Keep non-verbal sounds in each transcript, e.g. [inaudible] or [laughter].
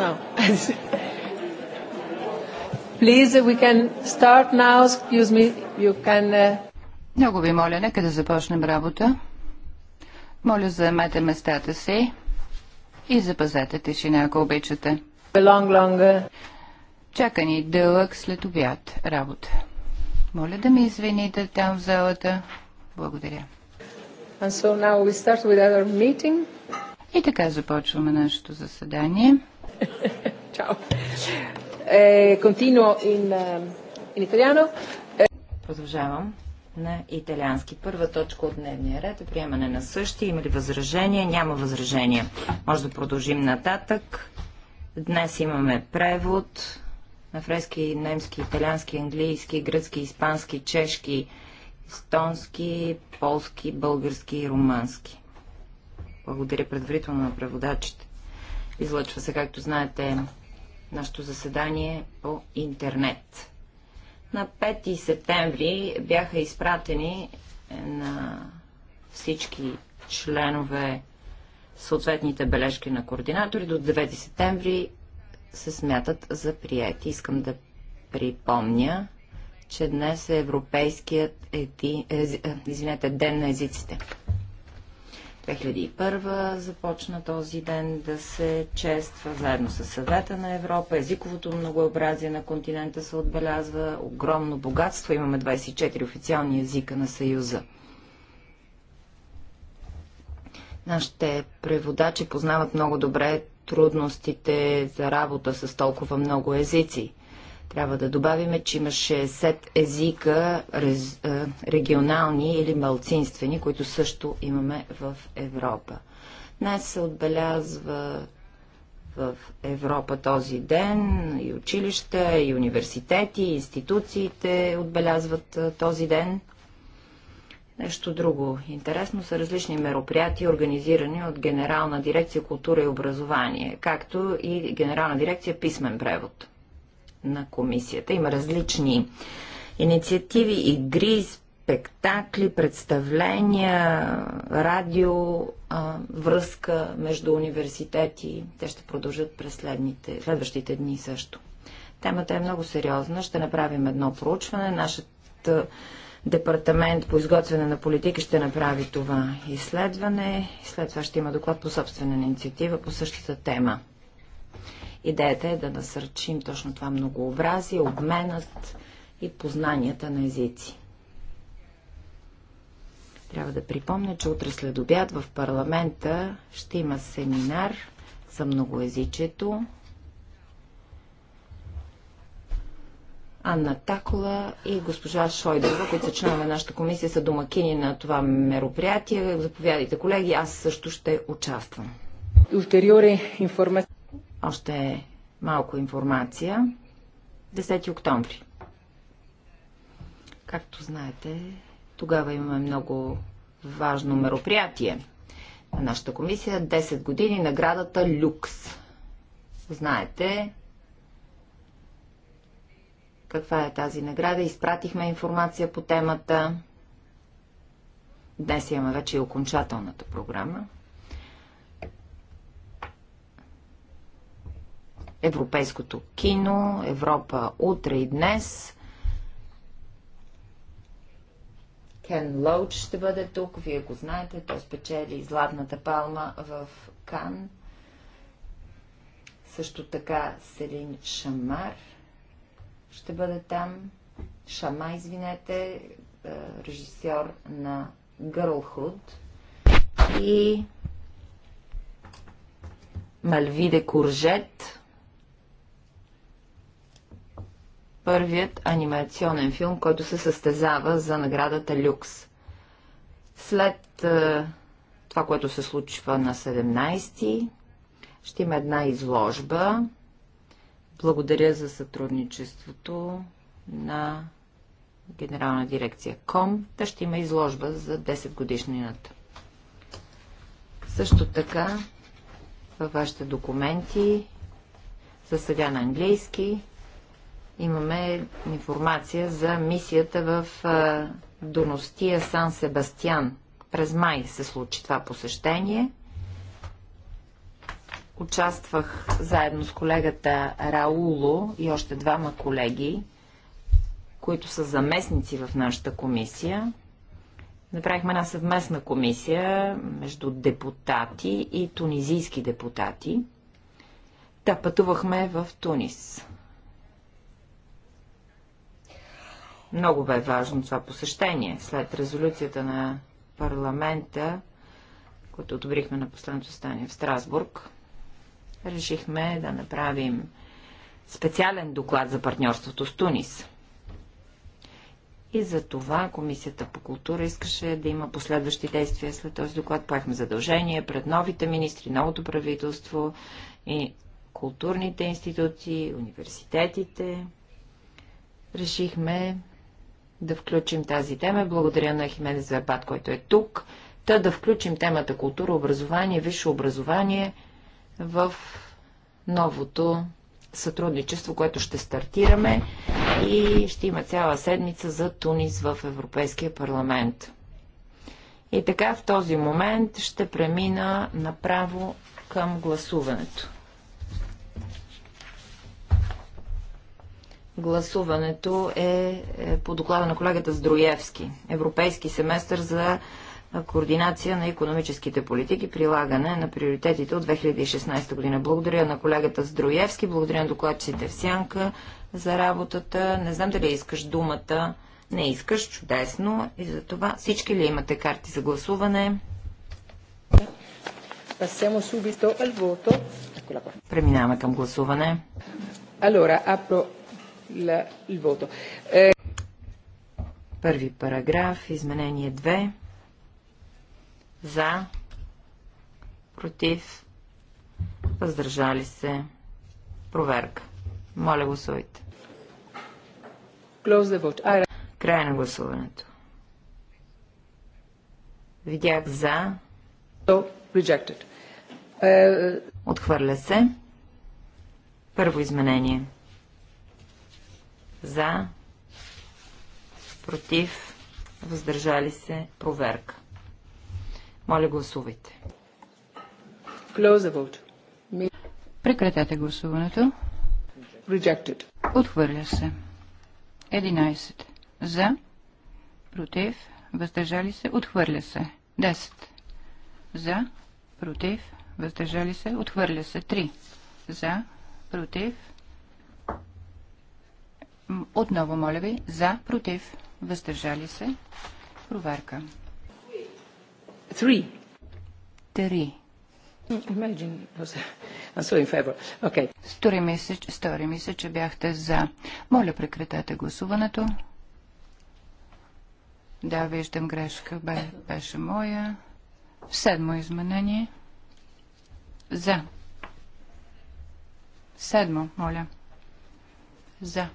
now. Please, we can start now. Excuse me, you can... Uh... Много ви моля, нека да започнем работа. Моля, заемете местата си и запазете тишина, ако обичате. Long, long, uh, Чака ни дълъг след обяд работа. Моля да ми извините там в залата. Благодаря. And so now we start with our meeting. И така започваме нашето заседание. [laughs] Ciao. Eh, continuo in, eh, in italiano. Eh, Продължавам на италиански. Първа точка от дневния ред е приемане на същи. Има ли възражения? Няма възражения. Може да продължим нататък. Днес имаме превод на френски, немски, италиански, английски, гръцки, испански, чешки, естонски, полски, български и румански. Благодаря предварително на преводачите. Излъчва се, както знаете, нашето заседание по интернет. На 5 септември бяха изпратени на всички членове съответните бележки на координатори. До 9 септември се смятат за прияти. Искам да припомня, че днес е Европейският еди... Е- е- извинете, ден на езиците. 2001 започна този ден да се чества заедно с Съвета на Европа. Езиковото многообразие на континента се отбелязва. Огромно богатство. Имаме 24 официални езика на Съюза. Нашите преводачи познават много добре трудностите за работа с толкова много езици. Трябва да добавиме, че имаше сет езика рез, е, регионални или малцинствени, които също имаме в Европа. Днес се отбелязва в Европа този ден и училища, и университети, и институциите отбелязват е, този ден. Нещо друго интересно са различни мероприятия, организирани от Генерална дирекция култура и образование, както и Генерална дирекция писмен превод на комисията. Има различни инициативи, игри, спектакли, представления, радио, връзка между университети. Те ще продължат през следните, следващите дни също. Темата е много сериозна. Ще направим едно проучване. Нашият департамент по изготвяне на политики ще направи това изследване. След това ще има доклад по собствена инициатива по същата тема. Идеята е да насърчим точно това многообразие, обменът и познанията на езици. Трябва да припомня, че утре след обяд в парламента ще има семинар за многоязичието. Анна Такола и госпожа Шойдова, които са членове на нашата комисия, са домакини на това мероприятие. Заповядайте, колеги, аз също ще участвам. Ulteriore информация. Още малко информация. 10 октомври. Както знаете, тогава имаме много важно мероприятие на нашата комисия. 10 години наградата Люкс. Знаете каква е тази награда. Изпратихме информация по темата. Днес имаме вече и окончателната програма. европейското кино, Европа утре и днес. Кен Лоуч ще бъде тук, вие го знаете, той спечели Златната палма в Кан. Също така Селин Шамар ще бъде там. Шама, извинете, режисьор на Girlhood. И Мальвиде Куржет, първият анимационен филм, който се състезава за наградата Люкс. След е, това, което се случва на 17 ще има една изложба. Благодаря за сътрудничеството на Генерална дирекция КОМ. Та ще има изложба за 10 годишнината. Също така във вашите документи, за сега на английски, имаме информация за мисията в Доностия Сан Себастьян. През май се случи това посещение. Участвах заедно с колегата Рауло и още двама колеги, които са заместници в нашата комисия. Направихме една съвместна комисия между депутати и тунизийски депутати. Та пътувахме в Тунис. Много бе важно това посещение. След резолюцията на парламента, който одобрихме на последното стане в Страсбург, решихме да направим специален доклад за партньорството с Тунис. И за това Комисията по култура искаше да има последващи действия след този доклад. Поехме задължение пред новите министри, новото правителство и културните институции, университетите. Решихме да включим тази тема. Благодаря на Хименес Забат, който е тук. Та да включим темата култура, образование, висше образование в новото сътрудничество, което ще стартираме и ще има цяла седмица за Тунис в Европейския парламент. И така в този момент ще премина направо към гласуването. Гласуването е, е по доклада на колегата Здроевски. Европейски семестър за координация на економическите политики, прилагане на приоритетите от 2016 година. Благодаря на колегата Здроевски, благодаря на докладчите в Сянка за работата. Не знам дали искаш думата. Не искаш, чудесно. И за това всички ли имате карти за гласуване? Преминаваме към гласуване. Allora, apro la, il voto. Eh... Първи параграф, изменение 2. За, против, въздържали се. Проверка. Моля гласувайте. Край на гласуването. Видях за. Rejected. Е, Отхвърля се. Първо изменение. За. Против. Въздържали се. Проверка. Моля, гласувайте. Прекратете гласуването. Rejected. Отхвърля се. 11. За. Против. Въздържали се. Отхвърля се. 10. За. Против. Въздържали се. Отхвърля се. 3. За. Против. Отново, моля ви, за, против, въздържали се. Проверка. Три. Три. Стори ми, се, стори ми се, че бяхте за. Моля, прекратете гласуването. Да, виждам грешка. Бе, беше моя. Седмо изменение. За. Седмо, моля. За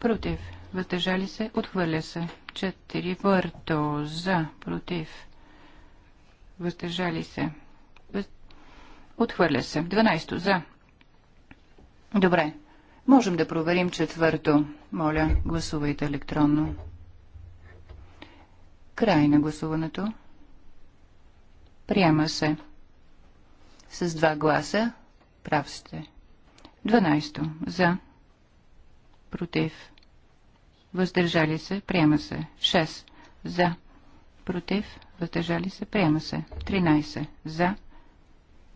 против, въздържали се, отхвърля се. Четвърто за, против, въздържали се, въз... отхвърля се. Дванайсто за. Добре, можем да проверим четвърто. Моля, гласувайте електронно. Край на гласуването. Приема се. С два гласа прав сте. 12. За против, въздържали се, приема се. 6 за, против, въздържали се, приема се. 13 за,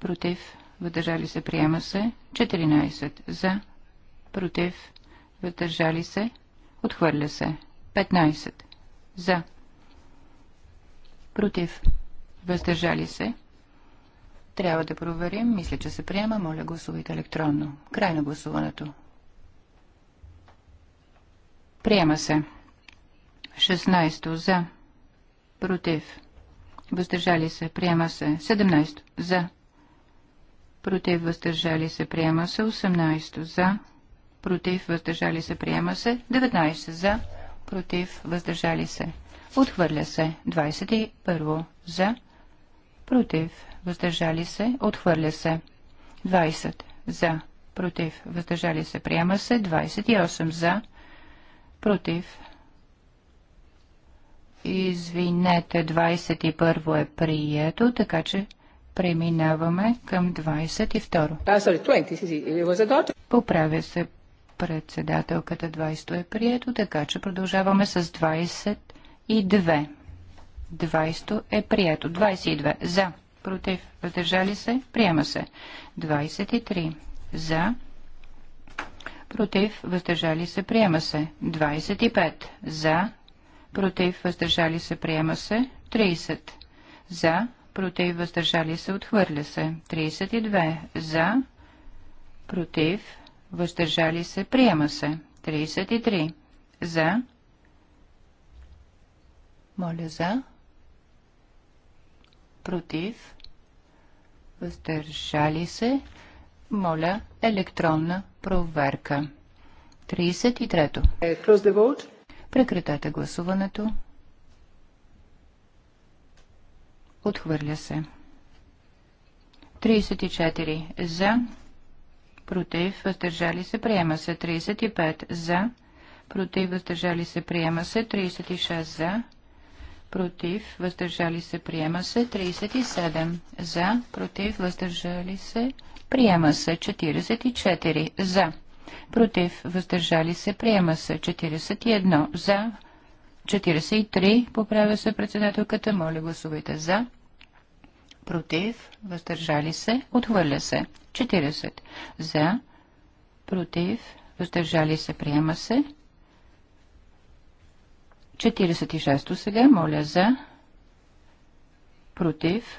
против, въздържали се, приема се. 14 за, против, въздържали се, отхвърля се. 15 за, против, въздържали се. Трябва да проверим. Мисля, че се приема. Моля, гласувайте електронно. Край на гласуването. Приема се. 16 за. Против. Въздържали се. Приема се. 17 за. Против. Въздържали се. Приема се. 18 за. Против. Въздържали се. Приема се. 19 за. Против. Въздържали се. Отхвърля се. 21 за. Против. Въздържали се. Отхвърля се. 20 за. Против. Въздържали се. Приема се. 28 за Против. Извинете, 21 е прието, така че преминаваме към 22. А, 20, Поправя се председателката 20 е прието, така че продължаваме с 22. 20 е прието. 22. За. Против. Въздържали се. Приема се. 23. За против, въздържали се, приема се. 25 за, против, въздържали се, приема се. 30 за, против, въздържали се, отхвърля се. 32 за, против, въздържали се, приема се. 33 за, моля за, против, въздържали се, моля електронна проверка. 33-то. Прекратете гласуването. Отхвърля се. 34 за, против, въздържали се, приема се. 35 за, против, въздържали се, приема се. 36 за, против, въздържали се, приема се. 37 за, против, въздържали се, приема се. 44 за, против, въздържали се, приема се. 41 за, 43 поправя се председателката. Моля, гласувайте за, против, въздържали се, отхвърля се. 40 за, против, въздържали се, приема се. 46 сега, моля за, против,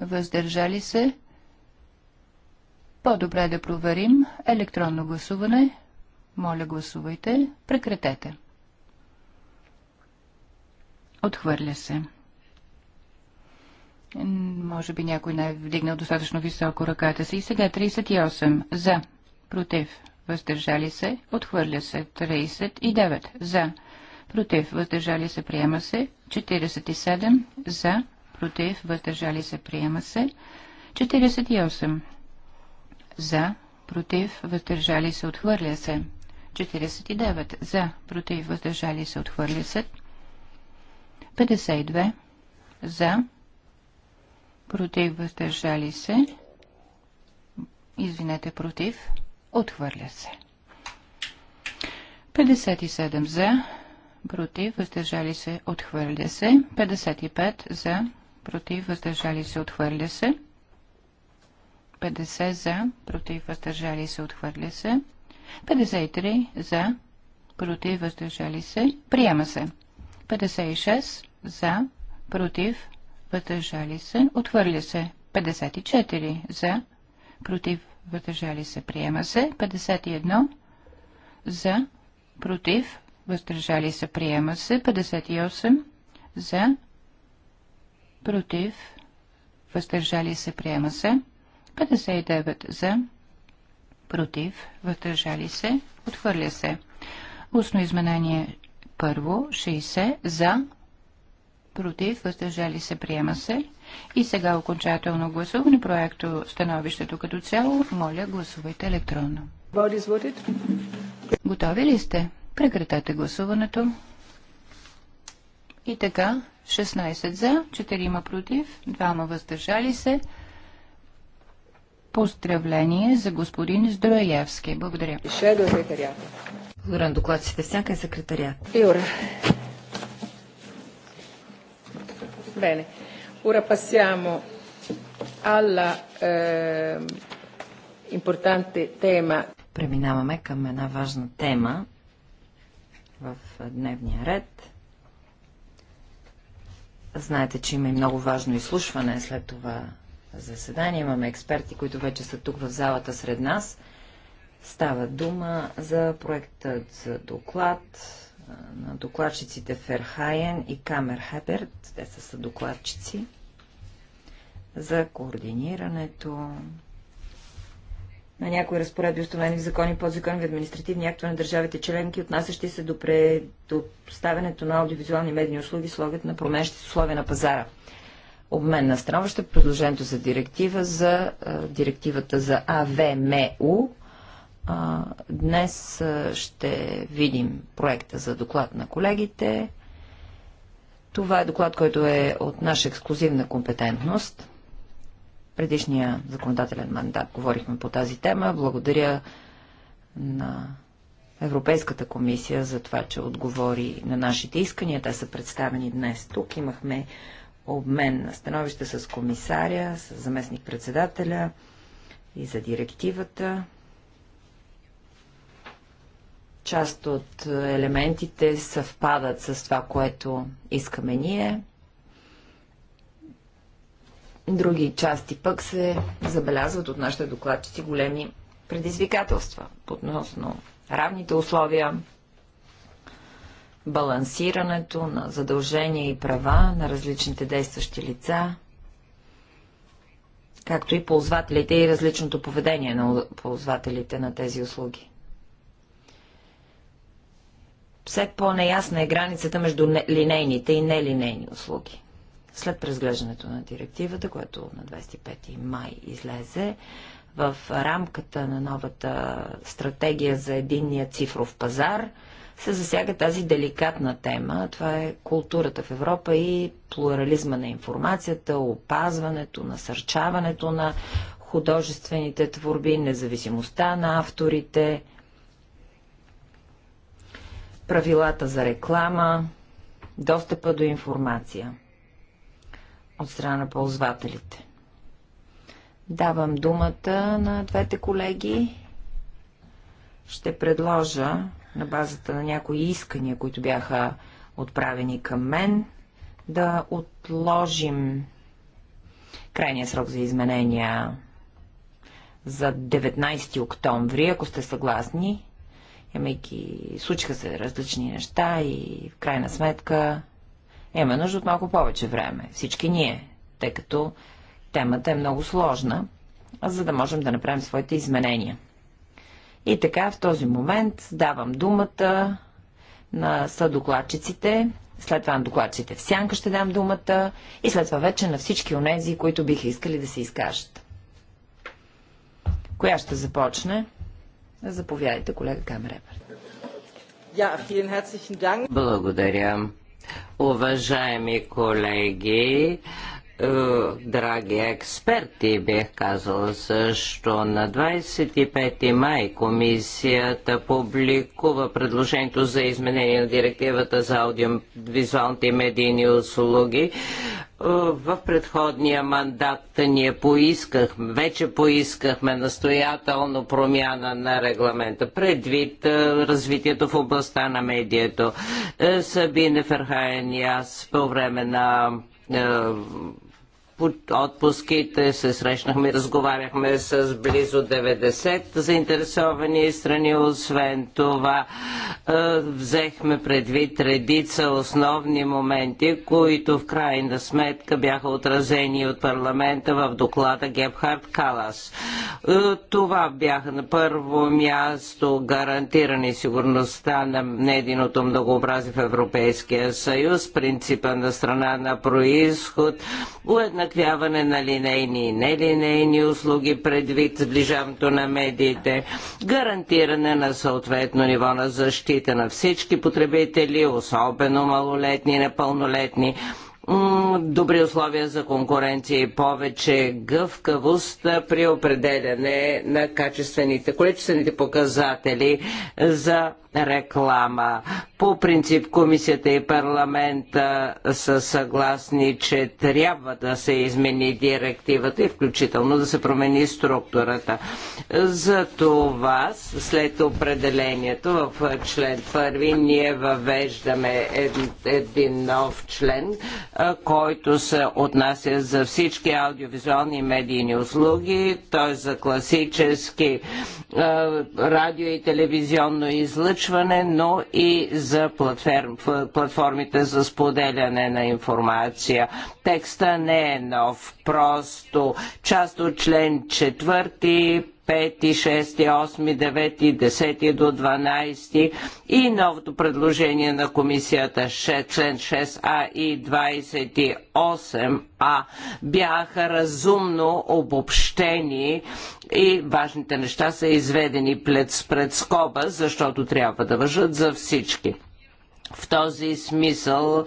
въздържали се. По-добре да проверим електронно гласуване. Моля гласувайте, прекратете. Отхвърля се. Може би някой не е вдигнал достатъчно високо ръката си. И сега 38. За. Против въздържали се, отхвърля се. 39 за, против, въздържали се, приема се. 47 за, против, въздържали се, приема се. 48 за, против, въздържали се, отхвърля се. 49 за, против, въздържали се, отхвърля се. 52 за, против, въздържали се, извинете, против, Отхвърля се. 57 за, против, въздържали се, отхвърля се. 55 за, против, въздържали се, отхвърля се. 50 за, против, въздържали се, отхвърля се. 53 за, против, въздържали се, приема се. 56 за, против, въздържали се, отхвърля се. 54 за, против, въздържали се, приема се. 51 за, против, въздържали се, приема се. 58 за, против, въздържали се, приема се. 59 за, против, въздържали се, отхвърля се. Устно изменение първо, 60 за, против, въздържали се, приема се. И сега окончателно гласуване проекто становището като цяло. Моля, гласувайте електронно. Готови ли сте? Прекратете гласуването. И така, 16 за, 4 против, 2 въздържали се. Поздравление за господин Здроевски. Благодаря. до секретарията. Благодаря на Всяка е Юра. Бене. Ora passiamo all'importante ehm, тема. Преминаваме към една важна тема в дневния ред. Знаете, че има и много важно изслушване след това заседание. Имаме експерти, които вече са тук в залата сред нас. Става дума за проектът за доклад на докладчиците Ферхайен и Камер Хеберт, те са докладчици за координирането на някои разпоредби, установени в закони, подзаконови административни актове на държавите членки, отнасящи се до предоставянето на аудиовизуални медийни услуги с оглед на променящите условия на пазара. Обмен на становище, предложението за директива за директивата за АВМУ, Днес ще видим проекта за доклад на колегите. Това е доклад, който е от наша ексклюзивна компетентност. Предишния законодателен мандат говорихме по тази тема. Благодаря на Европейската комисия за това, че отговори на нашите искания. Те са представени днес тук. Имахме обмен на становище с комисаря, с заместник-председателя и за директивата. Част от елементите съвпадат с това, което искаме ние. Други части пък се забелязват от нашите докладчици големи предизвикателства относно равните условия, балансирането на задължения и права на различните действащи лица, както и ползвателите и различното поведение на ползвателите на тези услуги все по-неясна е границата между линейните и нелинейни услуги. След презглеждането на директивата, което на 25 май излезе, в рамката на новата стратегия за единния цифров пазар се засяга тази деликатна тема. Това е културата в Европа и плурализма на информацията, опазването, насърчаването на художествените творби, независимостта на авторите, правилата за реклама, достъпа до информация от страна на ползвателите. Давам думата на двете колеги. Ще предложа на базата на някои искания, които бяха отправени към мен, да отложим крайния срок за изменения за 19 октомври, ако сте съгласни имайки, случиха се различни неща и в крайна сметка имаме нужда от малко повече време. Всички ние, тъй като темата е много сложна, за да можем да направим своите изменения. И така, в този момент давам думата на съдокладчиците, след това на докладчите в сянка ще дам думата и след това вече на всички онези, които биха искали да се изкажат. Коя ще започне? Заповядайте, колега Камеребър. Благодаря. Уважаеми колеги, е, драги експерти, бих казала също. На 25 май комисията публикува предложението за изменение на директивата за аудиовизуалните и медийни услуги. Е, в предходния мандат ние поискахме, вече поискахме настоятелно промяна на регламента предвид е, развитието в областта на медието. Сабине Ферхайен и аз по време на отпуските, се срещнахме разговаряхме с близо 90 заинтересовани страни. Освен това, е, взехме предвид редица основни моменти, които в крайна сметка бяха отразени от парламента в доклада Гебхард Калас. Е, това бяха на първо място гарантирани сигурността на единото многообразие в Европейския съюз, принципа на страна на происход, уеднаквяване осветляване на линейни и нелинейни услуги предвид сближаването на медиите, гарантиране на съответно ниво на защита на всички потребители, особено малолетни и непълнолетни, добри условия за конкуренция и повече гъвкавост при определяне на качествените, количествените показатели за реклама. По принцип комисията и парламента са съгласни, че трябва да се измени директивата и включително да се промени структурата. За това след определението в член 1 ние въвеждаме един, един нов член, който се отнася за всички аудиовизуални медийни услуги, т.е. за класически радио и телевизионно излъчване, но и за платформите за споделяне на информация. Текста не е нов, просто част от член четвърти 5, 6, 8, 9, 10 до 12 и новото предложение на комисията 6, член 6А и 28А бяха разумно обобщени и важните неща са изведени пред скоба, защото трябва да въжат за всички. В този смисъл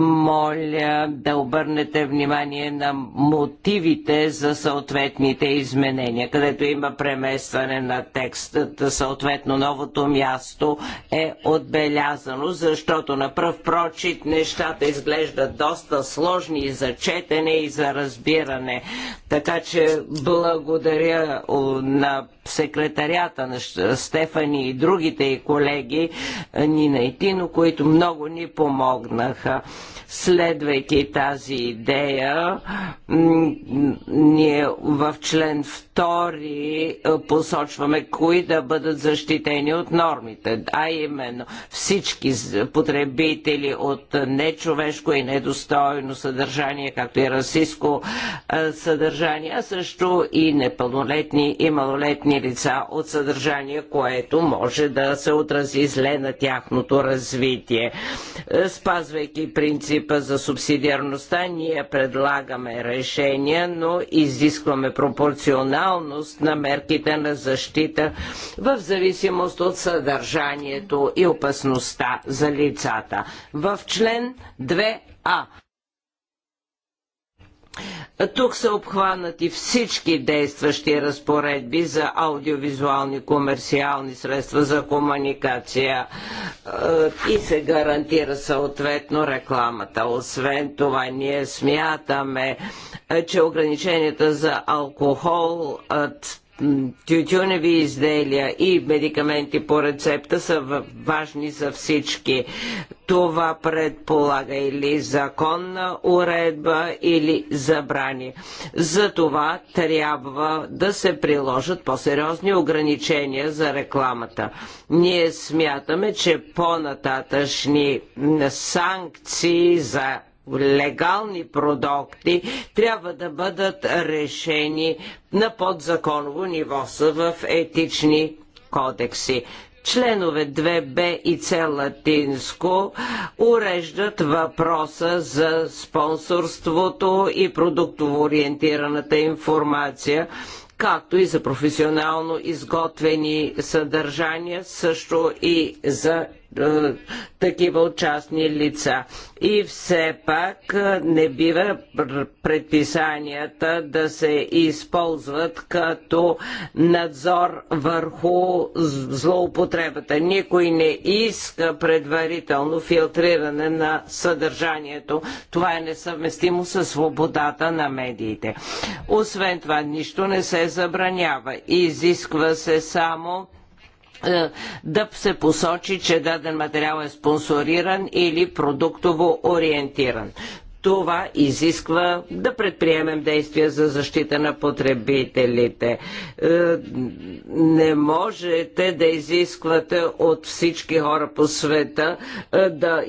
моля да обърнете внимание на мотивите за съответните изменения, където има преместване на текстът. Съответно новото място е отбелязано, защото на пръв прочит нещата изглеждат доста сложни и за четене и за разбиране. Така че благодаря на секретарята на Стефани и другите колеги Нина Итино, които много ни помогнаха. Следвайки тази идея, ние в член 2 посочваме кои да бъдат защитени от нормите, а именно всички потребители от нечовешко и недостойно съдържание, както и расистско съдържание, а също и непълнолетни и малолетни лица от съдържание, което може да се отрази зле на тяхното развитие развитие. Е, спазвайки принципа за субсидиарността, ние предлагаме решения, но изискваме пропорционалност на мерките на защита в зависимост от съдържанието и опасността за лицата. В член 2а тук са обхванати всички действащи разпоредби за аудиовизуални комерциални средства за комуникация е, и се гарантира съответно рекламата. Освен това, ние смятаме, е, че ограниченията за алкохол е, тютюневи изделия и медикаменти по рецепта са важни за всички. Това предполага или законна уредба, или забрани. За това трябва да се приложат по-сериозни ограничения за рекламата. Ние смятаме, че по-нататъчни санкции за легални продукти трябва да бъдат решени на подзаконово ниво са в етични кодекси. Членове 2б и С латинско уреждат въпроса за спонсорството и продуктово ориентираната информация, както и за професионално изготвени съдържания, също и за такива от частни лица. И все пак не бива предписанията да се използват като надзор върху злоупотребата. Никой не иска предварително филтриране на съдържанието. Това е несъвместимо с свободата на медиите. Освен това, нищо не се забранява. Изисква се само е, да се посочи, че даден материал е спонсориран или продуктово ориентиран. Това изисква да предприемем действия за защита на потребителите. Е, не можете да изисквате от всички хора по света е, да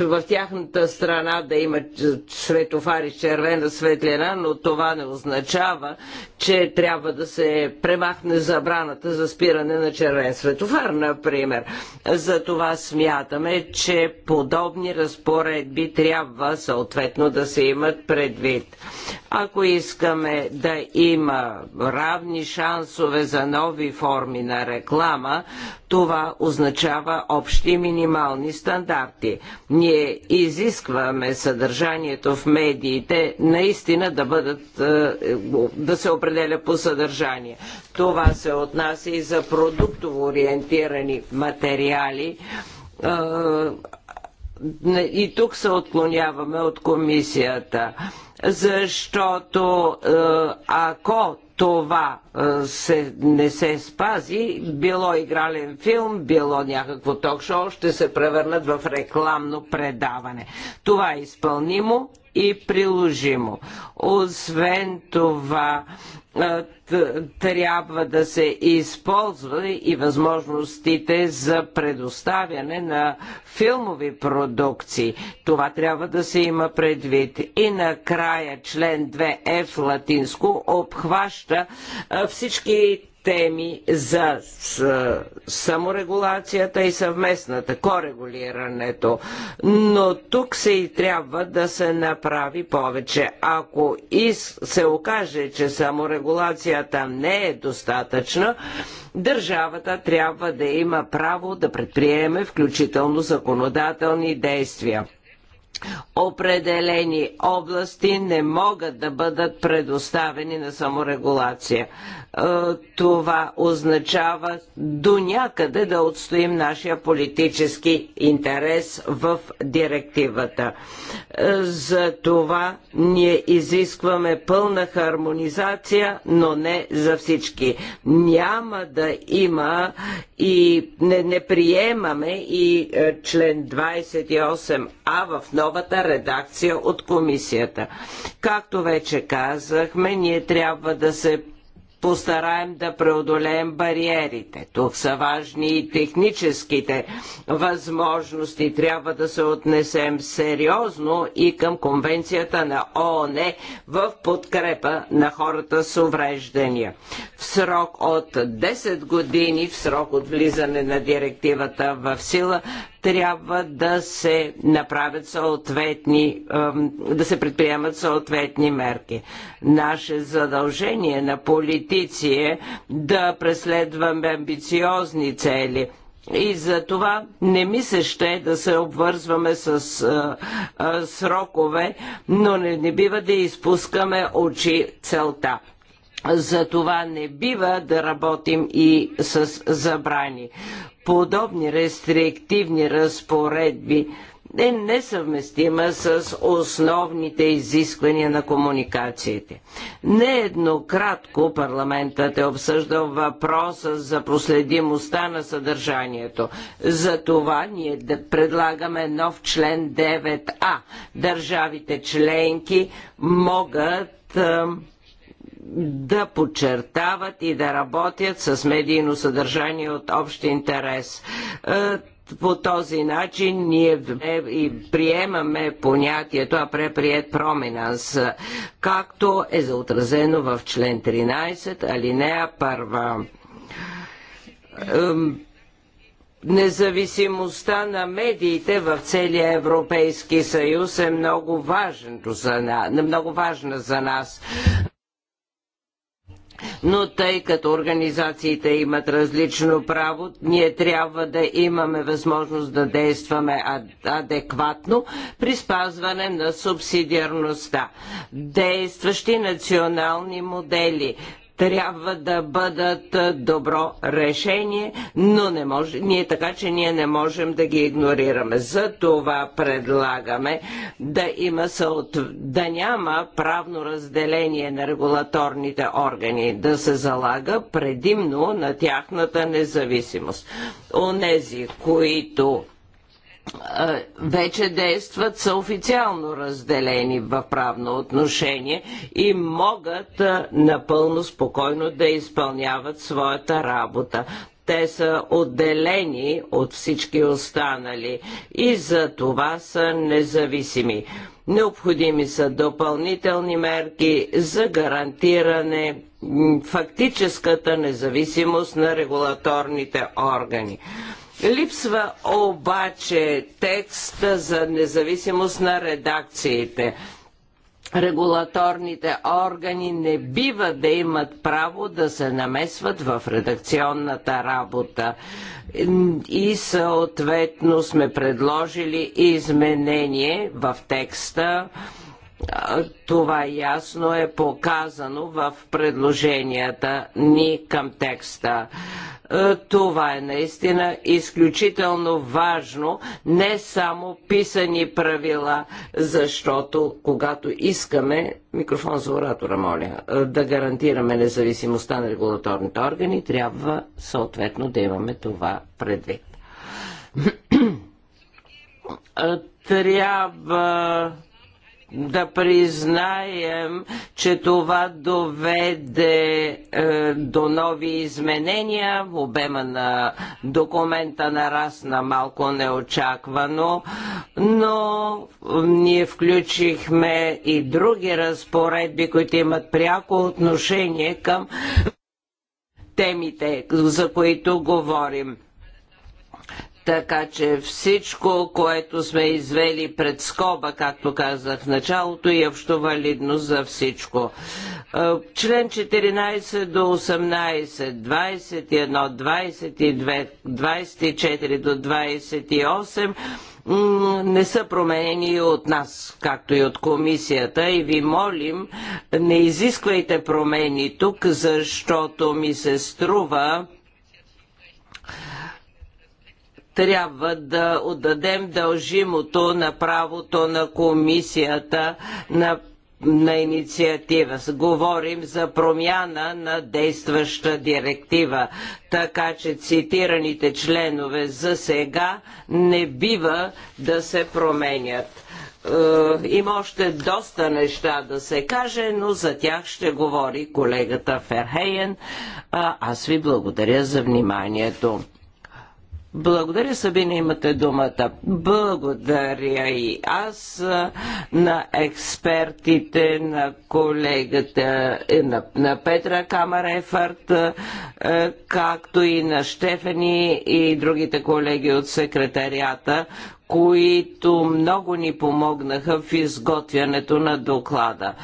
в тяхната страна да има светофари с червена светлина, но това не означава, че трябва да се премахне забраната за спиране на червен светофар, например. Затова смятаме, че подобни разпоредби трябва съответно съответно да се имат предвид. Ако искаме да има равни шансове за нови форми на реклама, това означава общи минимални стандарти. Ние изискваме съдържанието в медиите наистина да бъдат е, да се определя по съдържание. Това се отнася и за продуктово ориентирани материали е, и тук се отклоняваме от комисията, защото е, ако това е, се, не се спази, било игрален филм, било някакво ток-шоу, ще се превърнат в рекламно предаване. Това е изпълнимо, и приложимо. Освен това, трябва да се използва и възможностите за предоставяне на филмови продукции. Това трябва да се има предвид. И накрая член 2F латинско обхваща всички теми за саморегулацията и съвместната, корегулирането. Но тук се и трябва да се направи повече. Ако и се окаже, че саморегулацията не е достатъчна, държавата трябва да има право да предприеме включително законодателни действия определени области не могат да бъдат предоставени на саморегулация. Е, това означава до някъде да отстоим нашия политически интерес в директивата. Е, за това ние изискваме пълна хармонизация, но не за всички. Няма да има и не, не приемаме и е, член 28А в новата редакция от комисията. Както вече казахме, ние трябва да се постараем да преодолеем бариерите. Тук са важни и техническите възможности. Трябва да се отнесем сериозно и към конвенцията на ООН в подкрепа на хората с увреждания. В срок от 10 години, в срок от влизане на директивата в сила, трябва да се направят съответни, да се предприемат съответни мерки. Наше задължение на политици е да преследваме амбициозни цели, и за това не ми се ще да се обвързваме с а, а, срокове, но не, не бива да изпускаме очи целта. Затова не бива да работим и с забрани. Подобни рестриктивни разпоредби е несъвместима с основните изисквания на комуникациите. Нееднократко парламентът е обсъждал въпроса за проследимостта на съдържанието. За това ние да предлагаме нов член 9а. Държавите членки могат да подчертават и да работят с медийно съдържание от общ интерес е, по този начин ние е, приемаме понятието апреприет променанс, както е заотразено в член 13, алинея 1 независимостта на медиите в целия Европейски съюз е много, важна за нас но тъй като организациите имат различно право, ние трябва да имаме възможност да действаме адекватно при спазване на субсидиарността. Действащи национални модели, трябва да бъдат добро решение, но не може, ние така, че ние не можем да ги игнорираме. За това предлагаме да има съот... да няма правно разделение на регулаторните органи, да се залага предимно на тяхната независимост. Онези, които вече действат са официално разделени в правно отношение и могат напълно спокойно да изпълняват своята работа. Те са отделени от всички останали и за това са независими. Необходими са допълнителни мерки за гарантиране фактическата независимост на регулаторните органи. Липсва обаче текст за независимост на редакциите регулаторните органи не бива да имат право да се намесват в редакционната работа. И съответно сме предложили изменение в текста. Това ясно е показано в предложенията ни към текста. Е, това е наистина изключително важно, не само писани правила, защото когато искаме, микрофон за оратора, моля, е, да гарантираме независимостта на регулаторните органи, трябва съответно да имаме това предвид. [clears throat] Е, трябва да признаем, че това доведе е, до нови изменения. Обема на документа нарасна малко неочаквано, но ние включихме и други разпоредби, които имат пряко отношение към темите, за които говорим. Така че всичко, което сме извели пред скоба, както казах в началото, е общо валидно за всичко. Е, член 14 до 18, 21, 22, 24 до 28 не са променени от нас, както и от комисията и ви молим, не изисквайте промени тук, защото ми се струва, трябва да отдадем дължимото на правото на комисията на на инициатива. Говорим за промяна на действаща директива, така че цитираните членове за сега не бива да се променят. Е, има още доста неща да се каже, но за тях ще говори колегата Ферхейен. Аз ви благодаря за вниманието. Благодаря, Сабина, имате думата. Благодаря и аз на експертите, на колегата, е, на, на Петра Камарефарт, както и на Штефани и другите колеги от секретарията, които много ни помогнаха в изготвянето на доклада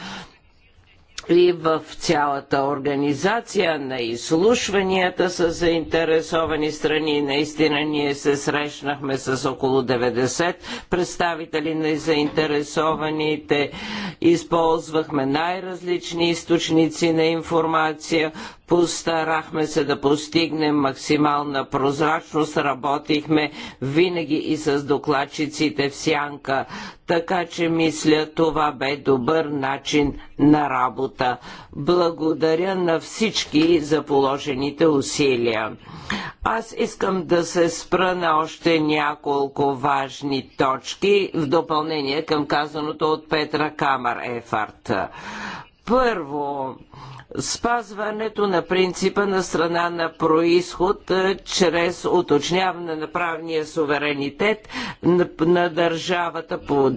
и в цялата организация на изслушванията с заинтересовани страни. Наистина ние се срещнахме с около 90 представители на заинтересованите. Използвахме най-различни източници на информация, Постарахме се да постигнем максимална прозрачност, работихме винаги и с докладчиците в сянка, така че мисля това бе добър начин на работа. Благодаря на всички за положените усилия. Аз искам да се спра на още няколко важни точки в допълнение към казаното от Петра Камар Ефарт. Първо, спазването на принципа на страна на происход чрез уточняване на правния суверенитет на, държавата по,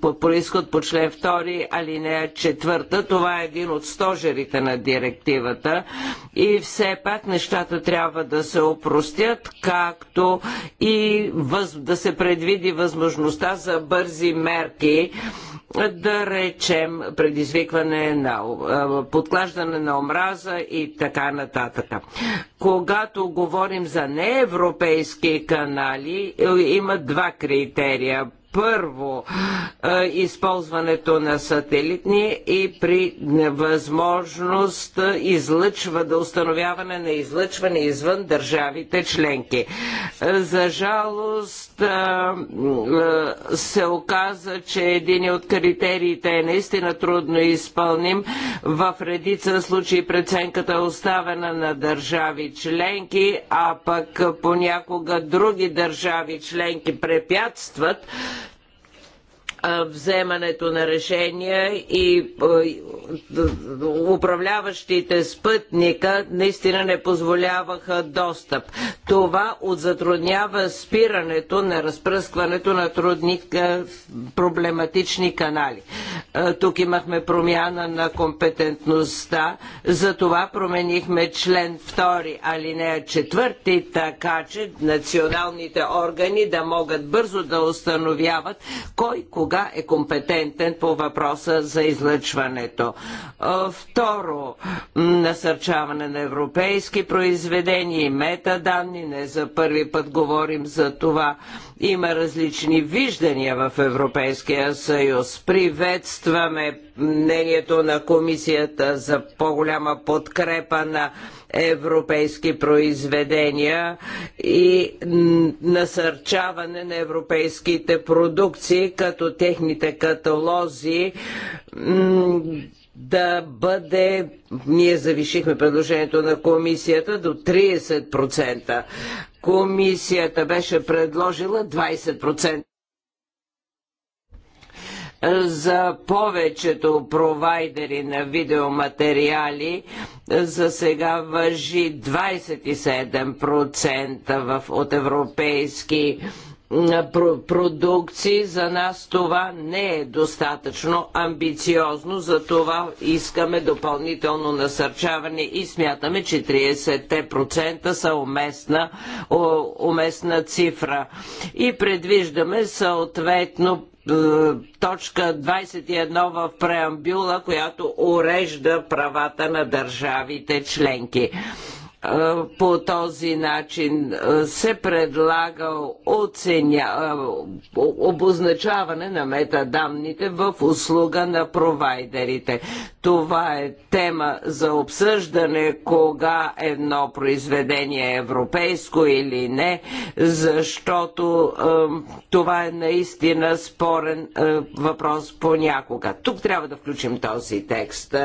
по происход по член 2 алинея 4. Това е един от стожерите на директивата и все пак нещата трябва да се опростят, както и въз, да се предвиди възможността за бързи мерки да речем предизвикване на подклаждане наказване на омраза и така нататък. Когато говорим за неевропейски канали, има два критерия първо използването на сателитни и при невъзможност излъчва да установяване на излъчване извън държавите членки. За жалост се оказа, че един от критериите е наистина трудно изпълним. В редица случаи преценката е оставена на държави членки, а пък понякога други държави членки препятстват вземането на решения и управляващите спътника наистина не позволяваха достъп. Това отзатруднява спирането на разпръскването на трудни проблематични канали. Тук имахме промяна на компетентността, затова променихме член 2 алинея 4, така че националните органи да могат бързо да установяват кой кога кога е компетентен по въпроса за излъчването. Е, второ, насърчаване на европейски произведения и метаданни. Не за първи път говорим за това. Има различни виждания в Европейския съюз. Приветстваме мнението на комисията за по-голяма подкрепа на европейски произведения и насърчаване на европейските продукции, като техните каталози да бъде, ние завишихме предложението на комисията до 30%. Комисията беше предложила 20% за повечето провайдери на видеоматериали за сега въжи 27% в, от европейски продукции. За нас това не е достатъчно амбициозно, за това искаме допълнително насърчаване и смятаме, че 30% са уместна, уместна цифра. И предвиждаме съответно е, точка 21 в преамбюла, която урежда правата на държавите членки по този начин се предлага оценя, обозначаване на метаданните в услуга на провайдерите. Това е тема за обсъждане, кога едно произведение е европейско или не, защото това е наистина спорен въпрос понякога. Тук трябва да включим този текст.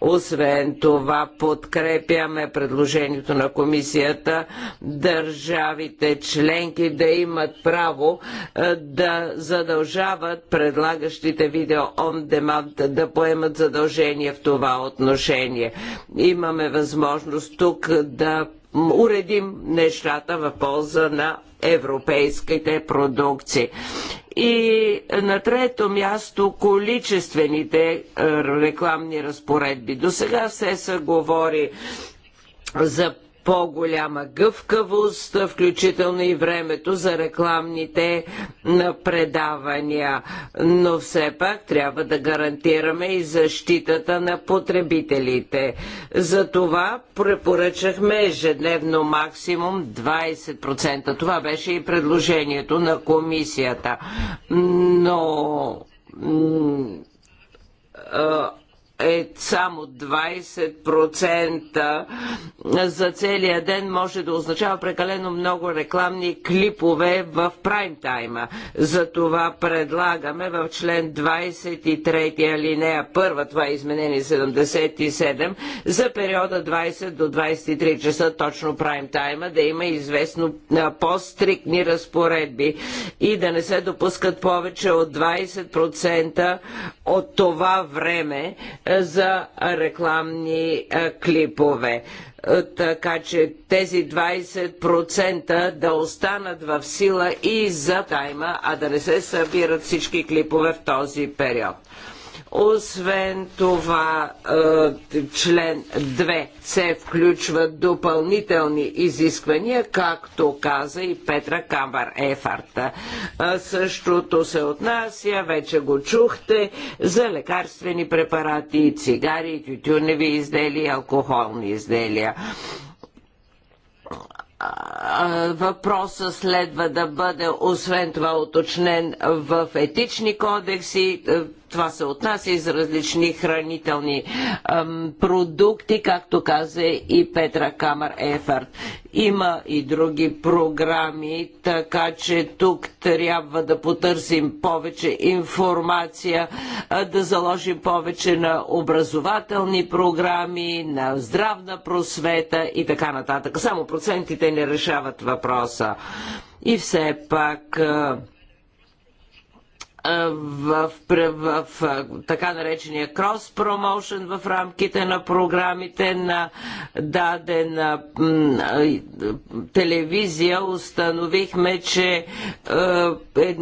Освен това, подкрепяме предложението решението на комисията държавите членки да имат право е, да задължават предлагащите видео on demand да поемат задължение в това отношение. Имаме възможност тук да уредим нещата в полза на европейските продукции. И на трето място количествените е, рекламни разпоредби. До сега все се говори за по-голяма гъвкавост, включително и времето за рекламните предавания. Но все пак трябва да гарантираме и защитата на потребителите. Затова препоръчахме ежедневно максимум 20%. Това беше и предложението на комисията. Но е само 20% за целия ден може да означава прекалено много рекламни клипове в прайм тайма. Затова предлагаме в член 23 алинея 1, това е изменение 77, за периода 20 до 23 часа точно прайм тайма да има известно по-стрикни разпоредби и да не се допускат повече от 20% от това време, за рекламни клипове. Така че тези 20% да останат в сила и за тайма, а да не се събират всички клипове в този период. Освен това, е, член 2 се включват допълнителни изисквания, както каза и Петра Камбар Ефарта. Е, същото се отнася, вече го чухте, за лекарствени препарати, цигари, тютюневи изделия, алкохолни изделия въпроса следва да бъде освен това уточнен в етични кодекси, е, това се отнася и за различни хранителни продукти, както каза и Петра Камър Ефарт. Има и други програми, така че тук трябва да потърсим повече информация, да заложим повече на образователни програми, на здравна просвета и така нататък. Само процентите не решават въпроса. И все пак. Е, в, в, в така наречения крос промоушен в рамките на програмите на дадена телевизия установихме, че е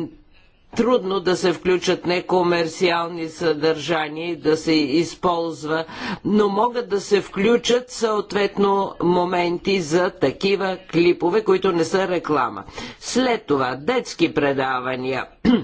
трудно да се включат некомерциални съдържания и да се използва, но могат да се включат съответно моменти за такива клипове, които не са реклама. След това детски предавания [clears throat]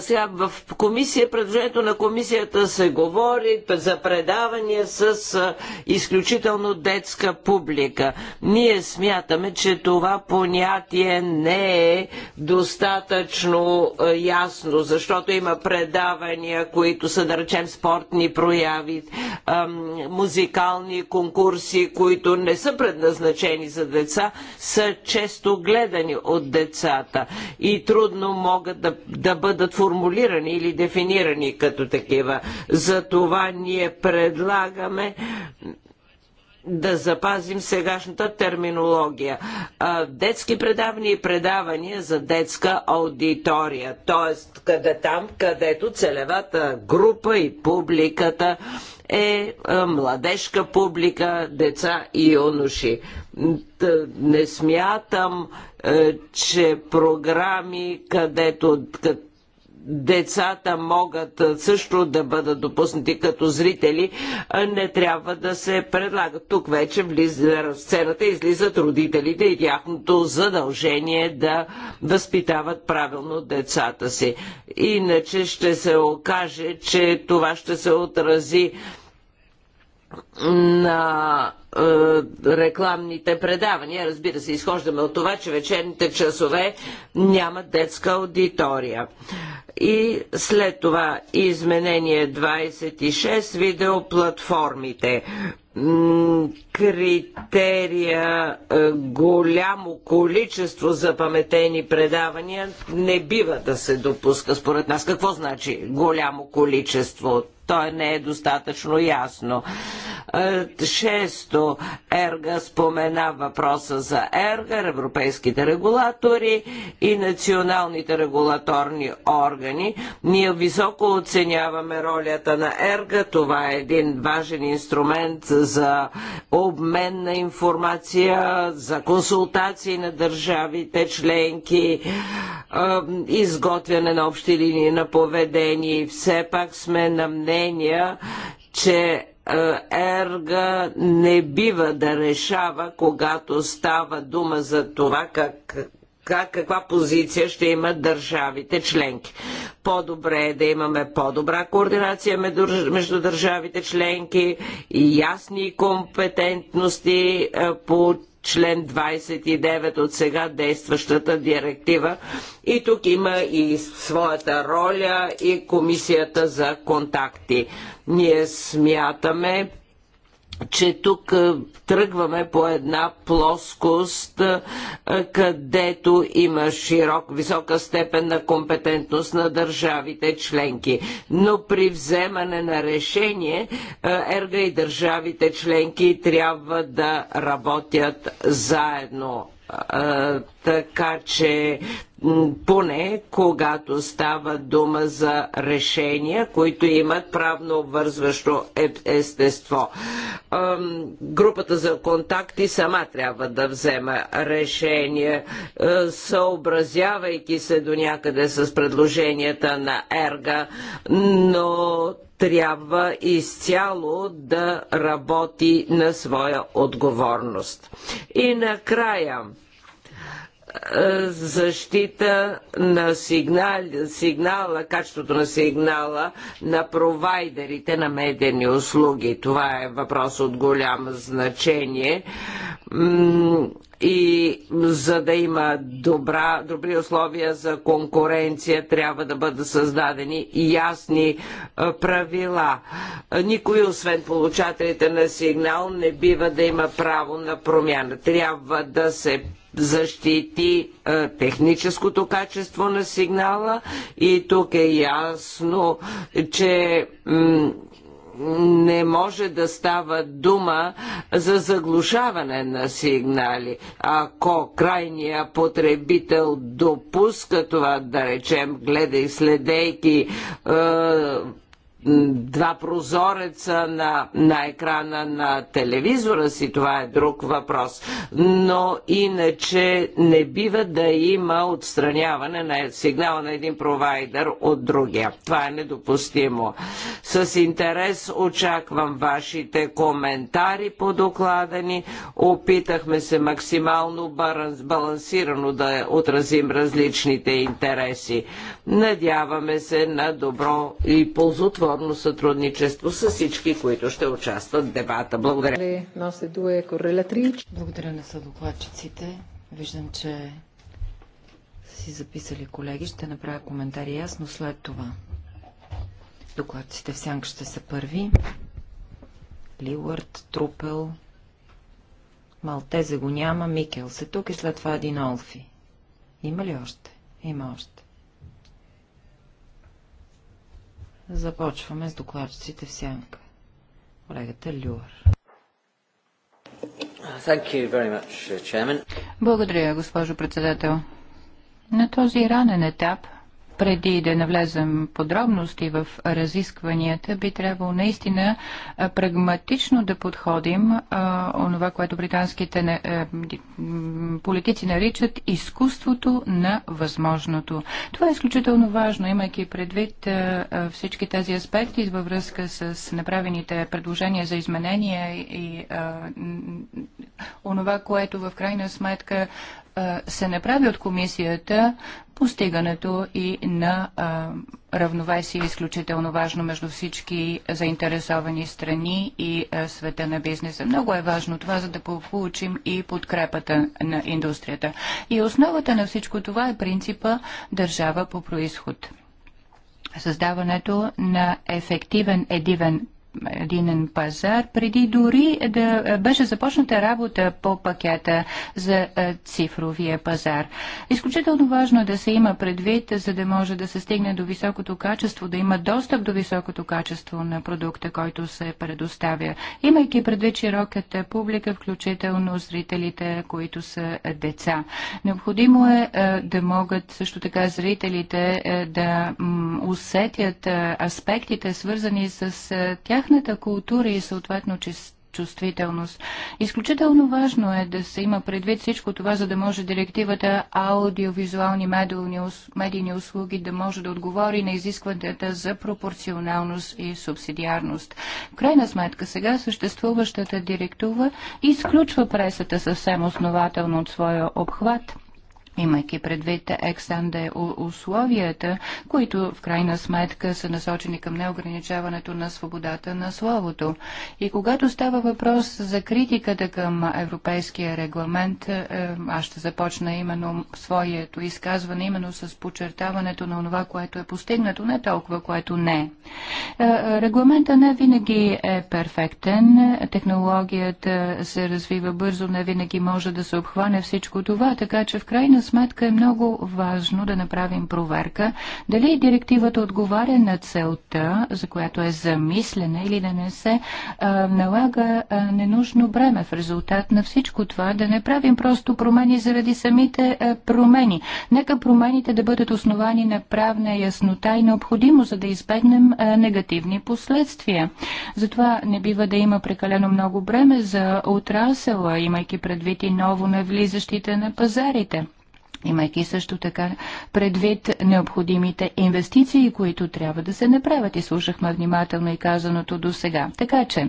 сега в комисия, предложението на комисията се говори за предавания с изключително детска публика. Ние смятаме, че това понятие не е достатъчно ясно, защото има предавания, които са, да речем, спортни прояви, музикални конкурси, които не са предназначени за деца, са често гледани от децата и трудно могат да, да бъдат формулирани или дефинирани като такива. За това ние предлагаме да запазим сегашната терминология. Детски предавни и предавания за детска аудитория, т.е. къде там, където целевата група и публиката е младежка публика, деца и юноши. Не смятам, е, че програми, където децата могат също да бъдат допуснати като зрители, не трябва да се предлагат. Тук вече влиза, в сцената излизат родителите и тяхното задължение да възпитават правилно децата си. Иначе ще се окаже, че това ще се отрази на е, рекламните предавания. Разбира се, изхождаме от това, че вечерните часове нямат детска аудитория и след това изменение 26 видеоплатформите. Критерия е, голямо количество запаметени предавания не бива да се допуска според нас. Какво значи голямо количество? то не е достатъчно ясно. Е, шесто, Ерга спомена въпроса за Ерга, европейските регулатори и националните регулаторни органи. Ние високо оценяваме ролята на Ерга. Това е един важен инструмент за обмен на информация, за консултации на държавите, членки, е, изготвяне на общи линии на поведение. Все пак сме на мнение мнения, че е, Ерга не бива да решава, когато става дума за това как, как, каква позиция ще имат държавите членки. По-добре е да имаме по-добра координация между държавите членки, и ясни компетентности е, по член 29 от сега действащата директива. И тук има и своята роля и комисията за контакти. Ние смятаме, че тук тръгваме по една плоскост, където има широк, висока степен на компетентност на държавите членки. Но при вземане на решение, ерга и държавите членки трябва да работят заедно така че поне когато става дума за решения, които имат правно обвързващо естество. Групата за контакти сама трябва да взема решение, е, съобразявайки се до някъде с предложенията на ЕРГА, но трябва изцяло да работи на своя отговорност. И накрая, е, защита на сигнал, сигнала, качеството на сигнала на провайдерите на медени услуги. Това е въпрос от голямо значение и за да има добра, добри условия за конкуренция, трябва да бъдат създадени ясни е, правила. Никой, освен получателите на сигнал, не бива да има право на промяна. Трябва да се защити е, техническото качество на сигнала и тук е ясно, че не може да става дума за заглушаване на сигнали. Ако крайния потребител допуска това, да речем, гледай, следейки е, два прозореца на, на екрана на телевизора си, това е друг въпрос. Но иначе не бива да има отстраняване на сигнала на един провайдер от другия. Това е недопустимо. С интерес очаквам вашите коментари по доклада ни. Опитахме се максимално балансирано да отразим различните интереси. Надяваме се на добро и ползотворно плодно сътрудничество с всички, които ще участват в дебата. Благодаря. Нали Благодаря на съдокладчиците. Виждам, че си записали колеги. Ще направя коментари ясно след това. Докладците в сянка ще са първи. Лилард, Трупел, Малтезе го няма, Микел се тук и след това един Олфи. Има ли още? Има още. Започваме с докладчиците в сянка. Колегата Люар. Much, Благодаря, госпожо председател. На този ранен етап преди да навлезем подробности в разискванията, би трябвало наистина прагматично да подходим а, онова, което британските а, е, политици наричат изкуството на възможното. Това е изключително важно, имайки предвид а, всички тези аспекти във връзка с направените предложения за изменения и а, онова, което в крайна сметка се направи от комисията, постигането и на а, равновесие изключително важно между всички заинтересовани страни и а, света на бизнеса. Много е важно това, за да получим и подкрепата на индустрията. И основата на всичко това е принципа държава по происход. Създаването на ефективен едивен единен пазар, преди дори да беше започната работа по пакета за е, цифровия пазар. Изключително важно е да се има предвид, за да може да се стигне до високото качество, да има достъп до високото качество на продукта, който се предоставя. Имайки предвид широката публика, включително зрителите, които са е, деца. Необходимо е, е да могат също така зрителите да усетят аспектите, свързани с тях, тяхната култура и съответно чувствителност. Изключително важно е да се има предвид всичко това, за да може директивата аудиовизуални медийни услуги да може да отговори на изискванията за пропорционалност и субсидиарност. В крайна сметка сега съществуващата директива изключва пресата съвсем основателно от своя обхват имайки предвид ександе условията, които в крайна сметка са насочени към неограничаването на свободата на словото. И когато става въпрос за критиката към европейския регламент, е, аз ще започна именно своето изказване, именно с подчертаването на това, което е постигнато, не толкова, което не. Е, регламента не винаги е перфектен, технологията се развива бързо, не винаги може да се обхване всичко това, така че в крайна сметка е много важно да направим проверка дали директивата отговаря на целта, за която е замислена или да не се а, налага а, ненужно бреме в резултат на всичко това, да не правим просто промени заради самите а, промени. Нека промените да бъдат основани на правна яснота и необходимо, за да избегнем а, негативни последствия. Затова не бива да има прекалено много бреме за отрасъла, имайки предвид и ново навлизащите на пазарите имайки също така предвид необходимите инвестиции, които трябва да се направят и слушахме внимателно и казаното до сега. Така че,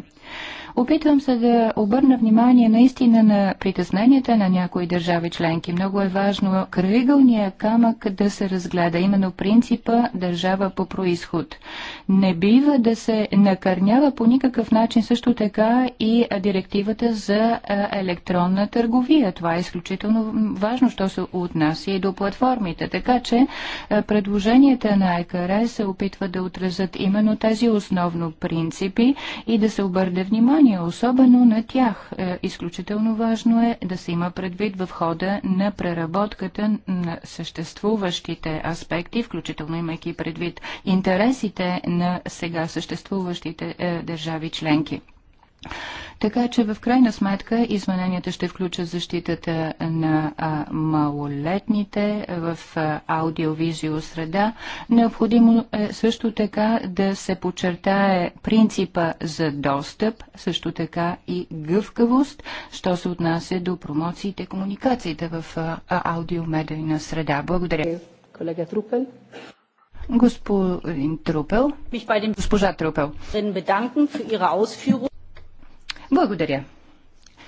Опитвам се да обърна внимание наистина на притесненията на някои държави членки. Много е важно кръгълния камък да се разгледа, именно принципа държава по происход. Не бива да се накърнява по никакъв начин също така и директивата за електронна търговия. Това е изключително важно, що се отнася и до платформите. Така че предложенията на ЕКР се опитват да отразят именно тези основно принципи и да се обърне внимание внимание, особено на тях. Е, изключително важно е да се има предвид в хода на преработката на съществуващите аспекти, включително имайки предвид интересите на сега съществуващите е, държави членки. Така че в крайна сметка измененията ще включат защитата на а, малолетните в аудиовизио среда. Необходимо е също така да се подчертае принципа за достъп, също така и гъвкавост, що се отнася до промоциите и комуникациите в аудиомедийна среда. Благодаря. Колега Трупел. Господин Трупел. Госпожа Трупел. Благодаря.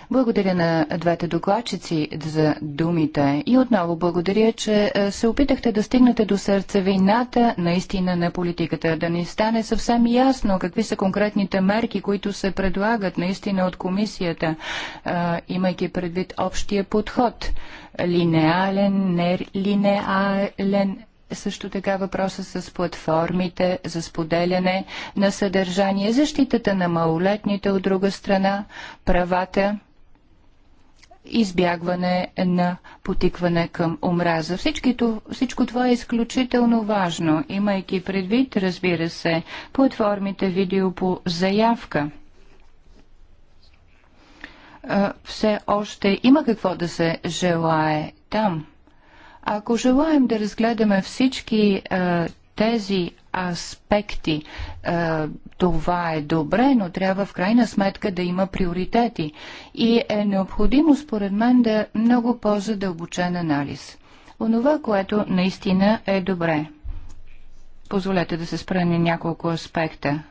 Благодаря на двете докладчици за думите и отново благодаря, че е, се опитахте да стигнете до сърцевината наистина на политиката, да ни стане съвсем ясно какви са конкретните мерки, които се предлагат наистина от комисията, е, имайки предвид общия подход линеален, нелинеален също така въпроса с платформите за споделяне на съдържание, защитата на малолетните от друга страна, правата, избягване на потикване към омраза. всичко това е изключително важно, имайки предвид, разбира се, платформите видео по заявка все още има какво да се желае там. Ако желаем да разгледаме всички а, тези аспекти, а, това е добре, но трябва в крайна сметка да има приоритети. И е необходимо, според мен, да е много по-задълбочен анализ. Онова, което наистина е добре. Позволете да се спра на няколко аспекта.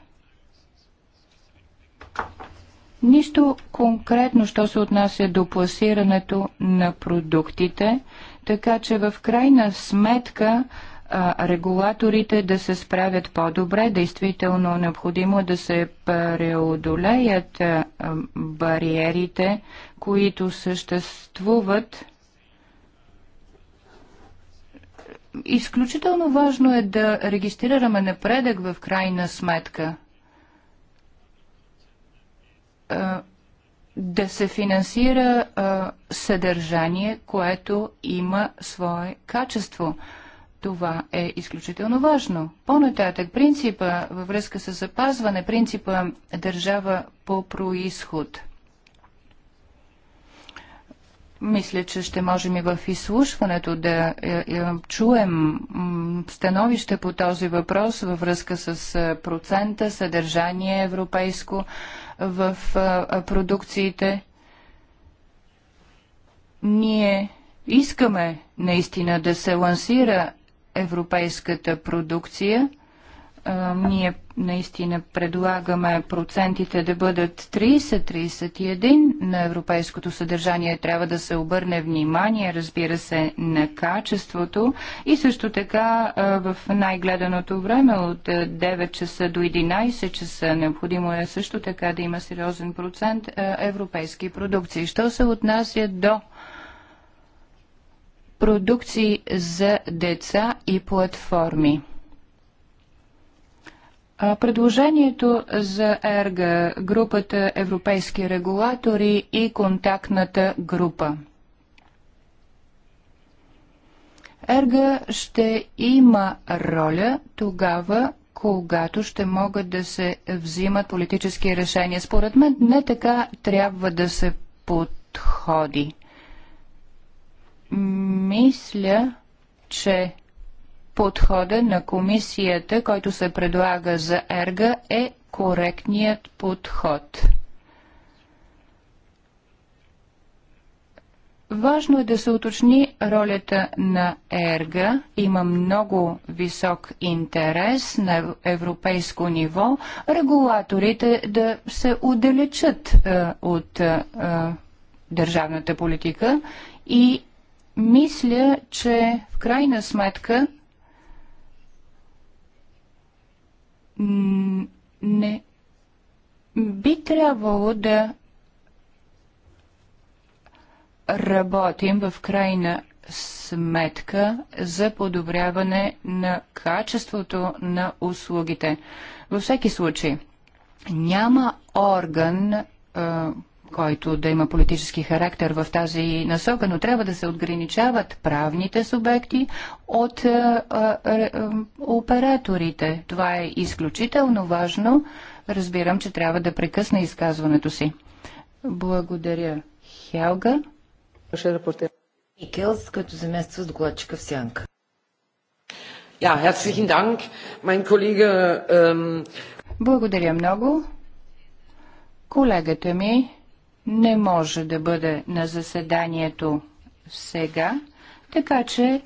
Нищо конкретно, що се отнася до пласирането на продуктите – така че в крайна сметка регулаторите да се справят по-добре. Действително необходимо е да се преодолеят бариерите, които съществуват. Изключително важно е да регистрираме напредък в крайна сметка да се финансира а, съдържание, което има свое качество. Това е изключително важно. По-нататък принципа във връзка с запазване, принципа държава по происход. Мисля, че ще можем и в изслушването да е, е, чуем становище по този въпрос във връзка с е, процента, съдържание европейско в продукциите. Ние искаме наистина да се лансира европейската продукция. Ние наистина предлагаме процентите да бъдат 30-31 на европейското съдържание, трябва да се обърне внимание, разбира се, на качеството и също така в най-гледаното време от 9 часа до 11 часа необходимо е също така да има сериозен процент европейски продукции. Що се отнася до продукции за деца и платформи? Предложението за ЕРГА, групата Европейски регулатори и контактната група. ЕРГА ще има роля тогава, когато ще могат да се взимат политически решения. Според мен не така трябва да се подходи. Мисля, че подхода на комисията, който се предлага за ЕРГА, е коректният подход. Важно е да се уточни ролята на ЕРГА. Има много висок интерес на европейско ниво регулаторите да се отдалечат е, от е, държавната политика и мисля, че в крайна сметка не би трябвало да работим в крайна сметка за подобряване на качеството на услугите. Във всеки случай, няма орган, който да има политически характер в тази насока, но трябва да се отграничават правните субекти от а, а, а, операторите. Това е изключително важно. Разбирам, че трябва да прекъсна изказването си. Благодаря, Хелга. Микелс, който замества с докладчика в сянка. Ja, herzlichen Dank, mein Kollege. Ähm... Благодаря много. Колегата ми не може да бъде на заседанието сега, така че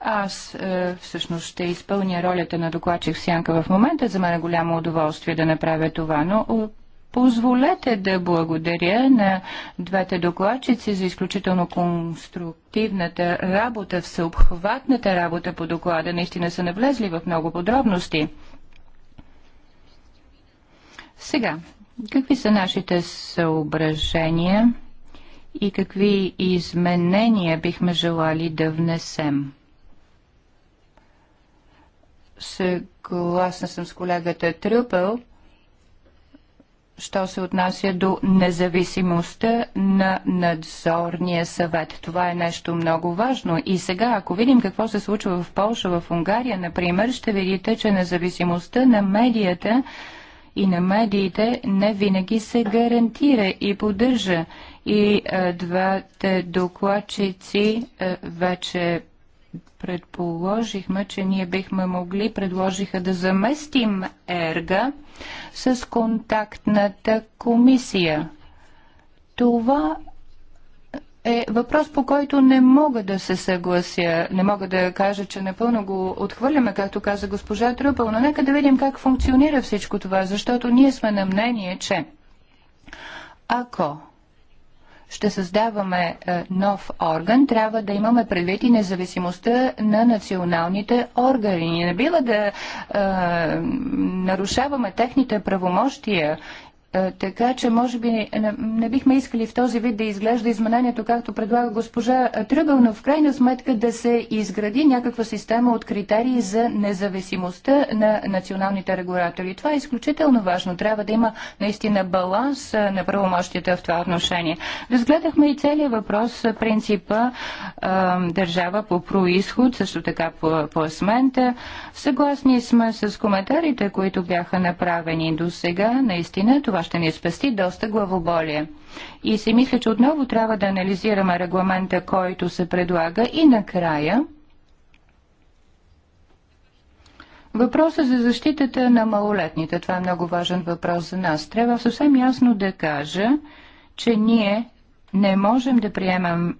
аз е, всъщност ще изпълня ролята на докладчик Сянка в момента. За мен е голямо удоволствие да направя това, но е, позволете да благодаря на двете докладчици за изключително конструктивната работа, всеобхватната работа по доклада. Наистина са навлезли в много подробности. Сега, Какви са нашите съображения и какви изменения бихме желали да внесем? Съгласна съм с колегата Трюпел, що се отнася до независимостта на надзорния съвет. Това е нещо много важно. И сега, ако видим какво се случва в Польша, в Унгария, например, ще видите, че независимостта на медията и на медиите не винаги се гарантира и поддържа. И а, е, двата докладчици а, е, вече предположихме, че ние бихме могли, предложиха да заместим ЕРГА с контактната комисия. Това е въпрос, по който не мога да се съглася. Не мога да кажа, че напълно го отхвърляме, както каза госпожа Трупел, но нека да видим как функционира всичко това, защото ние сме на мнение, че ако ще създаваме е, нов орган, трябва да имаме предвид и независимостта на националните органи. Не бива да е, нарушаваме техните правомощия е, така че, може би, не, бихме искали в този вид да изглежда изменението, както предлага госпожа Тръгъл, но в крайна сметка да се изгради някаква система от критерии за независимостта на националните регулатори. Това е изключително важно. Трябва да има наистина баланс е, на правомощията в това отношение. Разгледахме и целият въпрос е, принципа държава по происход, също така по пласмента. Съгласни сме с коментарите, които бяха направени до сега. Наистина това това ще ни спасти доста главоболие. И си мисля, че отново трябва да анализираме регламента, който се предлага и накрая Въпросът за защитата на малолетните. Това е много важен въпрос за нас. Трябва съвсем ясно да кажа, че ние не можем да приемам е,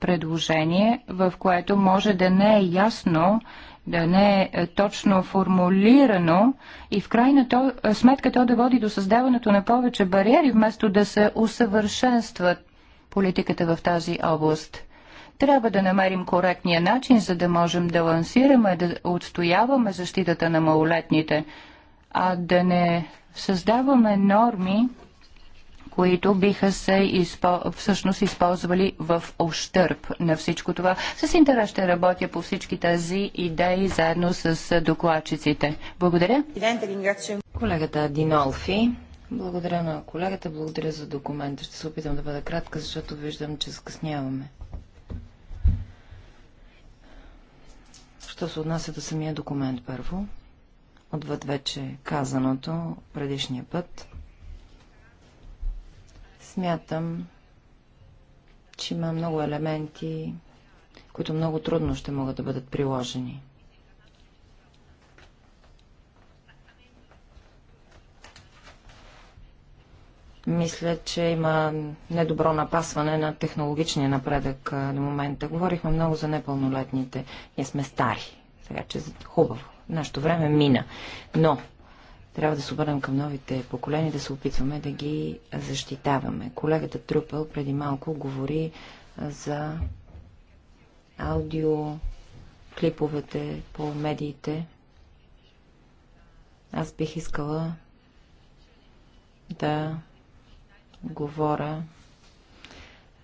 предложение, в което може да не е ясно да не е, е точно формулирано и в крайна то, е, сметка то да води до създаването на повече бариери, вместо да се усъвършенстват политиката в тази област. Трябва да намерим коректния начин, за да можем да лансираме, да отстояваме защитата на малолетните, а да не създаваме норми, които биха се изпо... всъщност използвали в ощърп на всичко това. С интерес ще работя по всички тези идеи заедно с докладчиците. Благодаря. Колегата Динолфи. Благодаря на колегата, благодаря за документа. Ще се опитам да бъда кратка, защото виждам, че скъсняваме. Що се отнася до самия документ първо, отвъд вече казаното предишния път, Смятам, че има много елементи, които много трудно ще могат да бъдат приложени. Мисля, че има недобро напасване на технологичния напредък на момента. Говорихме много за непълнолетните. Ние сме стари, така че хубаво. Нашето време мина. Но трябва да се обърнем към новите поколения да се опитваме да ги защитаваме. Колегата Трупел преди малко говори за аудио, клиповете по медиите. Аз бих искала да говоря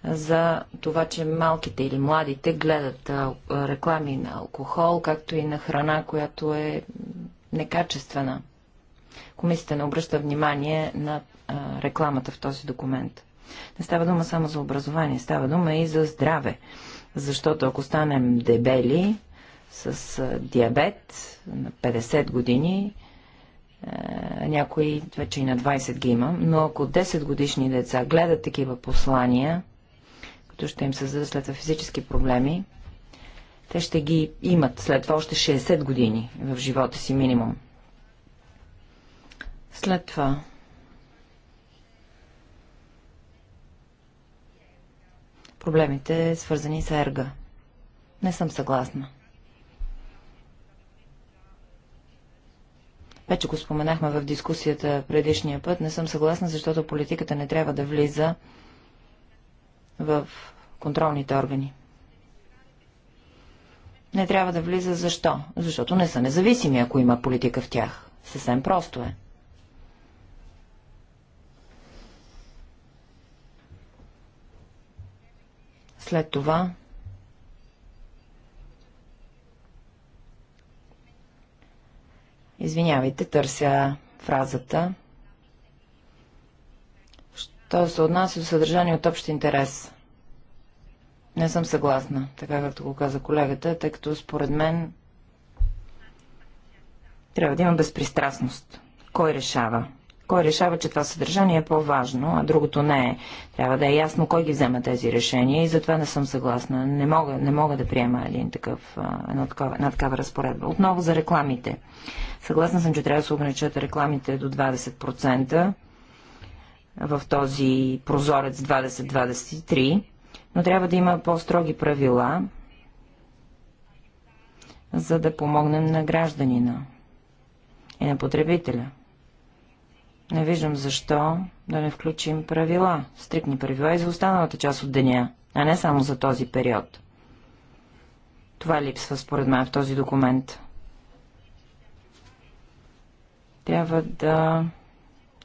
за това, че малките или младите гледат реклами на алкохол, както и на храна, която е некачествена. Комисията не обръща внимание на а, рекламата в този документ. Не става дума само за образование, става дума и за здраве. Защото ако станем дебели с а, диабет на 50 години, а, някои вече и на 20 ги имам, но ако 10 годишни деца гледат такива послания, които ще им създадат след физически проблеми, те ще ги имат след това още 60 години в живота си минимум. След това проблемите, свързани с ерга. Не съм съгласна. Вече го споменахме в дискусията предишния път. Не съм съгласна, защото политиката не трябва да влиза в контролните органи. Не трябва да влиза защо? Защото не са независими, ако има политика в тях. Съвсем просто е. След това Извинявайте, търся фразата. Що се отнася до съдържание от общ интерес? Не съм съгласна, така както го каза колегата, тъй като според мен трябва да има безпристрастност. Кой решава? Кой решава, че това съдържание е по-важно, а другото не е? Трябва да е ясно кой ги взема тези решения и затова не съм съгласна. Не мога, не мога да приема един такъв, една, такава, една такава разпоредба. Отново за рекламите. Съгласна съм, че трябва да се ограничат рекламите до 20% в този прозорец 2023, но трябва да има по-строги правила, за да помогнем на гражданина и на потребителя. Не виждам защо да не включим правила, стрикни правила и за останалата част от деня, а не само за този период. Това липсва според мен в този документ. Трябва да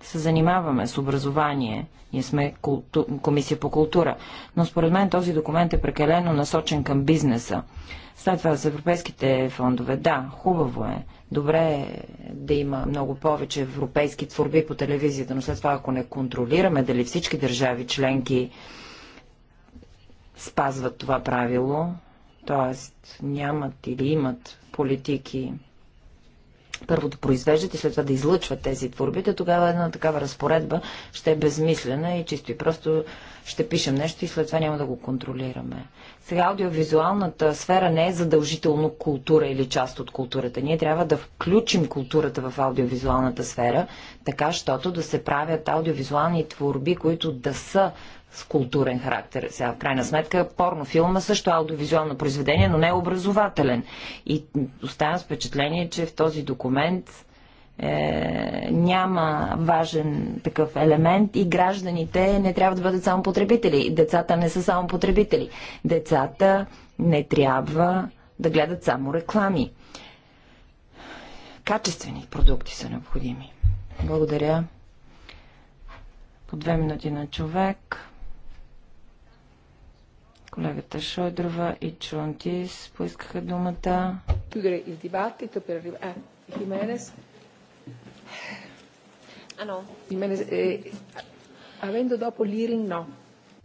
се занимаваме с образование. Ние сме култу... комисия по култура. Но според мен този документ е прекалено насочен към бизнеса. След това с европейските фондове. Да, хубаво е. Добре е да има много повече европейски творби по телевизията, но след това ако не контролираме дали всички държави членки спазват това правило, т.е. нямат или имат политики първо да произвеждат и след това да излъчват тези творби, то тогава една такава разпоредба ще е безмислена и чисто и просто ще пишем нещо и след това няма да го контролираме. Сега аудиовизуалната сфера не е задължително култура или част от културата. Ние трябва да включим културата в аудиовизуалната сфера, така, щото да се правят аудиовизуални творби, които да са с културен характер. Сега, в крайна сметка, порнофилма също е аудиовизуално произведение, но не е образователен. И оставам с впечатление, че в този документ е, няма важен такъв елемент и гражданите не трябва да бъдат само потребители. Децата не са само потребители. Децата не трябва да гледат само реклами. Качествени продукти са необходими. Благодаря. По две минути на човек. Колегата Шойдрова и Чунтис поискаха думата. Хименес. А, но. Хименес е... Авендо допо лиринг, но.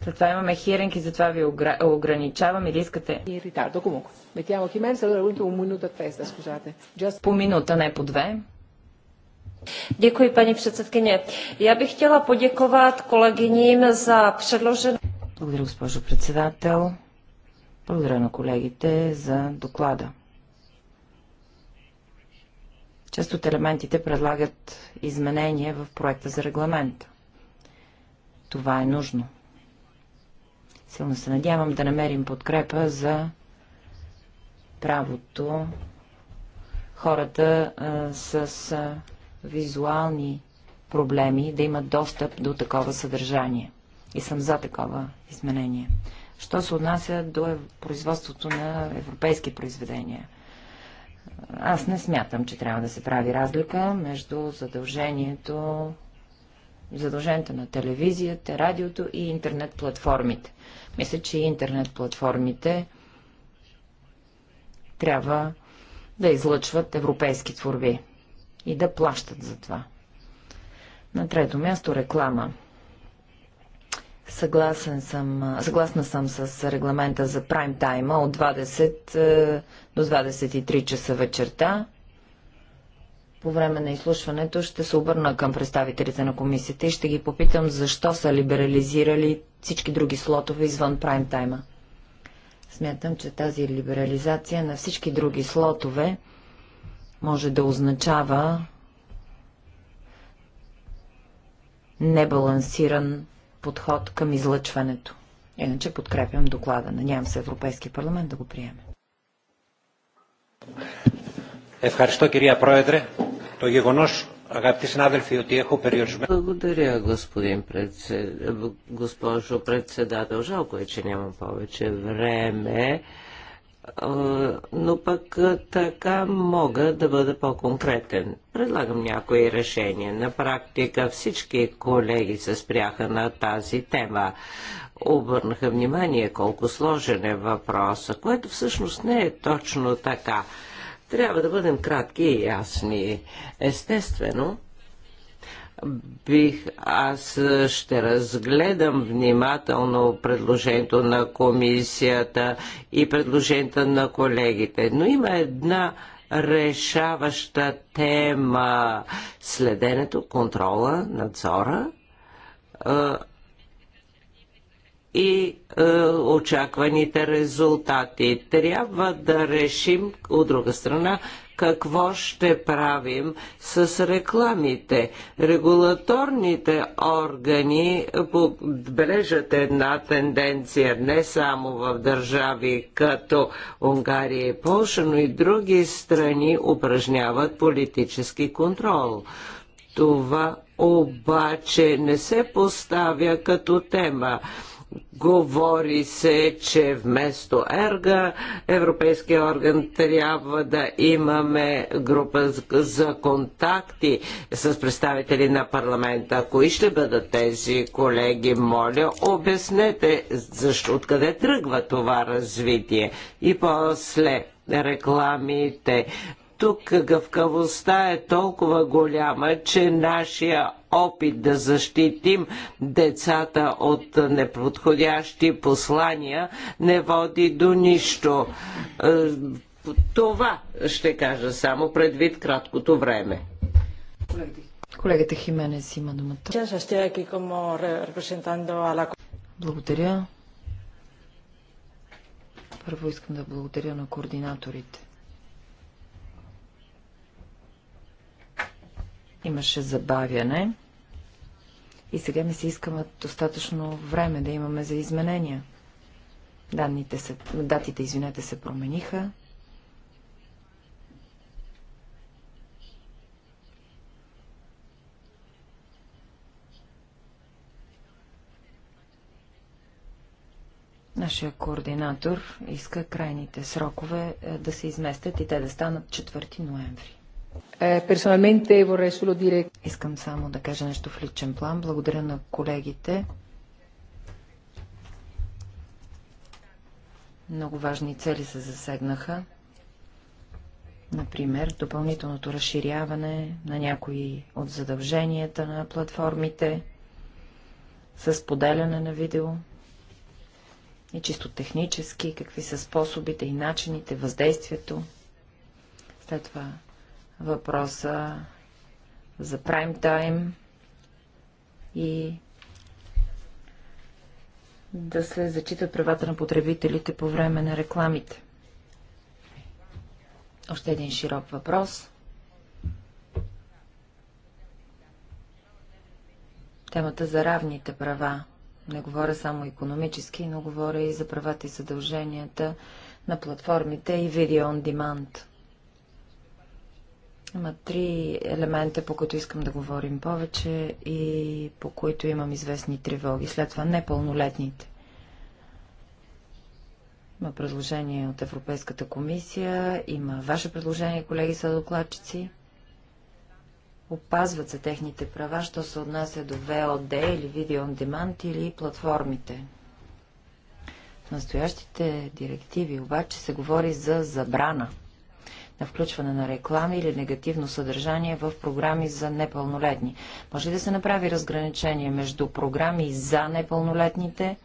Затова имаме хиринг и затова ви ограничавам или искате... In ritardo, comunque. Mettiamo Jimenez, allora quindi un minuto a testa, По минута, не по две. Děkuji, paní předsedkyně. Já bych chtěla poděkovat kolegyním za předloženou... Благодаря, госпожо председател. Благодаря на колегите за доклада. Част от елементите предлагат изменения в проекта за регламент. Това е нужно. Силно се надявам да намерим подкрепа за правото хората а, с а, визуални проблеми да имат достъп до такова съдържание и съм за такова изменение. Що се отнася до производството на европейски произведения? Аз не смятам, че трябва да се прави разлика между задължението задължението на телевизията, радиото и интернет платформите. Мисля, че интернет платформите трябва да излъчват европейски творби и да плащат за това. На трето място реклама. Съгласен съм, съгласна съм с регламента за прайм тайма от 20 е, до 23 часа вечерта. По време на изслушването ще се обърна към представителите на комисията и ще ги попитам защо са либерализирали всички други слотове извън прайм тайма. Смятам, че тази либерализация на всички други слотове може да означава небалансиран подход към излъчването. Иначе подкрепям доклада. Надявам се Европейския парламент да го приеме. Ευχαριστώ κυρία Πρόεδρε. Το γεγονός, αγαπητοί συνάδελφοι, оти έχω περιορισμένο... Благодаря, господин председател. госпожо председател. Жалко е, че нямам повече време но пък така мога да бъда по-конкретен. Предлагам някои решения. На практика всички колеги се спряха на тази тема. Обърнаха внимание колко сложен е въпроса, което всъщност не е точно така. Трябва да бъдем кратки и ясни. Естествено, бих, аз ще разгледам внимателно предложението на комисията и предложението на колегите. Но има една решаваща тема следенето, контрола, надзора и е, очакваните резултати. Трябва да решим, от друга страна, какво ще правим с рекламите. Регулаторните органи бележат една тенденция не само в държави като Унгария и Польша, но и други страни упражняват политически контрол. Това обаче не се поставя като тема. Говори се, че вместо ЕРГА, Европейския орган трябва да имаме група за контакти с представители на парламента. Кои ще бъдат тези колеги, моля, обяснете защо, откъде тръгва това развитие. И после рекламите тук гъвкавостта е толкова голяма, че нашия опит да защитим децата от неподходящи послания не води до нищо. Е, това ще кажа само предвид краткото време. Колегата Хименес има думата. Благодаря. Първо искам да благодаря на координаторите. Имаше забавяне. И сега ми се искаме достатъчно време да имаме за изменения. Данните се, датите, извинете, се промениха. Нашия координатор иска крайните срокове е, да се изместят и те да станат 4 ноември. Е, Искам само да кажа нещо в личен план. Благодаря на колегите. Много важни цели се засегнаха. Например, допълнителното разширяване на някои от задълженията на платформите с поделяне на видео и чисто технически, какви са способите и начините, въздействието. След това въпроса за прайм тайм и да се зачитат правата на потребителите по време на рекламите. Още един широк въпрос. Темата за равните права. Не говоря само економически, но говоря и за правата и задълженията на платформите и видео он демант има три елемента, по които искам да говорим повече и по които имам известни тревоги. След това непълнолетните. Има предложение от Европейската комисия, има ваше предложение, колеги са докладчици. Опазват се техните права, що се отнася до VOD или Video On Demand или платформите. В настоящите директиви обаче се говори за забрана – на включване на реклами или негативно съдържание в програми за непълнолетни. Може ли да се направи разграничение между програми за непълнолетните,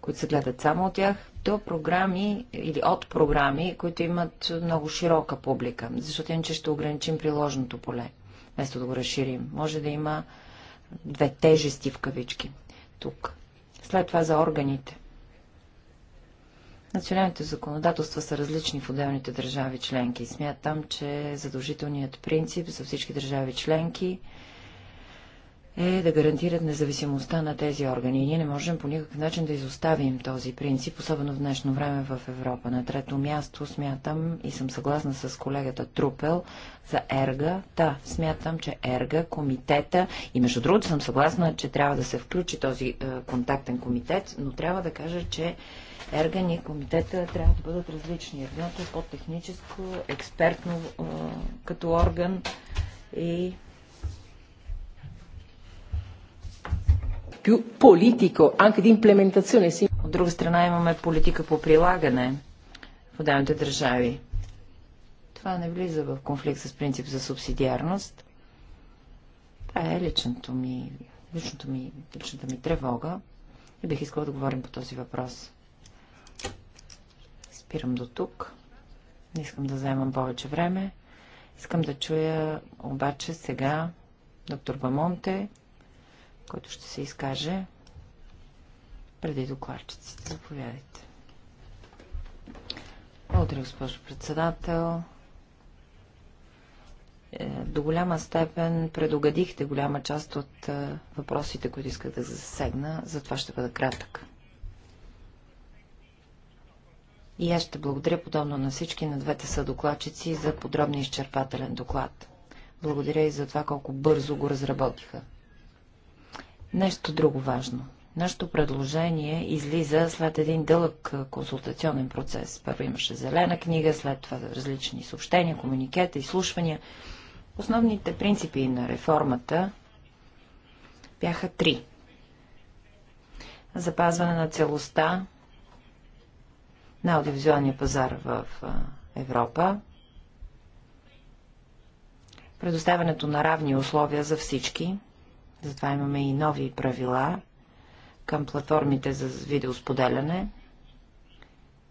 които се гледат само от тях, до програми или от програми, които имат много широка публика, защото иначе ще ограничим приложното поле, вместо да го разширим. Може да има две тежести в кавички тук. След това за органите. Националните законодателства са различни в отделните държави членки. Смятам, че задължителният принцип за всички държави членки е да гарантират независимостта на тези органи. И ние не можем по никакъв начин да изоставим този принцип, особено в днешно време в Европа. На трето място смятам и съм съгласна с колегата Трупел за ЕРГА. Да, смятам, че ЕРГА, комитета и между другото съм съгласна, че трябва да се включи този е, контактен комитет, но трябва да кажа, че ЕРГА и комитета трябва да бъдат различни. Едното е по-техническо, експертно е, като орган и più politico, anche di implementazione. От друга страна имаме политика по прилагане в отделните държави. Това не влиза в конфликт с принцип за субсидиарност. Това е личното ми, личното ми, личната ми тревога и бих искала да говорим по този въпрос. Спирам до тук. Не искам да заемам повече време. Искам да чуя обаче сега доктор Бамонте, който ще се изкаже преди докладчиците. Заповядайте. Благодаря, госпожо председател. Е, до голяма степен предугадихте голяма част от е, въпросите, които исках да засегна, затова ще бъда кратък. И аз ще благодаря, подобно на всички, на двете съдокладчици за подробния изчерпателен доклад. Благодаря и за това колко бързо го разработиха. Нещо друго важно. Нашето предложение излиза след един дълъг консултационен процес. Първо имаше зелена книга, след това различни съобщения, комуникета, изслушвания. Основните принципи на реформата бяха три. Запазване на целостта на аудиовизуалния пазар в Европа, предоставянето на равни условия за всички – затова имаме и нови правила към платформите за видеосподеляне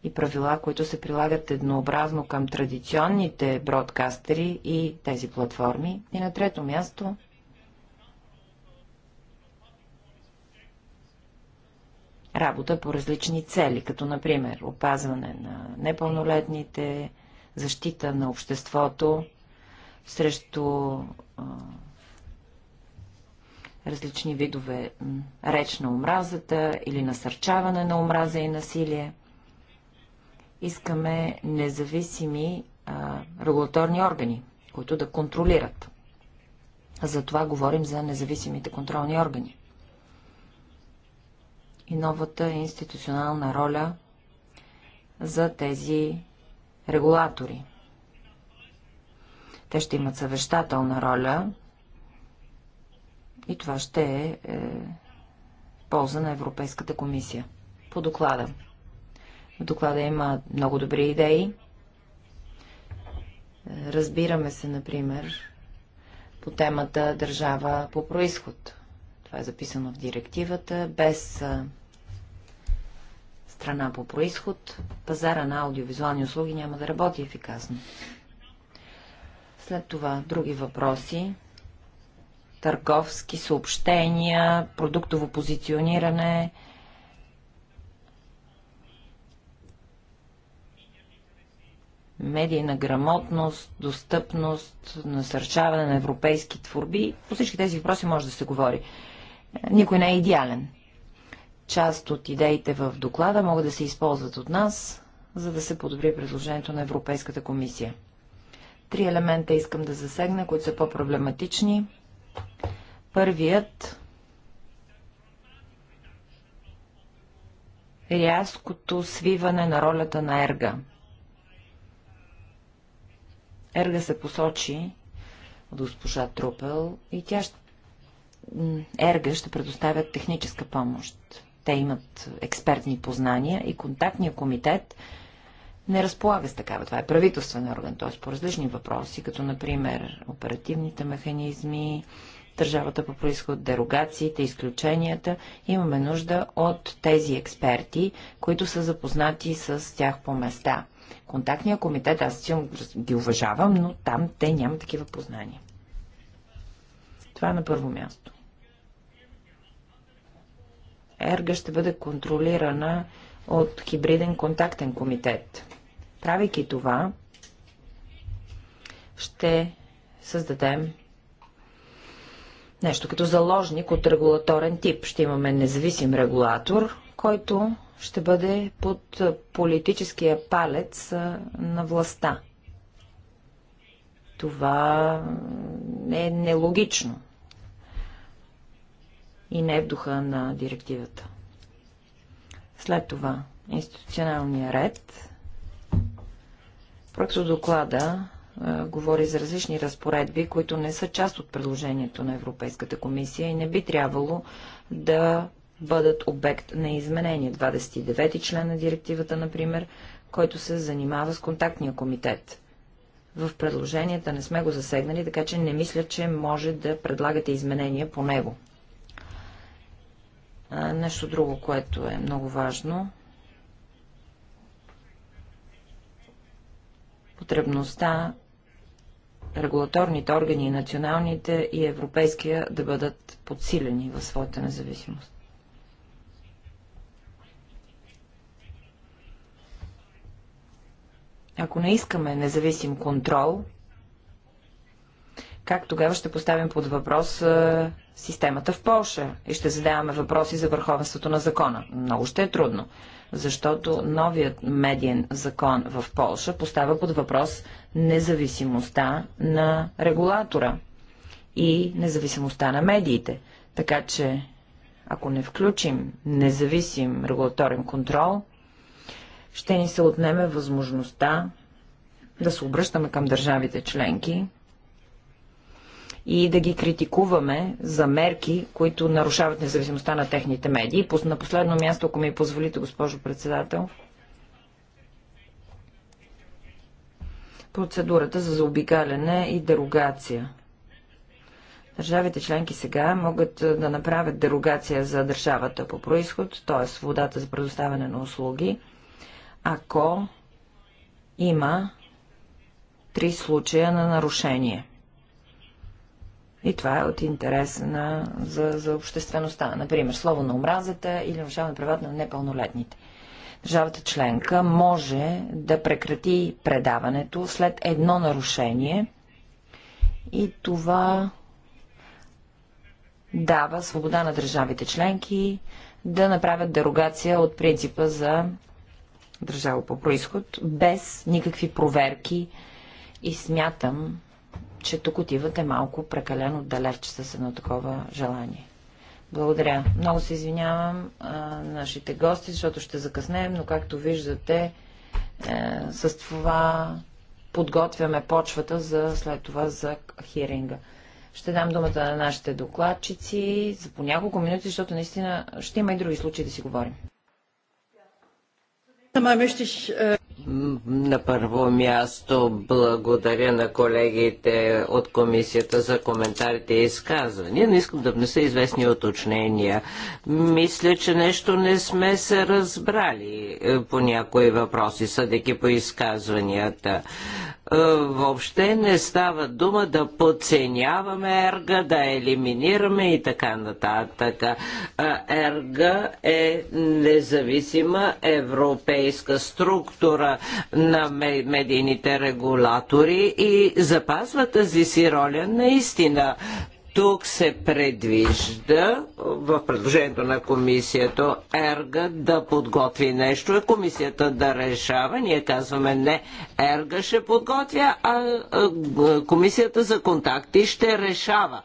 и правила, които се прилагат еднообразно към традиционните бродкастери и тези платформи. И на трето място работа по различни цели, като например опазване на непълнолетните, защита на обществото срещу различни видове реч на омразата или насърчаване на омраза и насилие. Искаме независими а, регулаторни органи, които да контролират. Затова говорим за независимите контролни органи. И новата институционална роля за тези регулатори. Те ще имат съвещателна роля и това ще е, е полза на Европейската комисия. По доклада. В доклада има много добри идеи. Разбираме се, например, по темата държава по происход. Това е записано в директивата, без страна по происход, пазара на аудиовизуални услуги няма да работи ефикасно. След това други въпроси, търговски съобщения, продуктово позициониране. медийна грамотност, достъпност, насърчаване на европейски творби. По всички тези въпроси може да се говори. Никой не е идеален. Част от идеите в доклада могат да се използват от нас, за да се подобри предложението на Европейската комисия. Три елемента искам да засегна, които са по-проблематични. Първият е рязкото свиване на ролята на Ерга. Ерга се посочи от госпожа Трупел и тя ще... Ерга ще предоставят техническа помощ. Те имат експертни познания и контактния комитет – не разполага с такава. Това е правителствен орган, т.е. по различни въпроси, като например оперативните механизми, държавата по происход, дерогациите, изключенията. Имаме нужда от тези експерти, които са запознати с тях по места. Контактния комитет, аз силно ги уважавам, но там те нямат такива познания. Това е на първо място. Ерга ще бъде контролирана от хибриден контактен комитет. Правейки това, ще създадем нещо като заложник от регулаторен тип. Ще имаме независим регулатор, който ще бъде под политическия палец на властта. Това е нелогично и не е в духа на директивата. След това институционалния ред Проекто доклада е, говори за различни разпоредби, които не са част от предложението на Европейската комисия и не би трябвало да бъдат обект на изменение. 29 член на директивата, например, който се занимава с контактния комитет. В предложенията не сме го засегнали, така че не мисля, че може да предлагате изменения по него. А, нещо друго, което е много важно потребността регулаторните органи, националните и европейския да бъдат подсилени в своята независимост. Ако не искаме независим контрол, как тогава ще поставим под въпрос а, системата в Польша и ще задаваме въпроси за върховенството на закона? Много ще е трудно защото новият медиен закон в Польша поставя под въпрос независимостта на регулатора и независимостта на медиите. Така че, ако не включим независим регулаторен контрол, ще ни се отнеме възможността да се обръщаме към държавите членки и да ги критикуваме за мерки, които нарушават независимостта на техните медии. На последно място, ако ми позволите, госпожо председател, процедурата за заобикаляне и дерогация. Държавите членки сега могат е, да направят дерогация за държавата по происход, т.е. свободата за предоставяне на услуги, ако има три случая на нарушение – и това е от интерес на, за, за обществеността. Например, слово на омразата или нарушаване правата на непълнолетните. Държавата членка може да прекрати предаването след едно нарушение и това дава свобода на държавите членки да направят дерогация от принципа за държава по происход без никакви проверки и смятам, че тук отивате малко прекалено далеч с едно такова желание. Благодаря. Много се извинявам а, нашите гости, защото ще закъснем, но както виждате, е, с това подготвяме почвата за след това за хиринга. Ще дам думата на нашите докладчици за по няколко минути, защото наистина ще има и други случаи да си говорим. На първо място благодаря на колегите от комисията за коментарите и изказвания. Не искам да внеса известни уточнения. Мисля, че нещо не сме се разбрали е, по някои въпроси, съдейки по изказванията. Е, въобще не става дума да подценяваме ерга, да елиминираме и така нататък. Е, ерга е независима европейска структура на медийните регулатори и запазва тази си роля наистина. Тук се предвижда в предложението на комисията Ерга да подготви нещо, комисията да решава. Ние казваме не, Ерга ще подготвя, а комисията за контакти ще решава.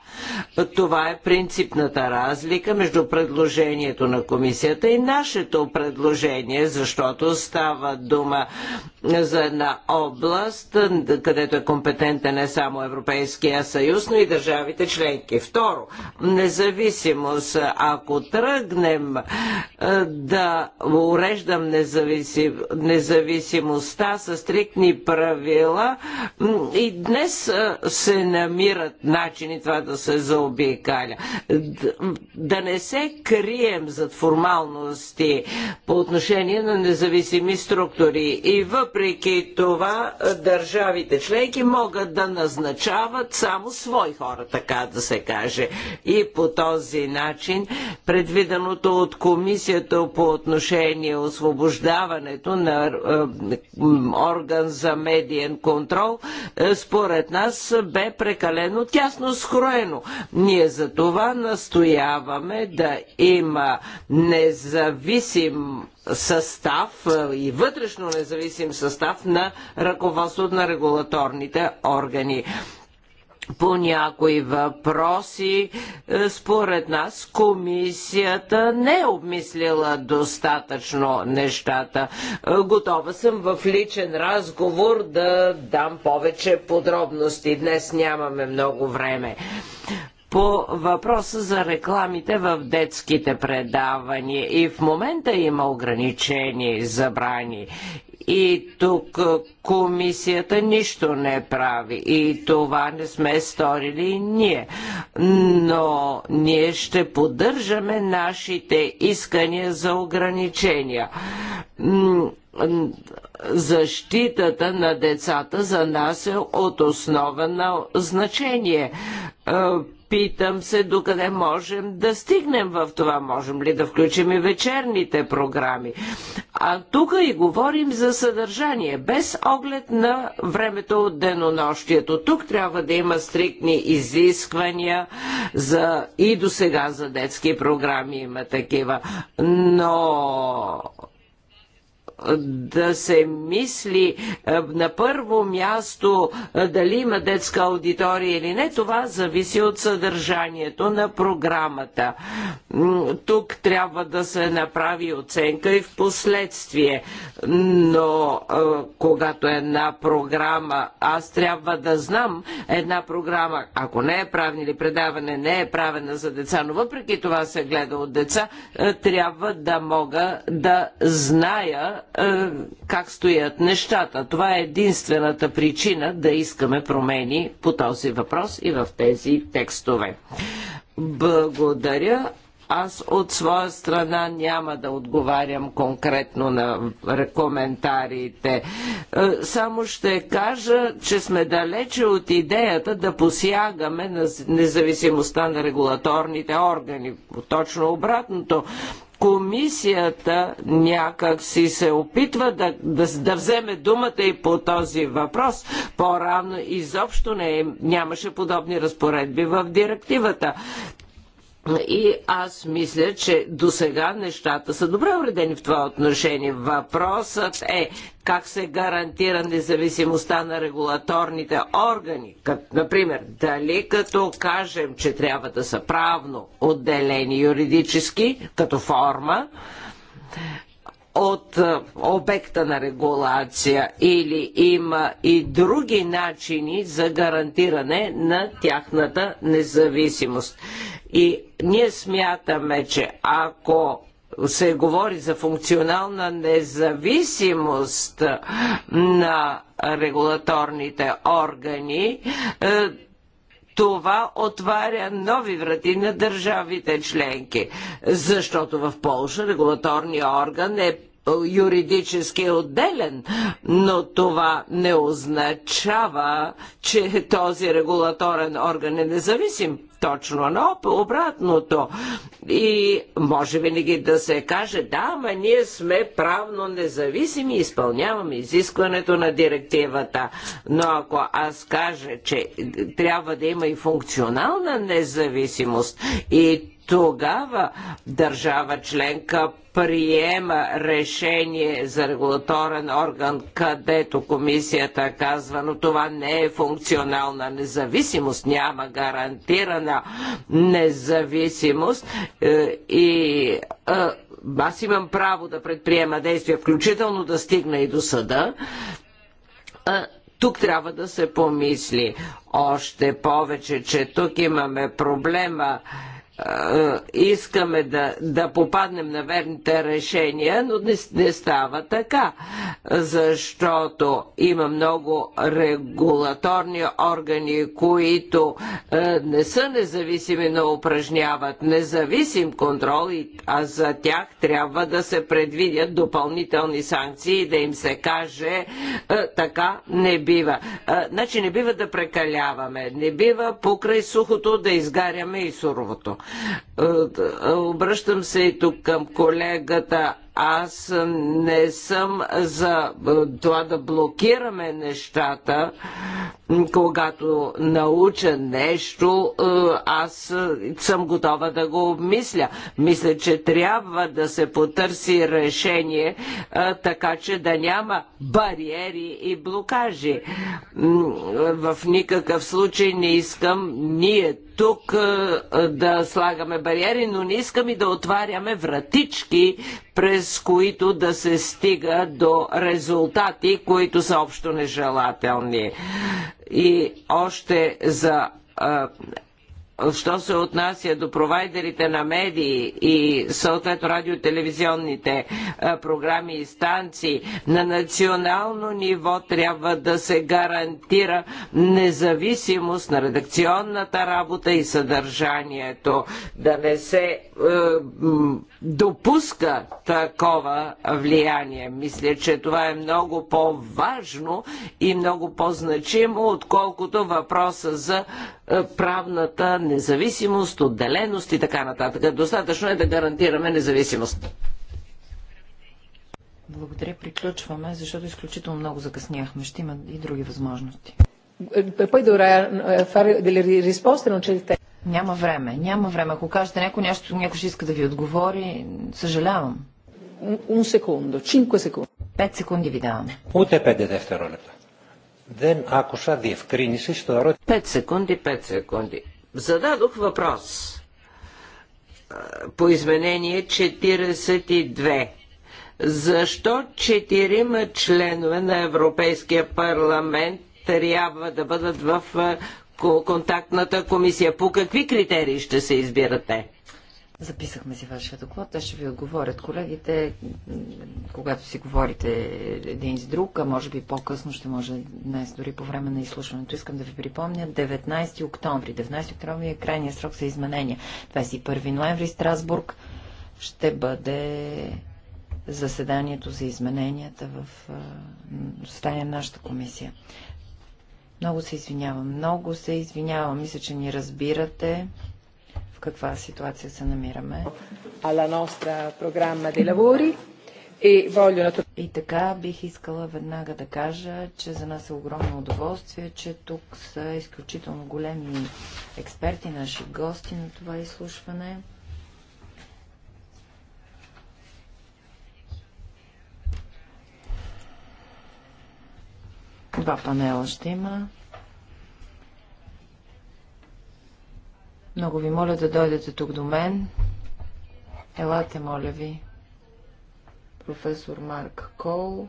Това е принципната разлика между предложението на комисията и нашето предложение, защото става дума за една област, където е компетентен не само Европейския съюз, но и държавите членки всеки. Второ, независимост. Ако тръгнем е, да уреждам независим, независимостта с стриктни правила, и днес е, се намират начини това да се заобикаля. Да не се крием зад формалности по отношение на независими структури. И въпреки това е, държавите членки могат да назначават само свои хора, така да се каже. И по този начин предвиденото от комисията по отношение освобождаването на е, орган за медиен контрол, е, според нас бе прекалено тясно скроено. Ние за това настояваме да има независим състав е, и вътрешно независим състав на ръководството на регулаторните органи по някои въпроси, е, според нас комисията не е обмислила достатъчно нещата. Е, готова съм в личен разговор да дам повече подробности. Днес нямаме много време по въпроса за рекламите в детските предавания. И в момента има ограничения и забрани. И тук комисията нищо не прави. И това не сме сторили и ние. Но ние ще поддържаме нашите искания за ограничения защитата на децата за нас е от на значение. Питам се докъде можем да стигнем в това. Можем ли да включим и вечерните програми? А тук и говорим за съдържание, без оглед на времето от денонощието. Тук трябва да има стриктни изисквания за и до сега за детски програми има такива. Но да се мисли е, на първо място е, дали има детска аудитория или не, това зависи от съдържанието на програмата. Тук трябва да се направи оценка и в последствие. Но е, когато една програма, аз трябва да знам една програма, ако не е правен или предаване, не е правена за деца, но въпреки това се гледа от деца, трябва да мога да зная е, как стоят нещата. Това е единствената причина да искаме промени по този въпрос и в тези текстове. Благодаря. Аз от своя страна няма да отговарям конкретно на коментарите. Е, само ще кажа, че сме далече от идеята да посягаме на независимостта на регулаторните органи. Точно обратното комисията някак си се опитва да, да, да вземе думата и по този въпрос. По-рано изобщо не, е, нямаше подобни разпоредби в директивата. И аз мисля, че до сега нещата са добре уредени в това отношение. Въпросът е как се гарантира независимостта на регулаторните органи. Как, например, дали като кажем, че трябва да са правно отделени юридически като форма, от е, обекта на регулация или има и други начини за гарантиране на тяхната независимост. И ние смятаме, че ако се говори за функционална независимост е, на регулаторните органи, е, това отваря нови врати на държавите членки, защото в Польша регулаторният орган е юридически отделен, но това не означава, че този регулаторен орган е независим. Точно на обратното. И може винаги да се каже, да, ма ние сме правно независими и изпълняваме изискването на директивата. Но ако аз кажа, че трябва да има и функционална независимост и тогава държава членка приема решение за регулаторен орган, където комисията казва, но това не е функционална независимост, няма гарантирана независимост е, и е, аз имам право да предприема действия, включително да стигна и до съда, е, тук трябва да се помисли. Още повече, че тук имаме проблема е, искаме да, да попаднем на верните решения, но не, не става така, защото има много регулаторни органи, които е, не са независими, но упражняват независим контрол, а за тях трябва да се предвидят допълнителни санкции и да им се каже е, така не бива. Е, значи не бива да прекаляваме, не бива покрай сухото да изгаряме и суровото. Е, е, обръщам се и тук към колегата аз не съм за е, това да блокираме нещата, когато науча нещо, е, аз съм готова да го обмисля. Мисля, че трябва да се потърси решение, е, така че да няма бариери и блокажи. В никакъв случай не искам ние тук да слагаме бариери, но не искам и да отваряме вратички през които да се стига до резултати, които са общо нежелателни. И още за Що се отнася до провайдерите на медии и съответно радиотелевизионните е, програми и станции, на национално ниво трябва да се гарантира независимост на редакционната работа и съдържанието. Да не се е, допуска такова влияние. Мисля, че това е много по-важно и много по-значимо, отколкото въпроса за е, правната независимост, отделеност и така нататък. Достатъчно е да гарантираме независимост. Благодаря. Приключваме, защото изключително много закъсняхме. Ще има и други възможности. Eh, Няма време. Няма време. Ако кажете някой нещо, някой ще иска да ви отговори, съжалявам. Un secondo, 5 секунди. 5 секунди ви даваме. Уте 5 дефтеролепта. Δεν άκουσα διευκρίνηση στο ερώτημα. Πέντε секунди, 5 секунди. Зададох въпрос по изменение 42. Защо четирима членове на Европейския парламент трябва да бъдат в контактната комисия? По какви критерии ще се избирате? Записахме си вашия доклад. Те ще ви отговорят колегите, когато си говорите един с друг, а може би по-късно ще може днес, дори по време на изслушването. Искам да ви припомня 19 октомври. 19 октомври е крайният срок за изменения. 21 ноември Страсбург ще бъде заседанието за измененията в състояние на нашата комисия. Много се извинявам. Много се извинявам. Мисля, че ни разбирате в каква ситуация се намираме. Ала ностра програма де лавори. И, волю... и така бих искала веднага да кажа, че за нас е огромно удоволствие, че тук са изключително големи експерти, наши гости на това изслушване. Два панела ще има. Много ви моля да дойдете тук до мен. Елате, моля ви. Професор Марк Кол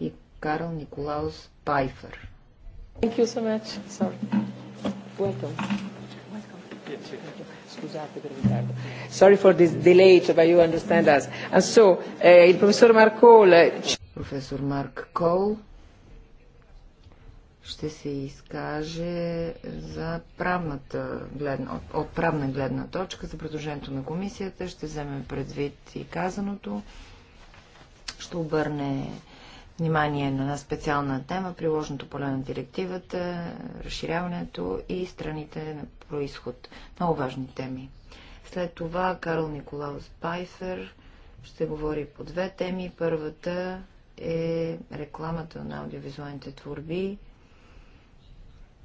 и Карл Николаус Пайфер. Thank you so much. Sorry. Welcome. Sorry for this delay, but you understand us. And so, uh, il professor Mark Cole... Professor Mark Cole ще се изкаже за правната гледна, от, правна гледна точка за предложението на комисията. Ще вземе предвид и казаното. Ще обърне внимание на една специална тема, приложното поле на директивата, разширяването и страните на происход. Много важни теми. След това Карл Николаус Пайфер ще говори по две теми. Първата е рекламата на аудиовизуалните творби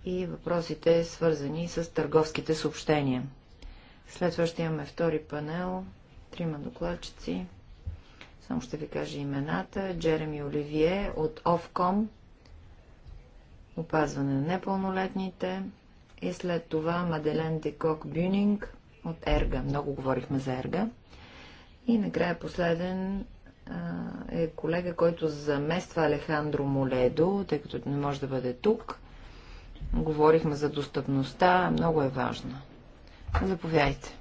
и въпросите свързани с търговските съобщения. След това ще имаме втори панел, трима докладчици. Само ще ви кажа имената. Джереми Оливие от ОВКОМ, опазване на непълнолетните. И след това Маделен Декок Бюнинг от Ерга. Много говорихме за Ерга. И накрая последен е колега, който замества Алехандро Моледо, тъй като не може да бъде тук. Говорихме за достъпността, много е важна. Заповядайте.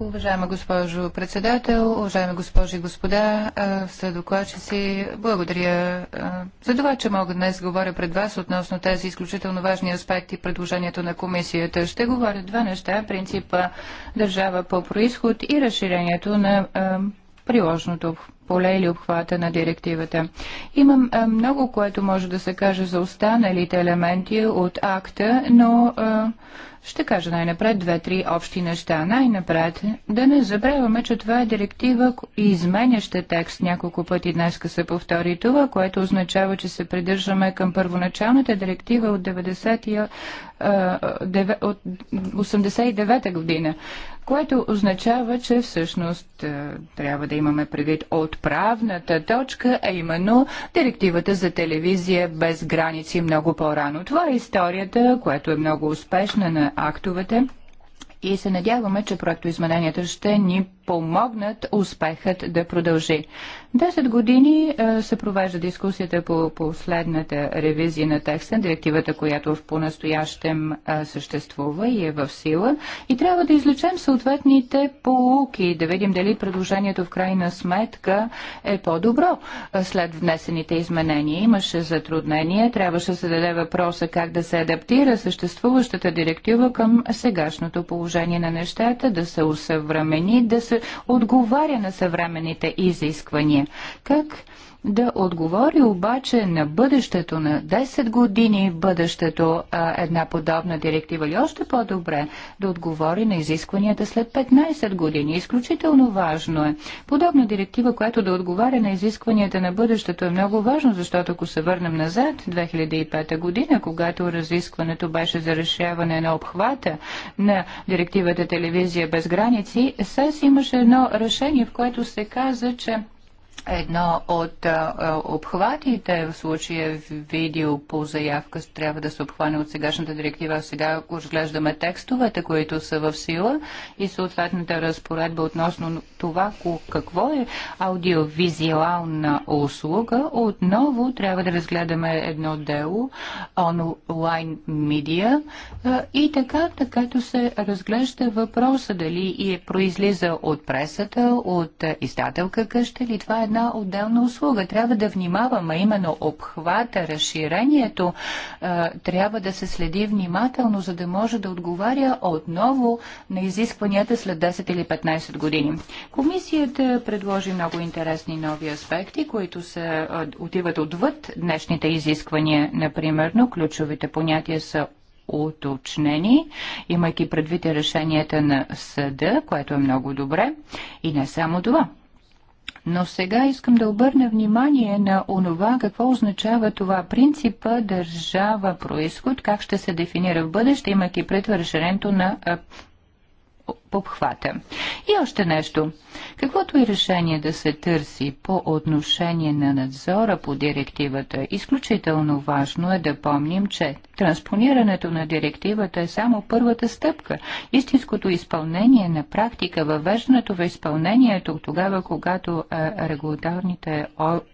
Уважаема госпожо председател, уважаеми госпожи и господа, си, благодаря за това, че мога днес говоря пред вас относно тези изключително важни аспекти предложението на комисията. Ще говоря два неща, принципа държава по происход и разширението на приложното поле или обхвата на директивата. Имам е, много, което може да се каже за останалите елементи от акта, но е, ще кажа най-напред две-три общи неща. Най-напред да не забравяме, че това е директива и изменяща текст. Няколко пъти днес се повтори това, което означава, че се придържаме към първоначалната директива от, 90, е, от 89 година което означава, че всъщност трябва да имаме предвид от отправната точка, а именно директивата за телевизия без граници много по-рано. Това е историята, която е много успешна на актовете и се надяваме, че проектоизмененията ще ни помогнат успехът да продължи. Десет години е, се провежда дискусията по последната ревизия на текста, директивата, която в понастоящем е, съществува и е в сила. И трябва да излечем съответните полуки, да видим дали предложението в крайна сметка е по-добро е, след внесените изменения. Имаше затруднение, трябваше да се даде въпроса как да се адаптира съществуващата директива към сегашното положение на нещата, да се усъвремени, да се отговаря на съвременните изисквания. Как да отговори обаче на бъдещето на 10 години бъдещето а, една подобна директива или още по-добре да отговори на изискванията след 15 години. Изключително важно е. Подобна директива, която да отговаря на изискванията на бъдещето е много важно, защото ако се върнем назад 2005 година, когато разискването беше за решаване на обхвата на директивата телевизия без граници, СЕС имаше едно решение, в което се каза, че Едно от а, обхватите в случая видео по заявка трябва да се обхване от сегашната директива. Сега разглеждаме текстовете, които са в сила и съответната разпоредба относно това какво е аудиовизуална услуга. Отново трябва да разгледаме едно дело онлайн медиа и така, такато се разглежда въпроса дали и е произлиза от пресата, от издателка къща или това е една отделна услуга. Трябва да внимаваме именно обхвата, разширението. Е, трябва да се следи внимателно, за да може да отговаря отново на изискванията след 10 или 15 години. Комисията предложи много интересни нови аспекти, които се отиват отвъд днешните изисквания. Например, ключовите понятия са уточнени, имайки предвид решенията на съда, което е много добре. И не само това. Но сега искам да обърна внимание на онова какво означава това принципа държава происход, как ще се дефинира в бъдеще, имайки пред на обхвата. И още нещо. Каквото и решение да се търси по отношение на надзора по директивата, изключително важно е да помним, че транспонирането на директивата е само първата стъпка. Истинското изпълнение на практика, въвеждането в изпълнението тогава, когато регулаторните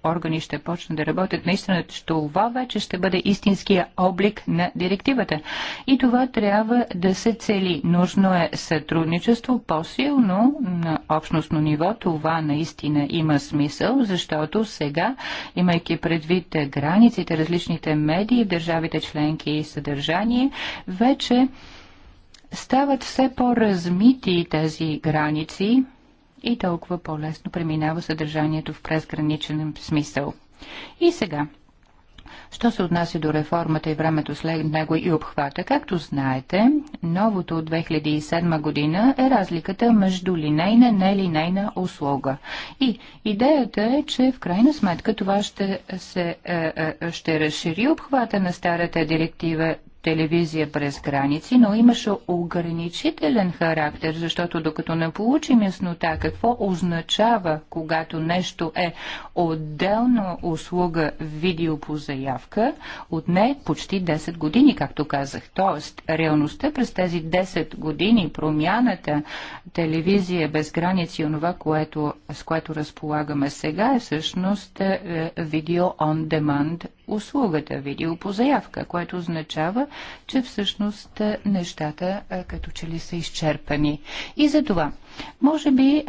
органи ще почнат да работят, наистина че това вече ще бъде истинския облик на директивата. И това трябва да се цели. Нужно е сътрудничество сътрудничество по-силно на общностно ниво. Това наистина има смисъл, защото сега, имайки предвид границите, различните медии в държавите членки и съдържание, вече стават все по-размити тези граници и толкова по-лесно преминава съдържанието в презграничен смисъл. И сега – Що се отнася до реформата и времето след него и обхвата, както знаете, новото от 2007 година е разликата между линейна и нелинейна услуга. И идеята е, че в крайна сметка това ще, се, е, е, ще разшири обхвата на старата директива телевизия през граници, но имаше ограничителен характер, защото докато не получим яснота какво означава, когато нещо е отделна услуга видео по заявка, от не почти 10 години, както казах. Тоест, реалността през тези 10 години, промяната, телевизия без граници, онова, което, с което разполагаме сега, е всъщност е, е, видео on demand услугата видеопозаявка, което означава, че всъщност е, нещата е, като че ли са изчерпани. И за това, може би е,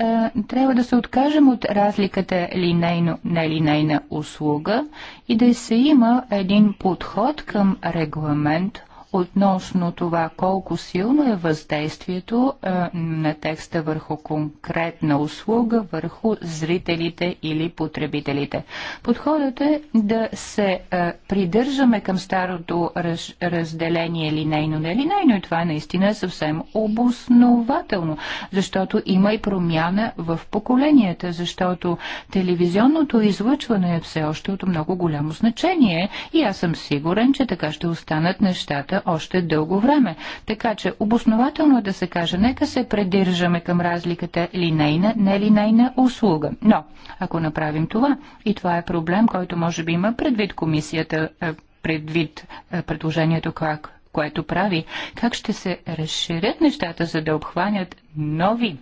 трябва да се откажем от разликата линейно-нелинейна услуга и да се има един подход към регламент – относно това колко силно е въздействието е, на текста върху конкретна услуга, върху зрителите или потребителите. Подходът е да се е, придържаме към старото раз, разделение линейно на линейно и това наистина е съвсем обоснователно, защото има и промяна в поколенията, защото телевизионното излъчване е все още от много голямо значение и аз съм сигурен, че така ще останат нещата още дълго време. Така че обоснователно е да се каже, нека се придържаме към разликата линейна, нелинейна услуга. Но, ако направим това, и това е проблем, който може би има предвид комисията, е, предвид е, предложението как което прави, как ще се разширят нещата, за да обхванят нови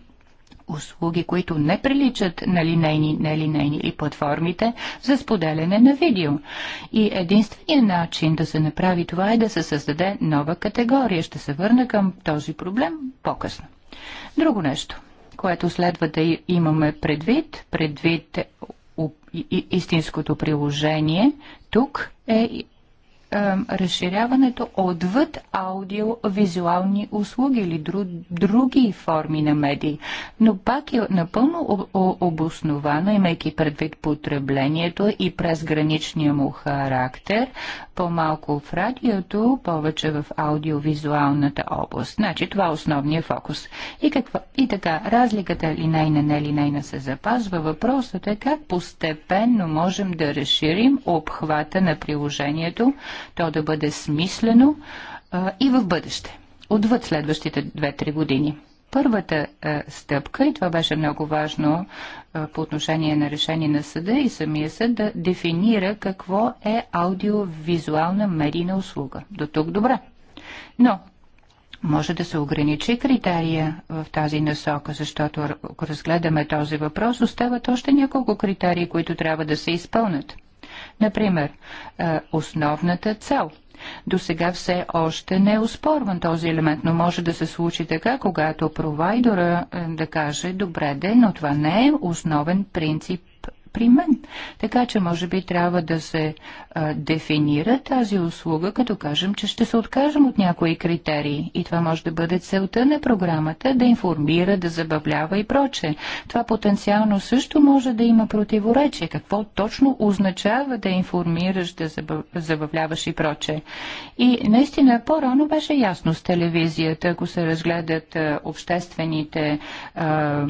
услуги, които не приличат на линейни, нелинейни и платформите за споделяне на видео. И единственият начин да се направи това е да се създаде нова категория. Ще се върна към този проблем по-късно. Друго нещо, което следва да имаме предвид, предвид истинското приложение, тук е разширяването отвъд аудиовизуални услуги или дру, други форми на медии. Но пак е напълно обосновано, имайки предвид потреблението и през граничния му характер, по-малко в радиото, повече в аудиовизуалната област. Значи това е основният фокус. И, какво? и така, разликата е линейна, не се запазва. Въпросът е как постепенно можем да разширим обхвата на приложението, то да бъде смислено а, и в бъдеще, отвъд следващите 2-3 години. Първата а, стъпка, и това беше много важно а, по отношение на решение на съда и самия съд, да дефинира какво е аудиовизуална медийна услуга. До тук добре. Но може да се ограничи критерия в тази насока, защото ако разгледаме този въпрос, остават още няколко критерии, които трябва да се изпълнят. Например, основната цел до сега все още не е успорван този елемент, но може да се случи така, когато провайдора да каже, добре де, но това не е основен принцип при мен. Така че може би трябва да се а, дефинира тази услуга, като кажем, че ще се откажем от някои критерии. И това може да бъде целта на програмата, да информира, да забавлява и проче. Това потенциално също може да има противоречие. Какво точно означава да информираш, да забавляваш и проче. И наистина по-рано беше ясно с телевизията, ако се разгледат а, обществените а,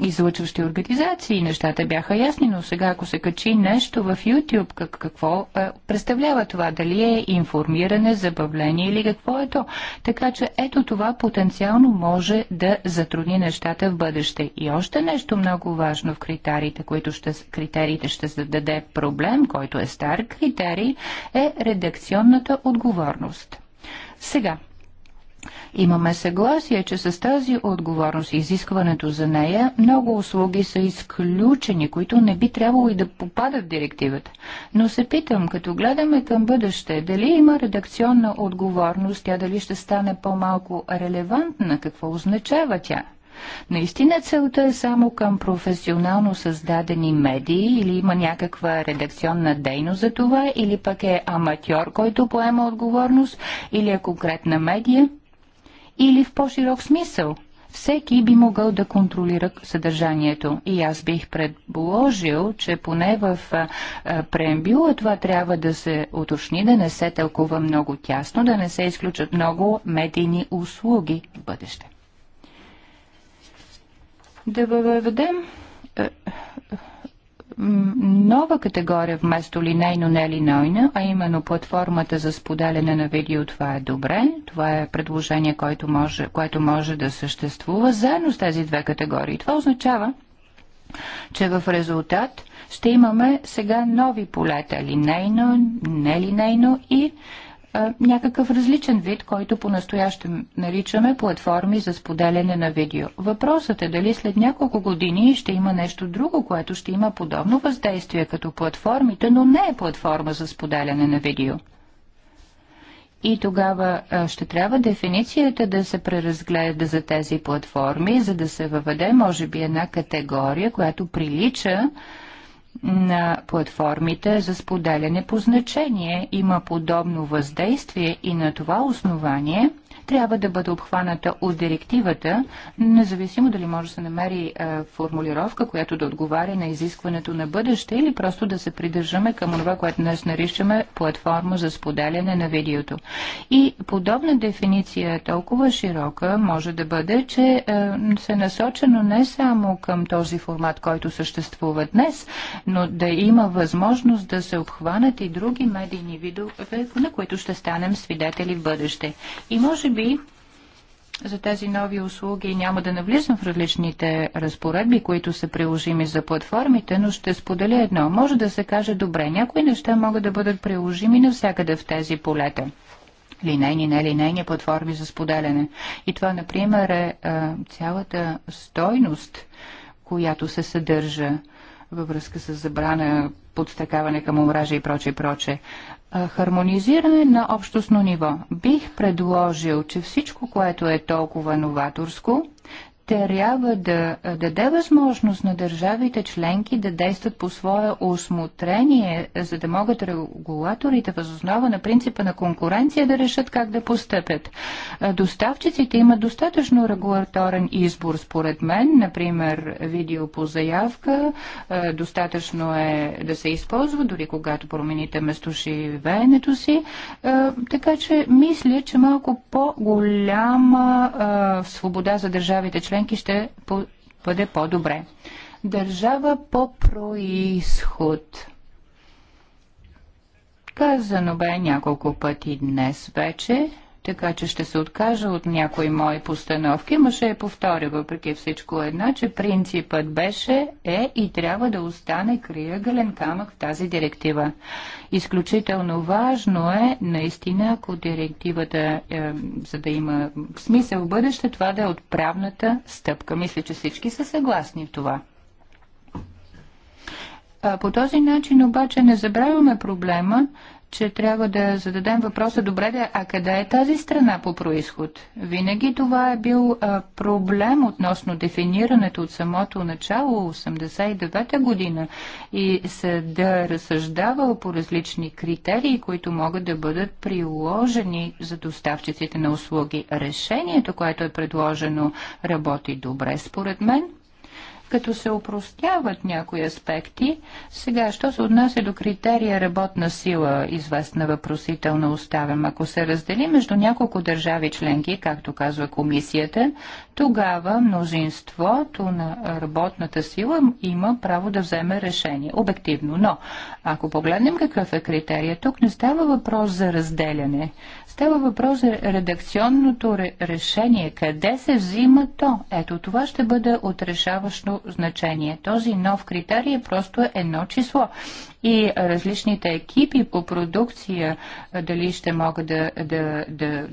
излъчващи организации, нещата бяха ясни, но сега ако се качи нещо в YouTube, как, какво а, е, представлява това? Дали е информиране, забавление или какво е то? Така че ето това потенциално може да затрудни нещата в бъдеще. И още нещо много важно в критериите, които ще, критериите ще зададе проблем, който е стар критерий, е редакционната отговорност. Сега, Имаме съгласие, че с тази отговорност и изискването за нея много услуги са изключени, които не би трябвало и да попадат в директивата. Но се питам, като гледаме към бъдеще, дали има редакционна отговорност, тя дали ще стане по-малко релевантна, какво означава тя? Наистина целта е само към професионално създадени медии или има някаква редакционна дейност за това или пък е аматьор, който поема отговорност или е конкретна медия? или в по-широк смисъл. Всеки би могъл да контролира съдържанието. И аз бих предположил, че поне в преембюла това трябва да се уточни, да не се тълкува много тясно, да не се изключат много медийни услуги в бъдеще. Да въведем нова категория вместо линейно нелинейна, а именно платформата за споделяне на видео. Това е добре. Това е предложение, което може, което може да съществува заедно с тези две категории. Това означава, че в резултат ще имаме сега нови полета линейно, нелинейно и някакъв различен вид, който по-настоящем наричаме платформи за споделяне на видео. Въпросът е дали след няколко години ще има нещо друго, което ще има подобно въздействие като платформите, но не е платформа за споделяне на видео. И тогава ще трябва дефиницията да се преразгледа за тези платформи, за да се въведе, може би, една категория, която прилича на платформите за споделяне по значение. Има подобно въздействие и на това основание – трябва да бъде обхваната от директивата, независимо дали може да се намери е, формулировка, която да отговаря на изискването на бъдеще или просто да се придържаме към това, което днес наричаме платформа за споделяне на видеото. И подобна дефиниция е толкова широка може да бъде, че е, се насочено не само към този формат, който съществува днес, но да има възможност да се обхванат и други медийни видове, на които ще станем свидетели в бъдеще. И може би за тези нови услуги няма да навлизам в различните разпоредби, които са приложими за платформите, но ще споделя едно. Може да се каже добре, някои неща могат да бъдат приложими навсякъде в тези полета. Линейни, нелинейни платформи за споделяне. И това, например, е а, цялата стойност, която се съдържа във връзка с забрана, подстъкаване към омража и проче, и проче хармонизиране на общностно ниво. Бих предложил, че всичко, което е толкова новаторско, трябва да даде възможност на държавите членки да действат по свое осмотрение, за да могат регулаторите възоснова на принципа на конкуренция да решат как да постъпят. Доставчиците имат достатъчно регулаторен избор, според мен, например видео по заявка, достатъчно е да се използва, дори когато промените местоживеенето си. Така че мисля, че малко по-голяма свобода за държавите членки членки ще бъде по-добре. Държава по происход. Казано бе няколко пъти днес вече, така че ще се откажа от някои мои постановки, но ще я повторя въпреки всичко едно, че принципът беше, е и трябва да остане криягален камък в тази директива. Изключително важно е, наистина, ако директивата, е, за да има смисъл в бъдеще, това да е отправната стъпка. Мисля, че всички са съгласни в това. По този начин обаче не забравяме проблема, че трябва да зададем въпроса, добре, де, а къде е тази страна по происход? Винаги това е бил а, проблем относно дефинирането от самото начало, 89-та година, и се да разсъждавал по различни критерии, които могат да бъдат приложени за доставчиците на услуги. Решението, което е предложено, работи добре според мен като се упростяват някои аспекти. Сега, що се отнася до критерия работна сила, известна въпросителна оставям. Ако се раздели между няколко държави членки, както казва комисията, тогава мнозинството на работната сила има право да вземе решение. Обективно. Но, ако погледнем какъв е критерия, тук не става въпрос за разделяне. Става въпрос за редакционното решение. Къде се взима то? Ето това ще бъде отрешаващо значение. Този нов критерий е просто едно число и различните екипи по продукция, дали ще могат да, да, да,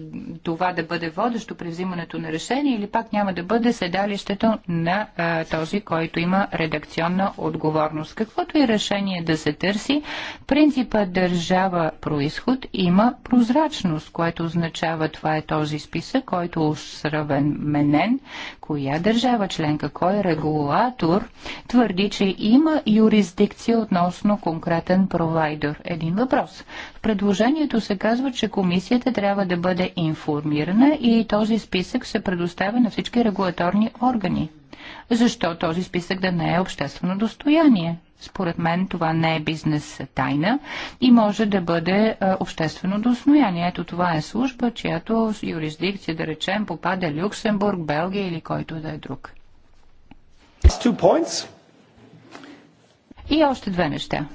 това да бъде водещо при взимането на решение или пак няма да бъде седалището на а, този, който има редакционна отговорност. Каквото и решение да се търси, принципа държава происход има прозрачност, което означава това е този списък, който е осъвременен, коя държава членка, кой регулатор твърди, че има юрисдикция относно конкретно конкретен провайдер. Един въпрос. В предложението се казва, че комисията трябва да бъде информирана и този списък се предоставя на всички регулаторни органи. Защо този списък да не е обществено достояние? Според мен това не е бизнес тайна и може да бъде обществено достояние. Ето това е служба, чиято юрисдикция, да речем, попада Люксембург, Белгия или който да е друг. И още две неща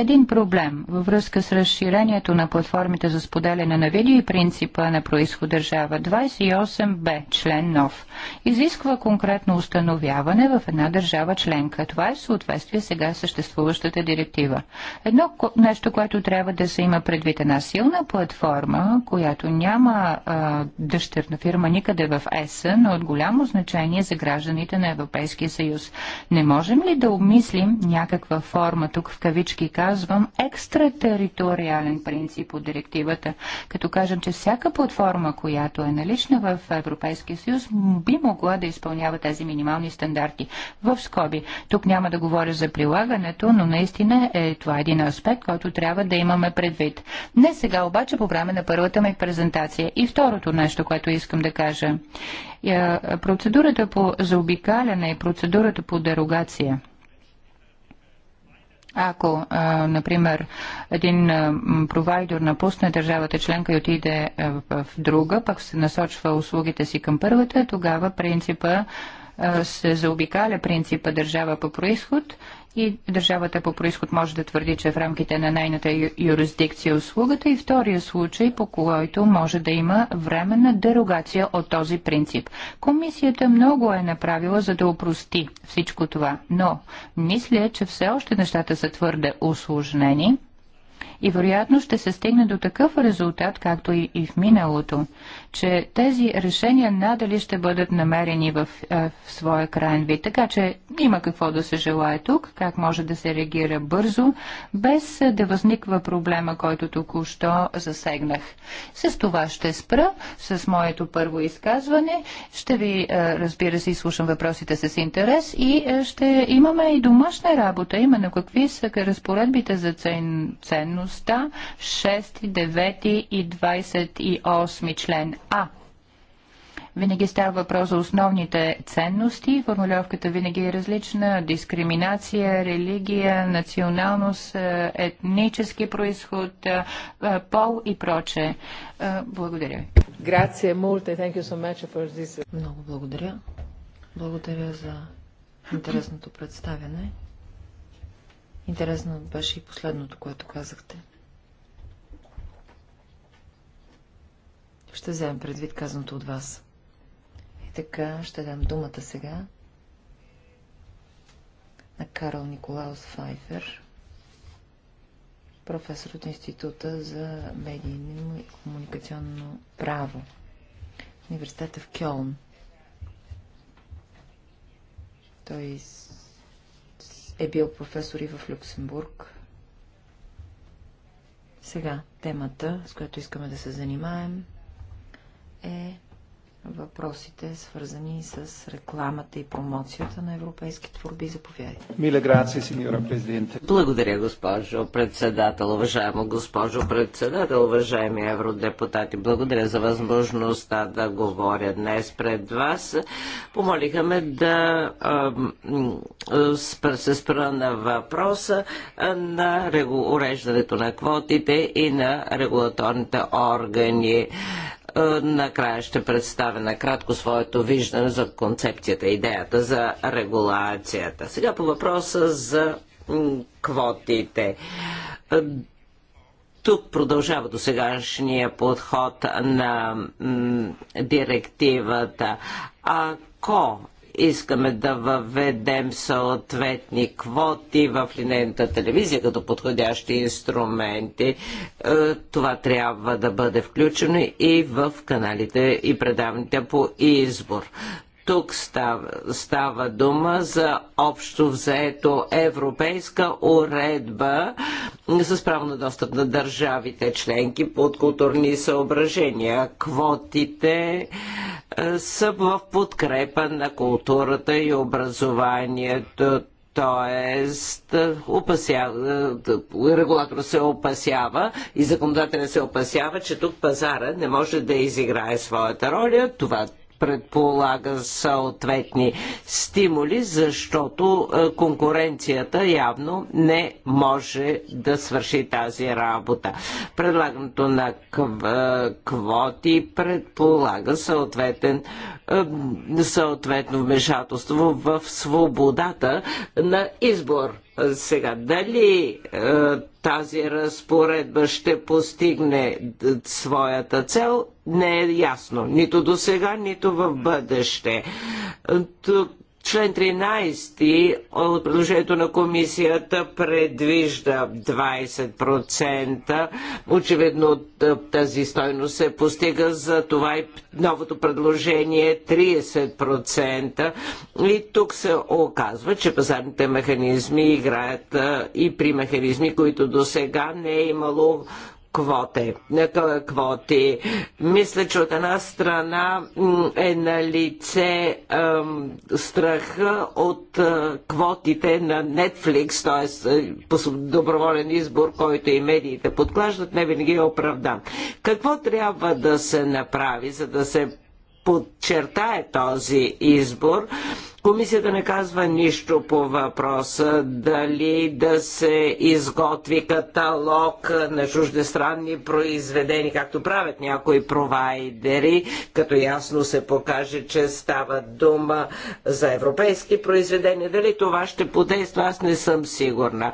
един проблем във връзка с разширението на платформите за споделяне на видео и принципа на происход държава 28б, член нов. Изисква конкретно установяване в една държава членка. Това е в съответствие сега съществуващата директива. Едно нещо, което трябва да се има предвид една силна платформа, която няма а, дъщерна фирма никъде в ЕС, но от голямо значение за гражданите на Европейския съюз. Не можем ли да обмислим някаква форма тук в кавички, как казвам екстратериториален принцип от директивата, като кажем, че всяка платформа, която е налична в Европейския съюз, би могла да изпълнява тези минимални стандарти. В скоби. Тук няма да говоря за прилагането, но наистина е, това е един аспект, който трябва да имаме предвид. Не сега обаче по време на първата ми презентация. И второто нещо, което искам да кажа. Е, процедурата по заобикаляне и процедурата по дерогация – ако, например, един провайдер напусне държавата членка и отиде в друга, пък се насочва услугите си към първата, тогава принципа се заобикаля принципа държава по происход и държавата по происход може да твърди, че в рамките на нейната юрисдикция е услугата и втория случай, по който може да има временна дерогация от този принцип. Комисията много е направила за да опрости всичко това, но мисля, че все още нещата са твърде усложнени и вероятно ще се стигне до такъв резултат, както и в миналото че тези решения надали ще бъдат намерени в, е, в своя крайен вид. Така че има какво да се желая тук, как може да се реагира бързо, без е, да възниква проблема, който току-що засегнах. С това ще спра, с моето първо изказване. Ще ви, е, разбира се, изслушам въпросите с интерес и ще имаме и домашна работа, именно какви са разпоредбите за цен, ценността 6, 9 и 28 член. А. Винаги става въпрос за основните ценности. Формулировката винаги е различна. Дискриминация, религия, националност, е, етнически происход, е, е, пол и проче. Благодаря ви. Грация, мулте. Thank you so much for this. Много благодаря. Благодаря за интересното представяне. Интересно беше и последното, което казахте. Ще вземем предвид казаното от вас. И така ще дам думата сега на Карл Николаус Файфер, професор от Института за медийно и комуникационно право в университета в Кьолн. Той е бил професор и в Люксембург. Сега темата, с която искаме да се занимаем, е въпросите, свързани с рекламата и промоцията на европейски творби. Заповядайте. Миле грация, сеньора президенте. Благодаря, госпожо председател, уважаемо госпожо председател, уважаеми евродепутати. Благодаря за възможността да говоря днес пред вас. Помолиха ме да се спра на въпроса на уреждането на квотите и на регулаторните органи. Е, накрая ще представя накратко своето виждане за концепцията, идеята за регулацията. Сега по въпроса за квотите. Е, тук продължава до сегашния подход на директивата. Ако Искаме да въведем съответни квоти в линейната телевизия като подходящи инструменти. Е, това трябва да бъде включено и в каналите и предавните по избор. Тук става, става дума за общо взето европейска уредба с право на достъп на държавите членки под културни съображения. Квотите е, са в подкрепа на културата и образованието. Тоест, е, е, регулатор се опасява и законодателя се опасява, че тук пазара не може да изиграе своята роля. Това предполага съответни стимули, защото е, конкуренцията явно не може да свърши тази работа. Предлагането на е, квоти предполага съответен, е, съответно вмешателство в свободата на избор сега, дали е, тази разпоредба ще постигне е, своята цел, не е ясно. Нито до сега, нито в бъдеще. Е, Член 13 от предложението на комисията предвижда 20%. Очевидно тази стойност се постига за това и новото предложение е 30%. И тук се оказва, че пазарните механизми играят и при механизми, които до сега не е имало квоти. квоти. Мисля, че от една страна е на лице страха от квотите на Netflix, т.е. доброволен избор, който и медиите подклаждат, не винаги е оправдан. Какво трябва да се направи, за да се подчертае този избор. Комисията не казва нищо по въпроса дали да се изготви каталог на чуждестранни произведения, както правят някои провайдери, като ясно се покаже, че става дума за европейски произведения. Дали това ще подейства, аз не съм сигурна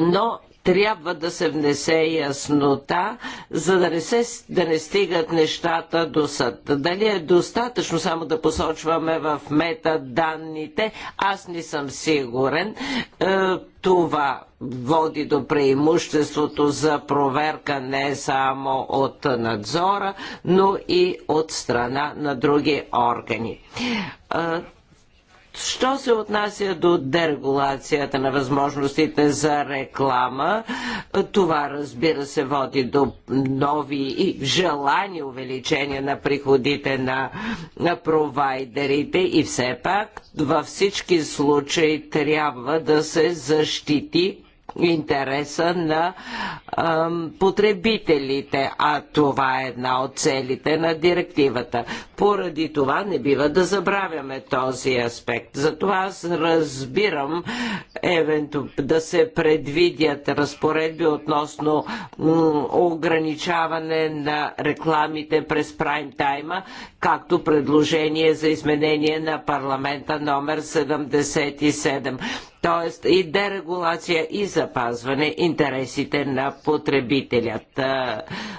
но трябва да се внесе яснота, за да не, се, да не стигат нещата до съд. Дали е достатъчно само да посочваме в мета данните. аз не съм сигурен. Е, това води до преимуществото за проверка не само от надзора, но и от страна на други органи е, Що се отнася до дерегулацията на възможностите за реклама, това разбира се води до нови и желани увеличения на приходите на, на провайдерите и все пак във всички случаи трябва да се защити интереса на потребителите, а това е една от целите на директивата. Поради това не бива да забравяме този аспект. Затова аз разбирам евенту, да се предвидят разпоредби относно ограничаване на рекламите през прайм тайма, както предложение за изменение на парламента номер 77 т.е. и дерегулация и запазване интересите на потребителят.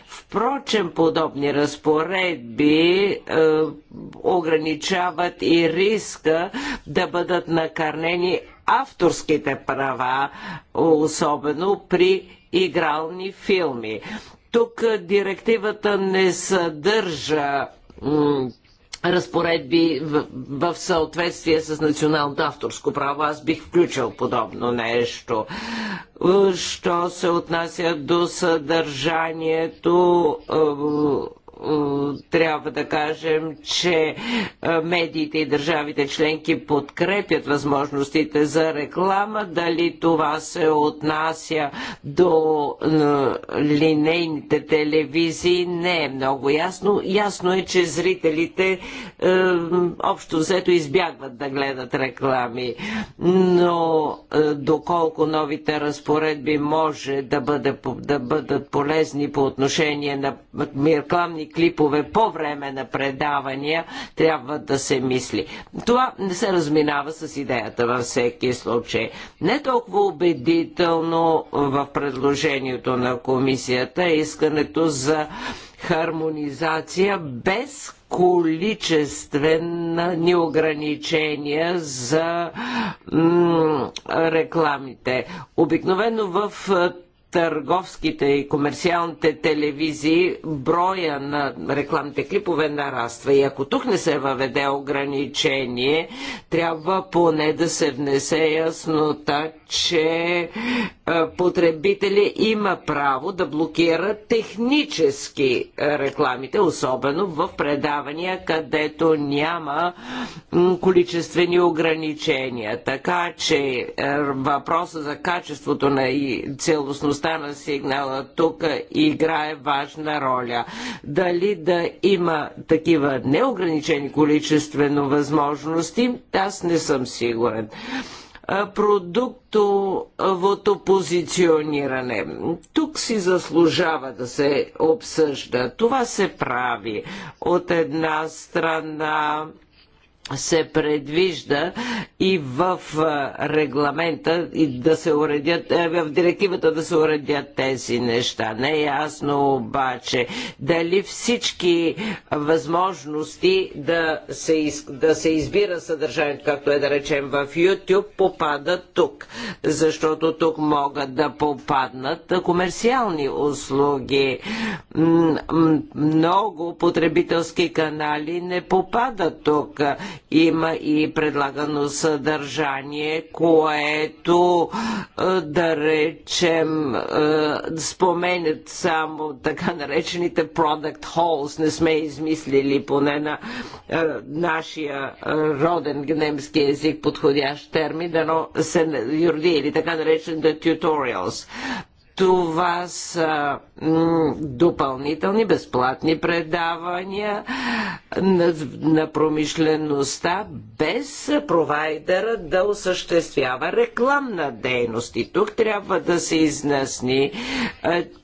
Впрочем, подобни разпоредби е, ограничават и риска да бъдат накарнени авторските права, особено при игрални филми. Тук директивата не съдържа разпоредби в, в съответствие с националното авторско право. Аз бих включил подобно нещо. Що се отнася до съдържанието е, трябва да кажем, че е, медиите и държавите членки подкрепят възможностите за реклама. Дали това се отнася до е, линейните телевизии, не е много ясно. Ясно е, че зрителите общо взето избягват да гледат реклами. Но доколко новите разпоредби може да, бъде, да бъдат полезни по отношение на рекламни клипове по време на предавания трябва да се мисли. Това не се разминава с идеята във всеки случай. Не толкова убедително в предложението на комисията е искането за хармонизация без количествени ограничения за рекламите. Обикновено в търговските и комерциалните телевизии броя на рекламните клипове нараства. И ако тук не се въведе ограничение, трябва поне да се внесе яснота, че е, потребители има право да блокира технически е, рекламите, особено в предавания, където няма количествени ограничения. Така че е, въпроса за качеството на и целостността Ефективността на сигнала тук играе важна роля. Дали да има такива неограничени количествено възможности, аз не съм сигурен продуктовото позициониране. Тук си заслужава да се обсъжда. Това се прави от една страна се предвижда и в регламента и да се уредят, в директивата да се уредят тези неща. Не е ясно обаче дали всички възможности да се, да се избира съдържанието, както е да речем в YouTube, попадат тук. Защото тук могат да попаднат комерциални услуги. Много потребителски канали не попадат тук има и предлагано съдържание, което е, да речем е, споменят само така наречените product holes. Не сме измислили поне на е, нашия роден немски език подходящ термин, но се юрди или така наречените tutorials. Това са допълнителни безплатни предавания на, на промишлеността без провайдера да осъществява рекламна дейност. И тук трябва да се изнесни е,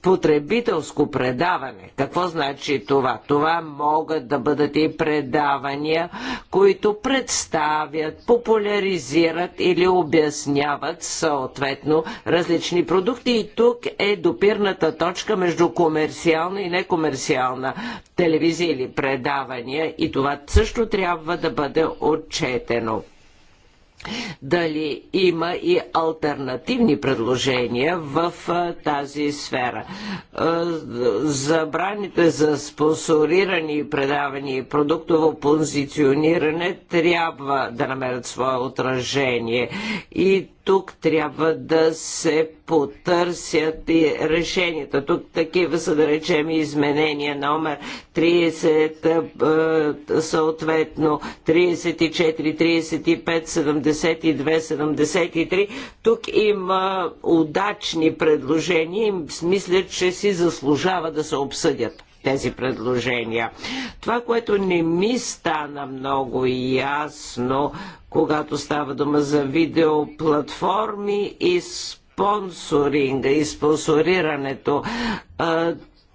потребителско предаване. Какво значи това? Това могат да бъдат и предавания, които представят, популяризират или обясняват съответно различни продукти. И тук е допирната точка между комерциална и некомерциална телевизия или предавания и това също трябва да бъде отчетено дали има и альтернативни предложения в тази сфера. Забраните за спонсорирани предавания и продуктово позициониране трябва да намерят свое отражение и тук трябва да се потърсят и решенията. Тук такива са, да речем, изменения номер 30, е, съответно 34, 35, 72, 73. Тук има удачни предложения и мисля, че си заслужава да се обсъдят тези предложения. Това, което не ми стана много ясно, когато става дума за видеоплатформи и спонсоринга и спонсорирането,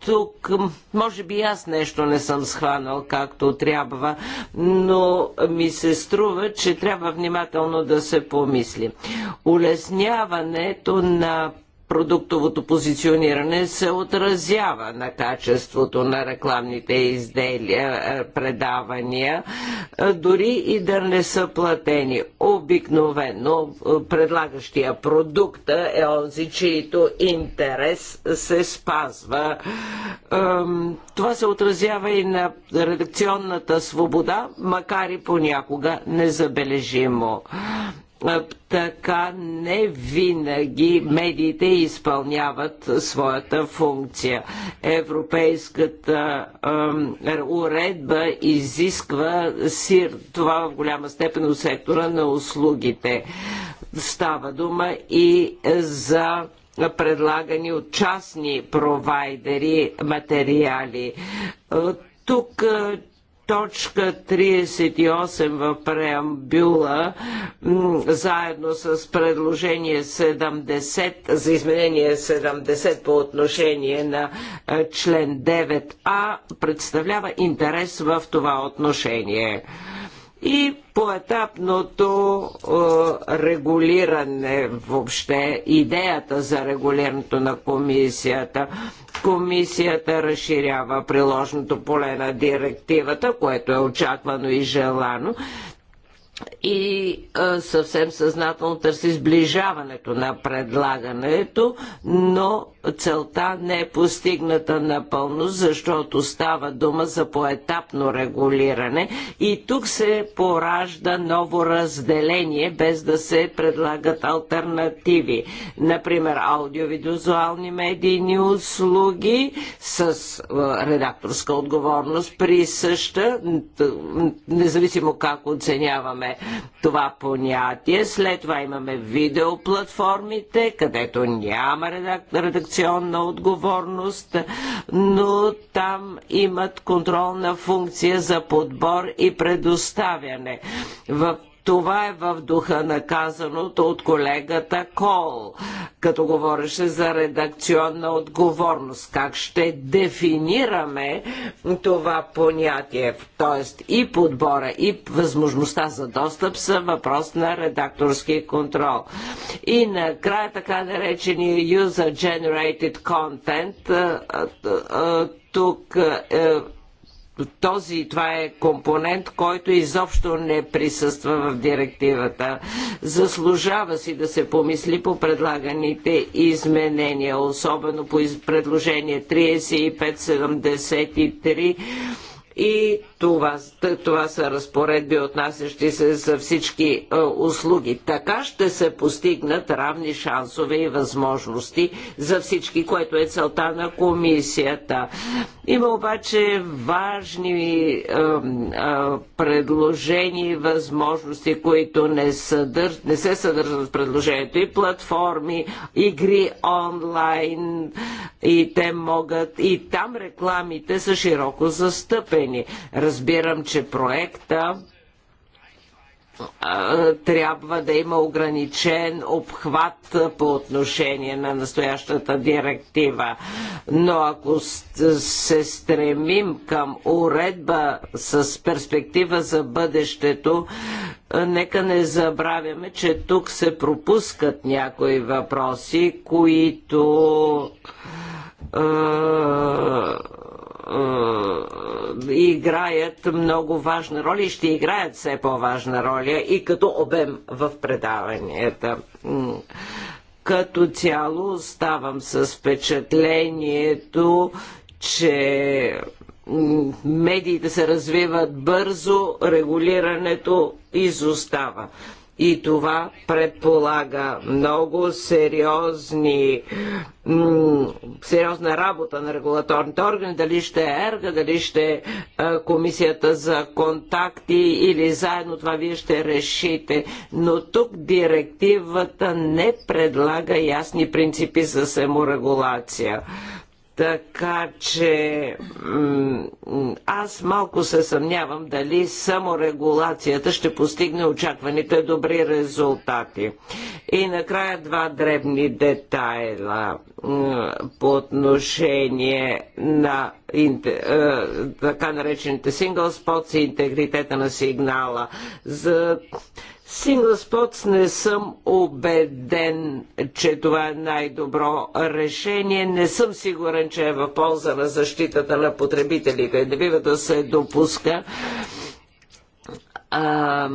тук може би аз нещо не съм схванал както трябва, но ми се струва, че трябва внимателно да се помисли. Улесняването на продуктовото позициониране се отразява на качеството на рекламните изделия, е, предавания, е, дори и да не са платени. Обикновено е, предлагащия продукта е онзи, чието интерес се спазва. Това се отразява и на редакционната свобода, макар и понякога незабележимо така не винаги медиите изпълняват своята функция. Европейската е, уредба изисква сир, това в голяма степен от сектора на услугите. Става дума и за предлагани от частни провайдери материали. Тук точка 38 в преамбюла, заедно с предложение 70 за изменение 70 по отношение на е, член 9а, представлява интерес в това отношение и поетапното е, регулиране въобще, идеята за регулирането на комисията. Комисията разширява приложното поле на директивата, което е очаквано и желано, и а, съвсем съзнателно търси сближаването на предлагането, но целта не е постигната напълно, защото става дума за поетапно регулиране и тук се поражда ново разделение, без да се предлагат альтернативи. Например, аудиовидуални медийни услуги с а, редакторска отговорност при съща, независимо как оценяваме това понятие. След това имаме видеоплатформите, където няма редакционна отговорност, но там имат контролна функция за подбор и предоставяне. В това е в духа на казаното от колегата Кол, като говореше за редакционна отговорност. Как ще дефинираме това понятие? Тоест и подбора, и възможността за достъп са въпрос на редакторски контрол. И накрая така наречения User Generated Content. Тук е, този, това е компонент, който изобщо не присъства в директивата. Заслужава си да се помисли по предлаганите изменения, особено по предложение 3573 и това, това са разпоредби, отнасящи се за всички е, услуги. Така ще се постигнат равни шансове и възможности за всички, което е целта на комисията. Има обаче важни е, е, предложения и възможности, които не, съдър... не се съдържат в предложението. И платформи, игри онлайн, и те могат, и там рекламите са широко застъпени обсъдени. Разбирам, че проекта трябва да има ограничен обхват по отношение на настоящата директива. Но ако се стремим към уредба с перспектива за бъдещето, нека не забравяме, че тук се пропускат някои въпроси, които е, играят много важна роля и ще играят все по-важна роля и като обем в предаванията. Като цяло ставам с впечатлението, че медиите се развиват бързо, регулирането изостава. И това предполага много сериозни, сериозна работа на регулаторните органи, дали ще е ЕРГА, дали ще е Комисията за контакти или заедно това вие ще решите. Но тук директивата не предлага ясни принципи за саморегулация. Така че аз малко се съмнявам дали саморегулацията ще постигне очакваните добри резултати. И накрая два дребни детайла по отношение на е, така наречените single spots и интегритета на сигнала. За Син Господ, не съм убеден, че това е най-добро решение. Не съм сигурен, че е в полза на защитата на потребителите. Не бива да се допуска а,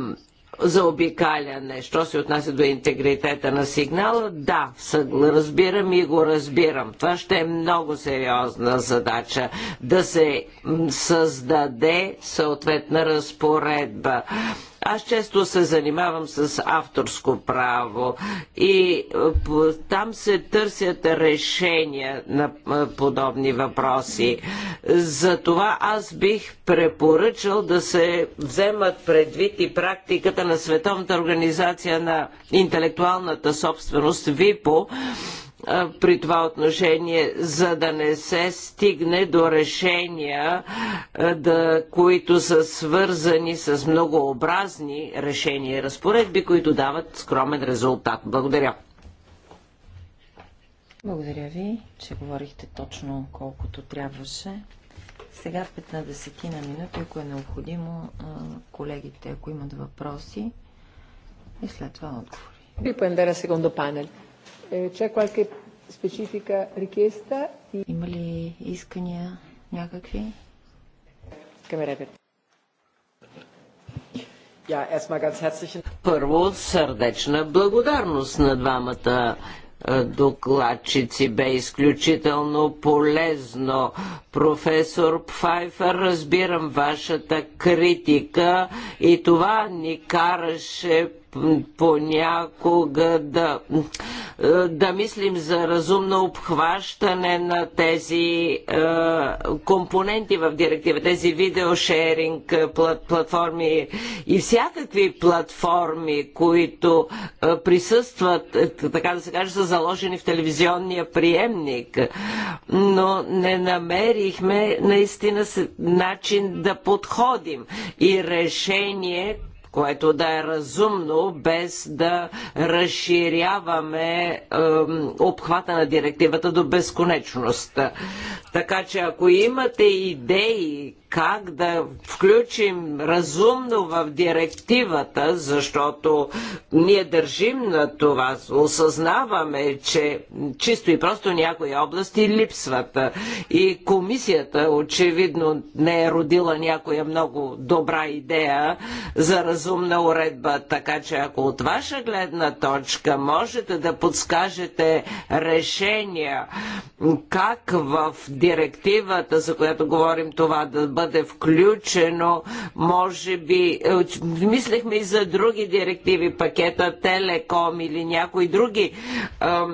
за обикаляне. Що се отнася до интегритета на сигнала, да, разбирам и го разбирам. Това ще е много сериозна задача да се създаде съответна разпоредба. Аз често се занимавам с авторско право и е, там се търсят решения на е, подобни въпроси. Затова аз бих препоръчал да се вземат предвид и практиката на Световната организация на интелектуалната собственост ВИПО, при това отношение, за да не се стигне до решения, да, които са свързани с многообразни решения и разпоредби, които дават скромен резултат. Благодаря. Благодаря ви, че говорихте точно колкото трябваше. Сега в 15 на минути, ако е необходимо, колегите, ако имат въпроси, и след това отговори. Ви andare al secondo C'è е, qualche specifica richiesta? Има ли искания някакви? Първо, сърдечна благодарност на двамата е, докладчици бе изключително полезно. Професор Пфайфер, разбирам вашата критика и това ни караше понякога да, е, да мислим за разумно обхващане на тези е, компоненти в директива, тези видеошеринг е, плат, платформи и всякакви платформи, които е, присъстват, е, така да се каже, са заложени в телевизионния приемник. Но не намерихме наистина начин да подходим и решение, което да е разумно, без да разширяваме обхвата на директивата до безконечност. Така че ако имате идеи как да включим разумно в директивата, защото ние държим на това, осъзнаваме, че чисто и просто някои области липсват. И комисията очевидно не е родила някоя много добра идея за разумна уредба, така че ако от ваша гледна точка можете да подскажете решения как в директивата, за която говорим това да бъде включено, може би, е, мислехме и за други директиви, пакета Телеком или някои други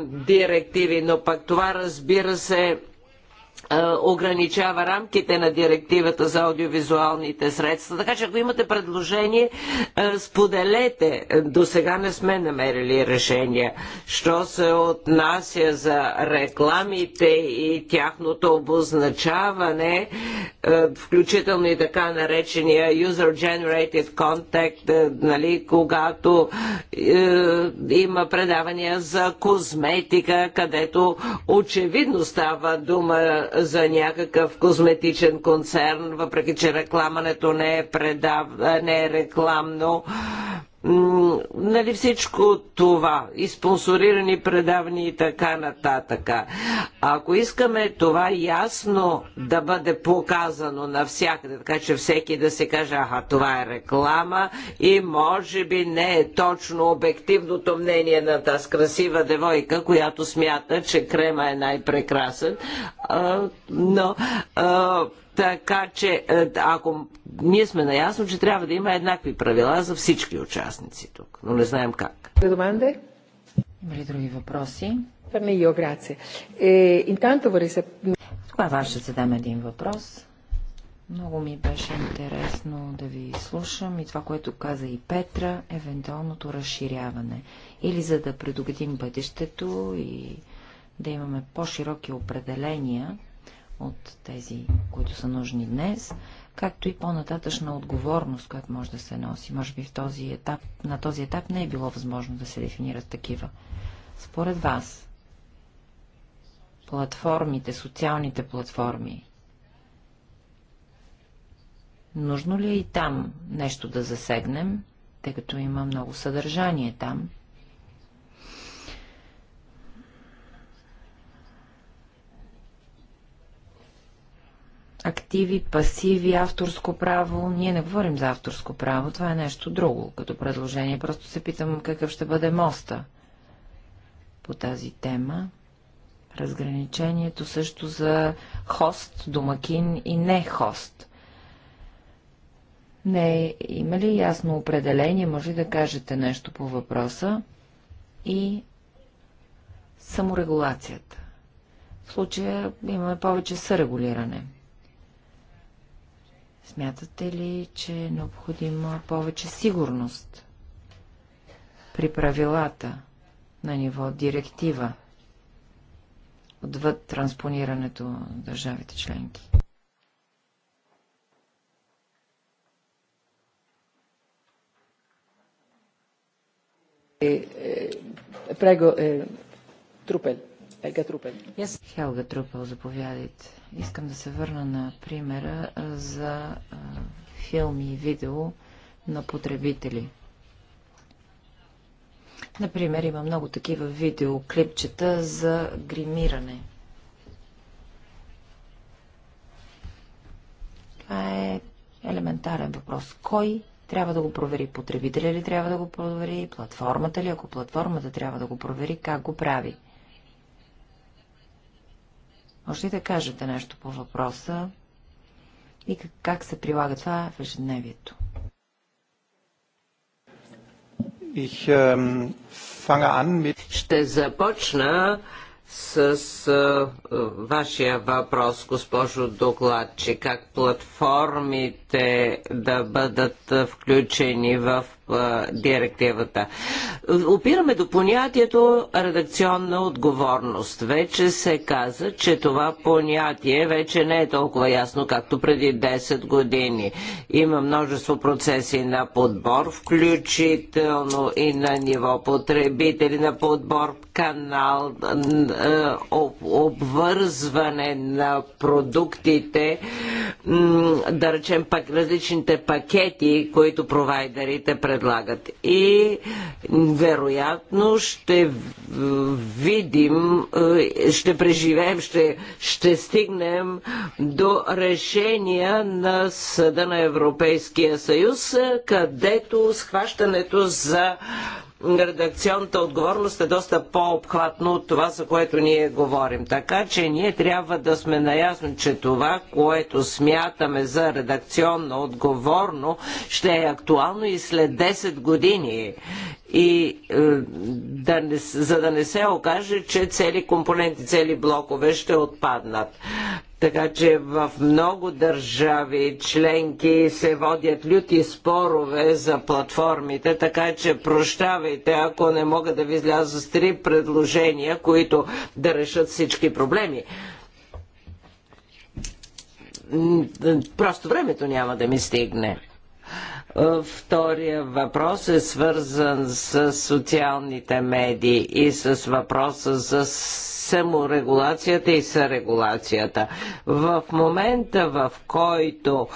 директиви, но пък това разбира се ограничава рамките на директивата за аудиовизуалните средства. Така че ако имате предложение, споделете. До сега не сме намерили решение. Що се отнася за рекламите и тяхното обозначаване, включително и така наречения user-generated contact, нали, когато е, има предавания за козметика, където очевидно става дума за някакъв козметичен концерн, въпреки че рекламането не е, предав... не е рекламно нали всичко това, и спонсорирани предавни и така нататък. Ако искаме това ясно да бъде показано навсякъде, така че всеки да се каже, аха, това е реклама и може би не е точно обективното мнение на тази красива девойка, която смята, че крема е най-прекрасен, но така че, е, ако ние сме наясно, че трябва да има еднакви правила за всички участници тук, но не знаем как. Има ли други въпроси? E, това ваше ще задам един въпрос. Много ми беше интересно да ви слушам и това, което каза и Петра, евентуалното разширяване. Или за да предугадим бъдещето и да имаме по-широки определения, от тези, които са нужни днес, както и по-нататъчна отговорност, която може да се носи. Може би в този етап, на този етап не е било възможно да се дефинират такива. Според вас, платформите, социалните платформи, нужно ли е и там нещо да засегнем, тъй като има много съдържание там? активи, пасиви, авторско право. Ние не говорим за авторско право, това е нещо друго като предложение. Просто се питам какъв ще бъде моста по тази тема. Разграничението също за хост, домакин и не хост. Не, има ли ясно определение? Може ли да кажете нещо по въпроса? И саморегулацията. В случая имаме повече сърегулиране. Смятате ли, че е необходима повече сигурност при правилата на ниво директива, отвъд транспонирането на държавите членки? Prego, eh, Truppel. Елга Трупел. Yes. Хелга Трупел, заповядайте. Искам да се върна на примера за филми и видео на потребители. Например, има много такива видеоклипчета за гримиране. Това е елементарен въпрос. Кой трябва да го провери? Потребителя ли трябва да го провери? Платформата ли? Ако платформата трябва да го провери, как го прави? Може ли да кажете нещо по въпроса и как, как се прилага това в ежедневието? Ще започна с а, е, е, вашия въпрос, госпожо докладче, как платформите ще да бъдат включени в директивата. Опираме до понятието редакционна отговорност. Вече се каза, че това понятие вече не е толкова ясно, както преди 10 години. Има множество процеси на подбор, включително и на ниво потребители на подбор, канал, обвързване на продуктите, да речем пак различните пакети, които провайдерите предлагат. И вероятно ще видим, е, ще преживеем, ще, ще стигнем до решения на Съда на Европейския съюз, където схващането за редакционната отговорност е доста по обхватна от това, за което ние говорим. Така че ние трябва да сме наясно, че това, което смятаме за редакционно отговорно, ще е актуално и след 10 години и е, да не, за да не се окаже, че цели компоненти, цели блокове ще отпаднат. Така че в много държави членки се водят люти спорове за платформите, така че прощавайте, ако не мога да ви изляза с три предложения, които да решат всички проблеми. Просто времето няма да ми стигне. Втория въпрос е свързан с социалните медии и с въпроса за саморегулацията и сарегулацията. В момента, в който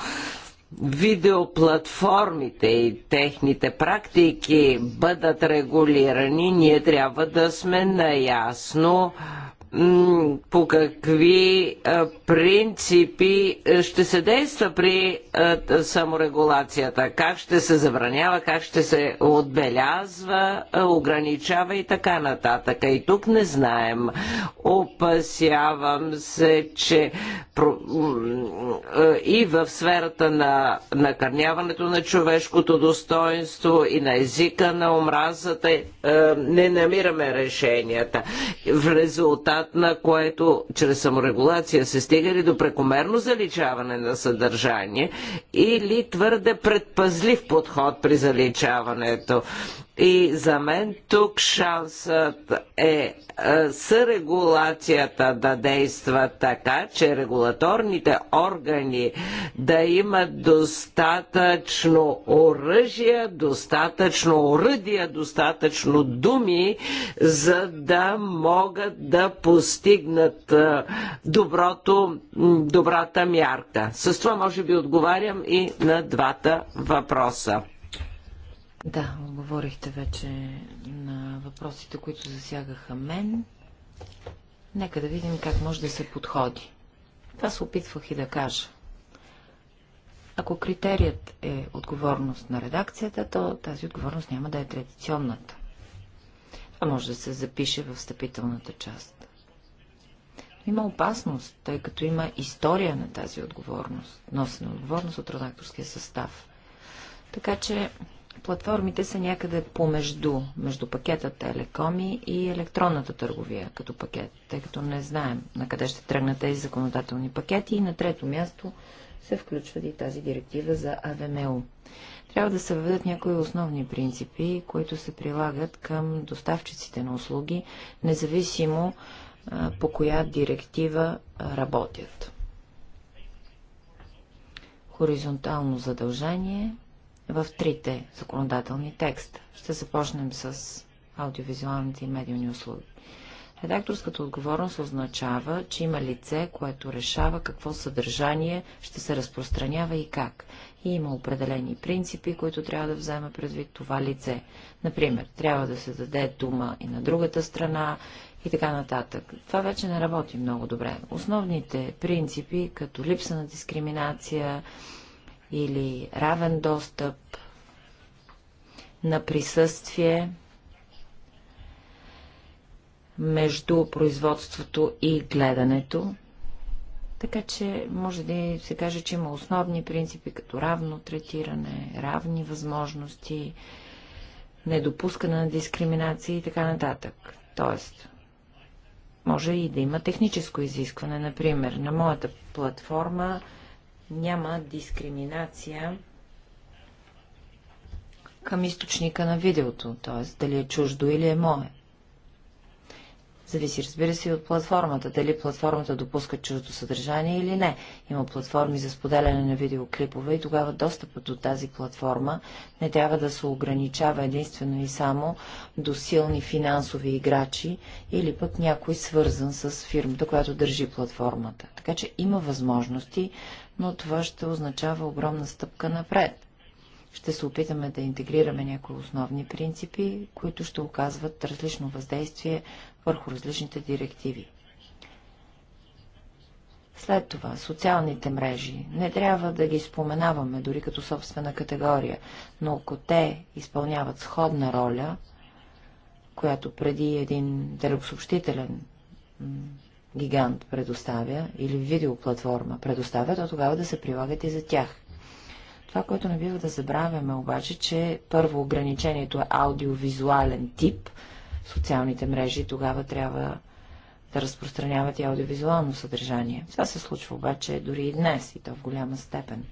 видеоплатформите и техните практики бъдат регулирани, ние трябва да сме наясно по какви принципи ще се действа при саморегулацията, как ще се забранява, как ще се отбелязва, ограничава и така нататък. И тук не знаем. Опасявам се, че и в сферата на накърняването на човешкото достоинство и на езика на омразата е, не намираме решенията. В резултат резултат на което чрез саморегулация се стига ли до прекомерно заличаване на съдържание или твърде предпазлив подход при заличаването. И за мен тук шансът е, е сърегулацията да действа така, че регулаторните органи да имат достатъчно оръжия, достатъчно оръдия, достатъчно думи, за да могат да постигнат е, доброто, добрата мярка. С това може би отговарям и на двата въпроса. Да, отговорихте вече на въпросите, които засягаха мен. Нека да видим как може да се подходи. Това се опитвах и да кажа. Ако критерият е отговорност на редакцията, то тази отговорност няма да е традиционната. Това може да се запише в встъпителната част. Има опасност, тъй като има история на тази отговорност, носена отговорност от редакторския състав. Така че Платформите са някъде помежду, между пакета телекоми и електронната търговия като пакет, тъй като не знаем на къде ще тръгнат тези законодателни пакети. И на трето място се включва и тази директива за АВМО. Трябва да се въведат някои основни принципи, които се прилагат към доставчиците на услуги, независимо по коя директива работят. Хоризонтално задължение – в трите законодателни текста. Ще започнем с аудиовизуалните и медийни услуги. Редакторската отговорност означава, че има лице, което решава какво съдържание ще се разпространява и как. И има определени принципи, които трябва да вземе предвид това лице. Например, трябва да се даде дума и на другата страна и така нататък. Това вече не работи много добре. Основните принципи, като липса на дискриминация, или равен достъп на присъствие между производството и гледането. Така че може да се каже, че има основни принципи, като равно третиране, равни възможности, недопускане на дискриминация и така нататък. Тоест, може и да има техническо изискване. Например, на моята платформа няма дискриминация към източника на видеото, т.е. дали е чуждо или е мое. Зависи, разбира се, и от платформата, дали платформата допуска чуждо съдържание или не. Има платформи за споделяне на видеоклипове и тогава достъпът до тази платформа не трябва да се ограничава единствено и само до силни финансови играчи или пък някой свързан с фирмата, която държи платформата. Така че има възможности но това ще означава огромна стъпка напред. Ще се опитаме да интегрираме някои основни принципи, които ще оказват различно въздействие върху различните директиви. След това, социалните мрежи. Не трябва да ги споменаваме дори като собствена категория, но ако те изпълняват сходна роля, която преди един далекосъобщителен гигант предоставя или видеоплатформа предоставя, то тогава да се прилагат и за тях. Това, което не бива да забравяме обаче, че първо ограничението е аудиовизуален тип. Социалните мрежи тогава трябва да разпространяват и аудиовизуално съдържание. Това се случва обаче дори и днес, и то в голяма степен.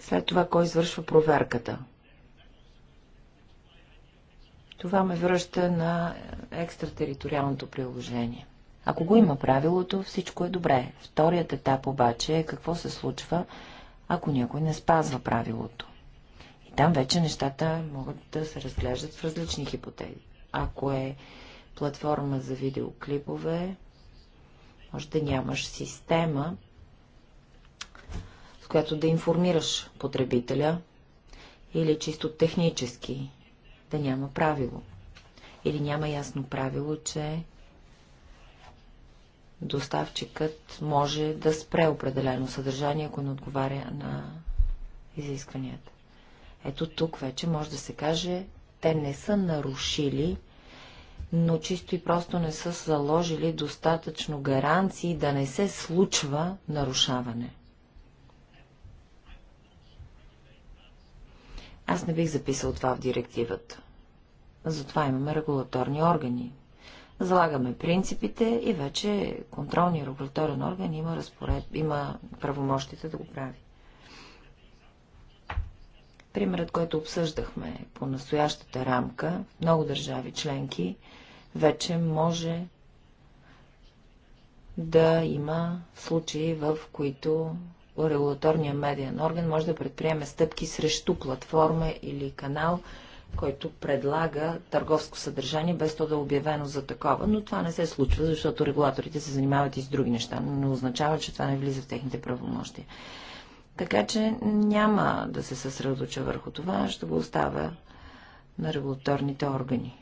След това, кой извършва проверката? Това ме връща на екстратериториалното приложение. Ако го има правилото, всичко е добре. Вторият етап обаче е какво се случва, ако някой не спазва правилото. И там вече нещата могат да се разглеждат в различни хипотези. Ако е платформа за видеоклипове, може да нямаш система, с която да информираш потребителя или чисто технически да няма правило. Или няма ясно правило, че доставчикът може да спре определено съдържание, ако не отговаря на изискванията. Ето тук вече може да се каже, те не са нарушили, но чисто и просто не са заложили достатъчно гаранции да не се случва нарушаване. Аз не бих записал това в директивата. Затова имаме регулаторни органи. Залагаме принципите и вече контролния регулаторен орган има, разпоред, има правомощите да го прави. Примерът, който обсъждахме по настоящата рамка, много държави членки вече може да има случаи, в които регулаторния медиен орган може да предприеме стъпки срещу платформа или канал, който предлага търговско съдържание, без то да е обявено за такова. Но това не се случва, защото регулаторите се занимават и с други неща, но не означава, че това не влиза в техните правомощия. Така че няма да се съсредоточа върху това, ще го оставя на регулаторните органи.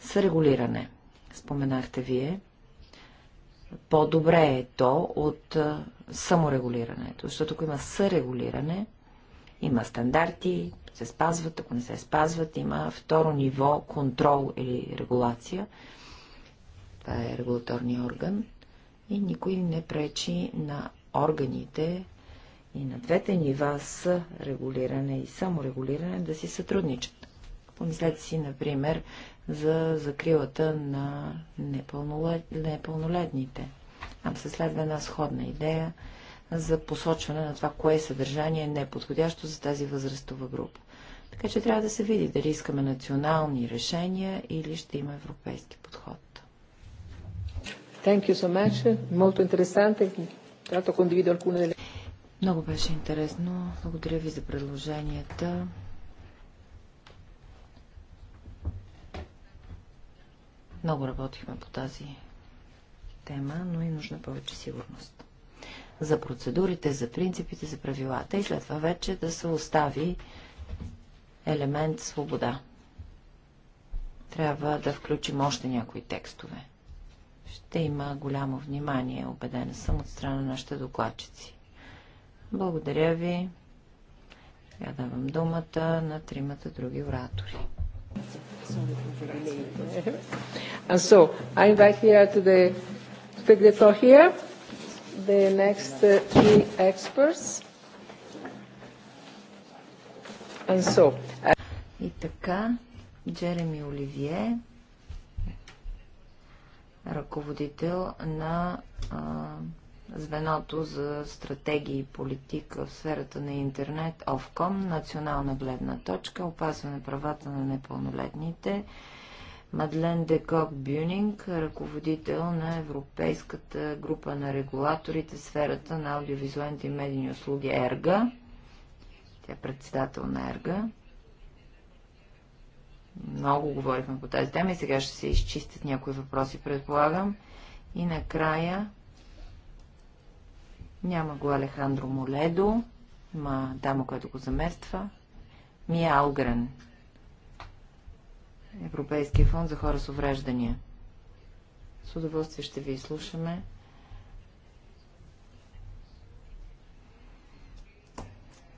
С регулиране, споменахте вие по-добре е то от саморегулирането. Защото ако има сърегулиране, има стандарти, се спазват, ако не се спазват, има второ ниво контрол или регулация. Това е регулаторния орган. И никой не пречи на органите и на двете нива с регулиране и саморегулиране да си сътрудничат. Помислете си, например, за закрилата на непълнолетните. Там се следва една сходна идея за посочване на това, кое съдържание е неподходящо за тази възрастова група. Така че трябва да се види дали искаме национални решения или ще има европейски подход. Thank you so much. Molto interessante. Trato condivido alcune delle... Много беше интересно. Благодаря ви за предложенията. Много работихме по тази тема, но и нужна повече сигурност. За процедурите, за принципите, за правилата и след това вече да се остави елемент свобода. Трябва да включим още някои текстове. Ще има голямо внимание, убедена съм, от страна на нашите докладчици. Благодаря ви. Я давам думата на тримата други оратори. And so I invite here to, the, to take the floor here the next uh, three experts. And so, uh, И така, Джереми Оливие, ръководител на а, звеното за стратегии и политика в сферата на интернет, ОВКОМ, национална гледна точка, опазване правата на непълнолетните, Мадлен Декок Бюнинг, ръководител на Европейската група на регулаторите в сферата на аудиовизуалните и медийни услуги ЕРГА. Тя е председател на ЕРГА. Много говорихме по тази тема и сега ще се изчистят някои въпроси, предполагам. И накрая няма го Алехандро Моледо, има дама, която го замества. Мия Алгрен, Европейския фонд за хора с увреждания. С удоволствие ще ви изслушаме.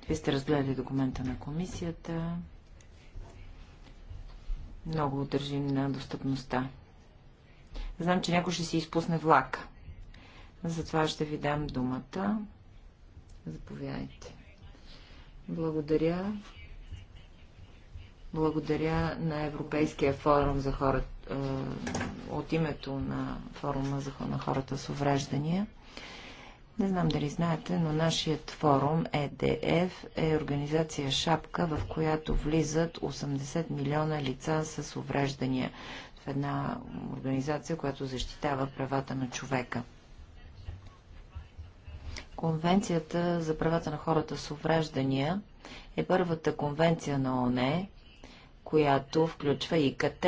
Вие сте разгледали документа на комисията. Много държим на достъпността. Знам, че някой ще си изпусне влака. Затова ще ви дам думата. Заповядайте. Благодаря. Благодаря на Европейския форум за хората, е, от името на форума за на хората с увреждания. Не знам дали знаете, но нашият форум ЕДФ е организация Шапка, в която влизат 80 милиона лица с увреждания. В е една организация, която защитава правата на човека. Конвенцията за правата на хората с увреждания е първата конвенция на ОНЕ, която включва и КТ.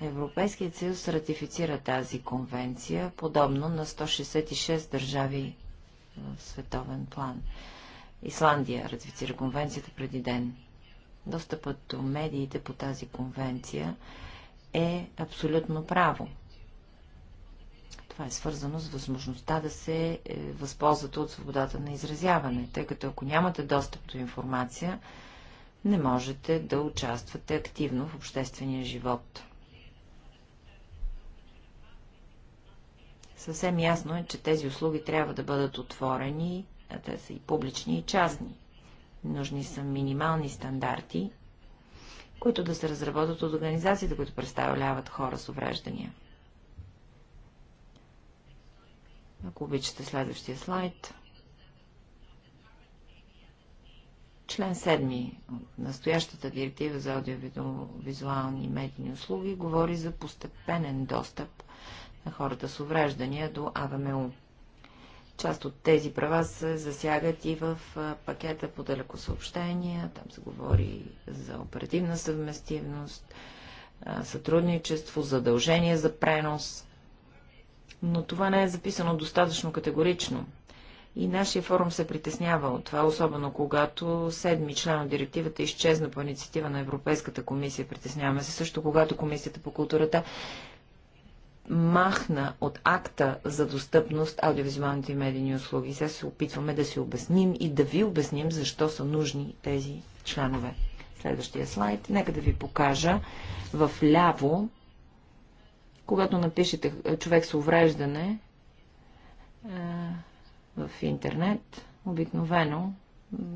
Европейският съюз ратифицира тази конвенция, подобно на 166 държави в световен план. Исландия ратифицира конвенцията преди ден. Достъпът до медиите по тази конвенция е абсолютно право. Това е свързано с възможността да се е, възползвате от свободата на изразяване, тъй като ако нямате достъп до информация, не можете да участвате активно в обществения живот. Съвсем ясно е, че тези услуги трябва да бъдат отворени, а те са и публични, и частни. Нужни са минимални стандарти, които да се разработят от организациите, които представляват хора с увреждания. Ако обичате следващия слайд. Член 7 от настоящата директива за аудиовизуални медийни услуги говори за постепенен достъп на хората с увреждания до АВМУ. Част от тези права се засягат и в пакета по далекосъобщения, там се говори за оперативна съвместивност, сътрудничество, задължение за пренос. Но това не е записано достатъчно категорично. И нашия форум се притеснява от това, особено когато седми член от директивата изчезна по инициатива на Европейската комисия. Притесняваме се също, когато Комисията по културата махна от акта за достъпност аудиовизуалните и медийни услуги. Сега се опитваме да си обясним и да ви обясним защо са нужни тези членове. Следващия слайд. Нека да ви покажа в ляво, когато напишете е, човек с увреждане, е, в интернет, обикновено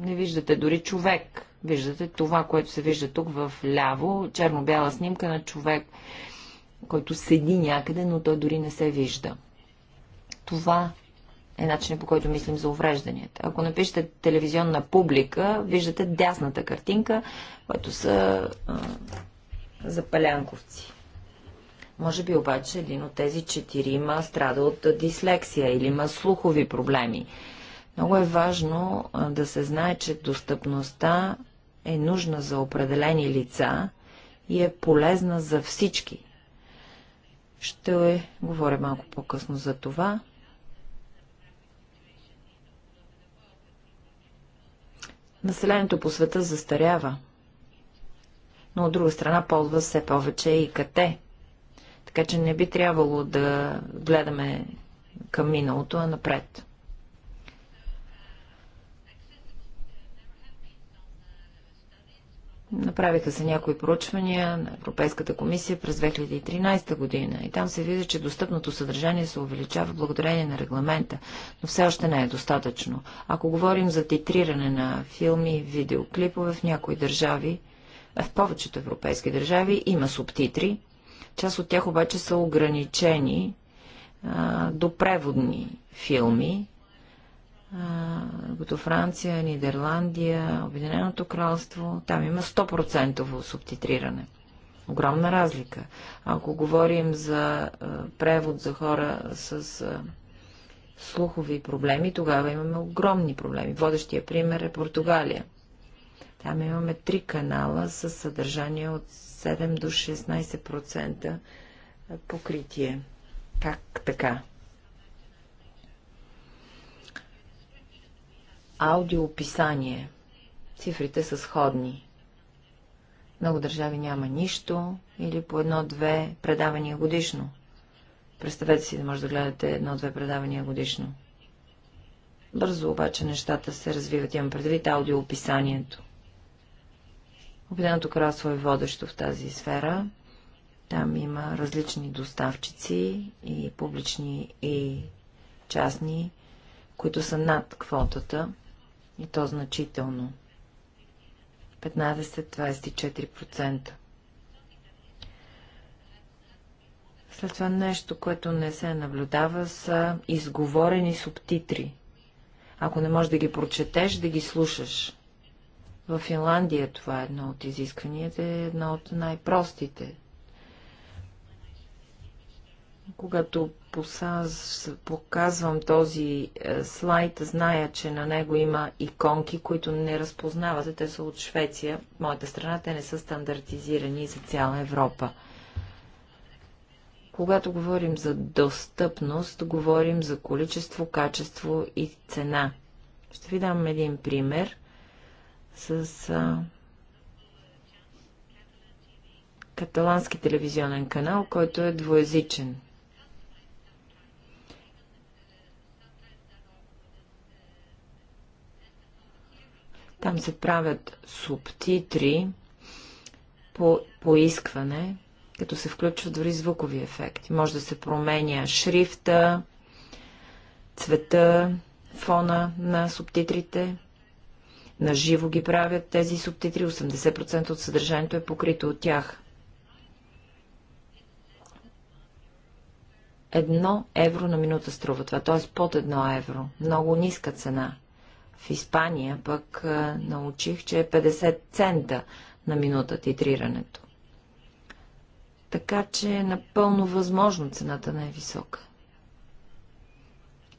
не виждате дори човек. Виждате това, което се вижда тук в ляво, черно-бяла снимка на човек, който седи някъде, но той дори не се вижда. Това е начинът по който мислим за уврежданията. Ако напишете телевизионна публика, виждате дясната картинка, която са а, запалянковци. Може би обаче един от тези четирима страда от дислексия или има слухови проблеми. Много е важно да се знае, че достъпността е нужна за определени лица и е полезна за всички. Ще говоря малко по-късно за това. Населението по света застарява, но от друга страна ползва все повече и кате. Така че не би трябвало да гледаме към миналото, а напред. Направиха се някои проучвания на Европейската комисия през 2013 година и там се вижда, че достъпното съдържание се увеличава благодарение на регламента, но все още не е достатъчно. Ако говорим за титриране на филми, видеоклипове в някои държави, в повечето европейски държави има субтитри, Част от тях обаче са ограничени а, до преводни филми, като Франция, Нидерландия, Обединеното кралство, там има 100% субтитриране. Огромна разлика. Ако говорим за а, превод за хора с а, слухови проблеми, тогава имаме огромни проблеми. Водещия пример е Португалия. Там имаме три канала с съдържание от 7 до 16% покритие. Как така? Аудиописание. Цифрите са сходни. Много държави няма нищо или по едно-две предавания годишно. Представете си да може да гледате едно-две предавания годишно. Бързо обаче нещата се развиват. Имам предвид аудиоописанието. Обединеното кралство е водещо в тази сфера. Там има различни доставчици и публични и частни, които са над квотата и то значително. 15-24%. След това нещо, което не се наблюдава, са изговорени субтитри. Ако не можеш да ги прочетеш, да ги слушаш. В Финландия това е едно от изискванията, е едно от най-простите. Когато посаз, показвам този е, слайд, зная, че на него има иконки, които не разпознавате. Те са от Швеция. В моята страна те не са стандартизирани за цяла Европа. Когато говорим за достъпност, говорим за количество, качество и цена. Ще ви дам един пример – с каталански телевизионен канал, който е двоязичен. Там се правят субтитри по поискване, като се включват дори звукови ефекти. Може да се променя шрифта, цвета, фона на субтитрите на живо ги правят тези субтитри, 80% от съдържанието е покрито от тях. Едно евро на минута струва това, т.е. под едно евро. Много ниска цена. В Испания пък научих, че е 50 цента на минута титрирането. Така че е напълно възможно цената не е висока.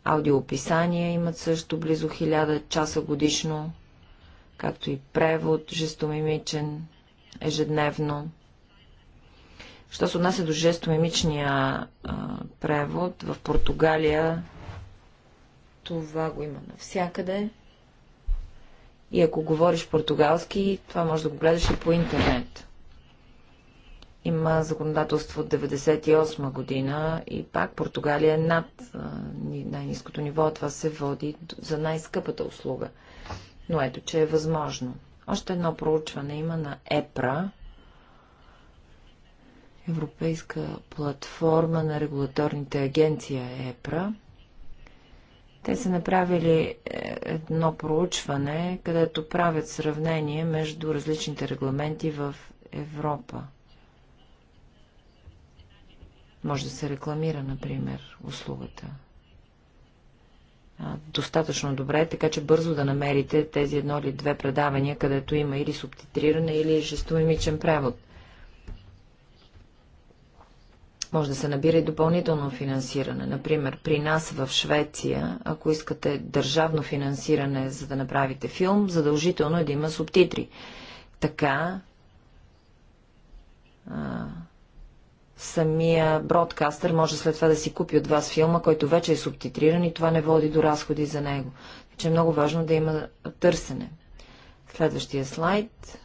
Аудиоописания имат също близо 1000 часа годишно както и превод, жестомимичен, ежедневно. Що се отнася до жестомимичния а, превод, в Португалия това го има навсякъде. И ако говориш португалски, това може да го гледаш и по интернет. Има законодателство от 1998 година и пак Португалия е над най-низкото ниво. Това се води за най-скъпата услуга – но ето, че е възможно. Още едно проучване има на ЕПРА, Европейска платформа на регулаторните агенция ЕПРА. Те са направили е, едно проучване, където правят сравнение между различните регламенти в Европа. Може да се рекламира, например, услугата достатъчно добре, така че бързо да намерите тези едно или две предавания, където има или субтитриране, или жестомимичен превод. Може да се набира и допълнително финансиране. Например, при нас в Швеция, ако искате държавно финансиране, за да направите филм, задължително е да има субтитри. Така самия бродкастър може след това да си купи от вас филма, който вече е субтитриран и това не води до разходи за него. Че е много важно да има търсене. Следващия слайд.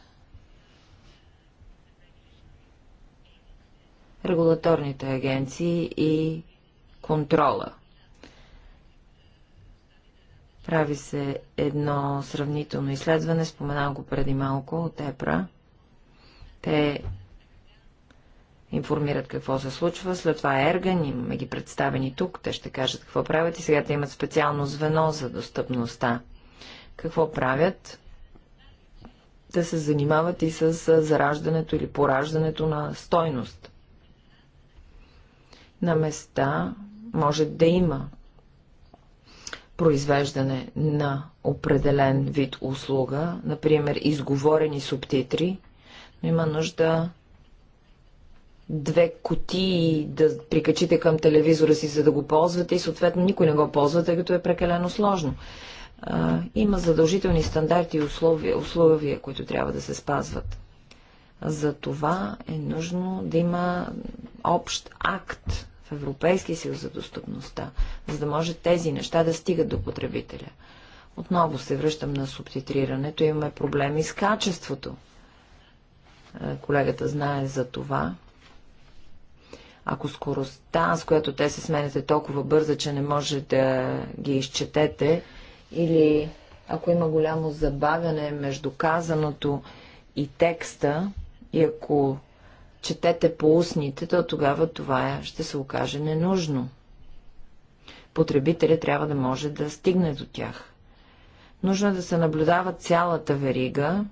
Регулаторните агенции и контрола. Прави се едно сравнително изследване, споменах го преди малко от ЕПРА. Те информират какво се случва. След това Ерган, имаме ги представени тук, те ще кажат какво правят и сега те имат специално звено за достъпността. Какво правят? Те се занимават и с зараждането или пораждането на стойност. На места може да има произвеждане на определен вид услуга, например изговорени субтитри, но има нужда две кутии да прикачите към телевизора си, за да го ползвате и съответно никой не го ползва, тъй като е прекалено сложно. А, има задължителни стандарти и условия, условия, които трябва да се спазват. За това е нужно да има общ акт в Европейския съюз за достъпността, за да може тези неща да стигат до потребителя. Отново се връщам на субтитрирането. Имаме проблеми с качеството. Е, колегата знае за това. Ако скоростта, с която те се сменят е толкова бърза, че не може да ги изчетете, или ако има голямо забавяне между казаното и текста, и ако четете по устните, то тогава това е- ще се окаже ненужно. Потребителят трябва да може да стигне до тях. Нужно е да се наблюдава цялата верига,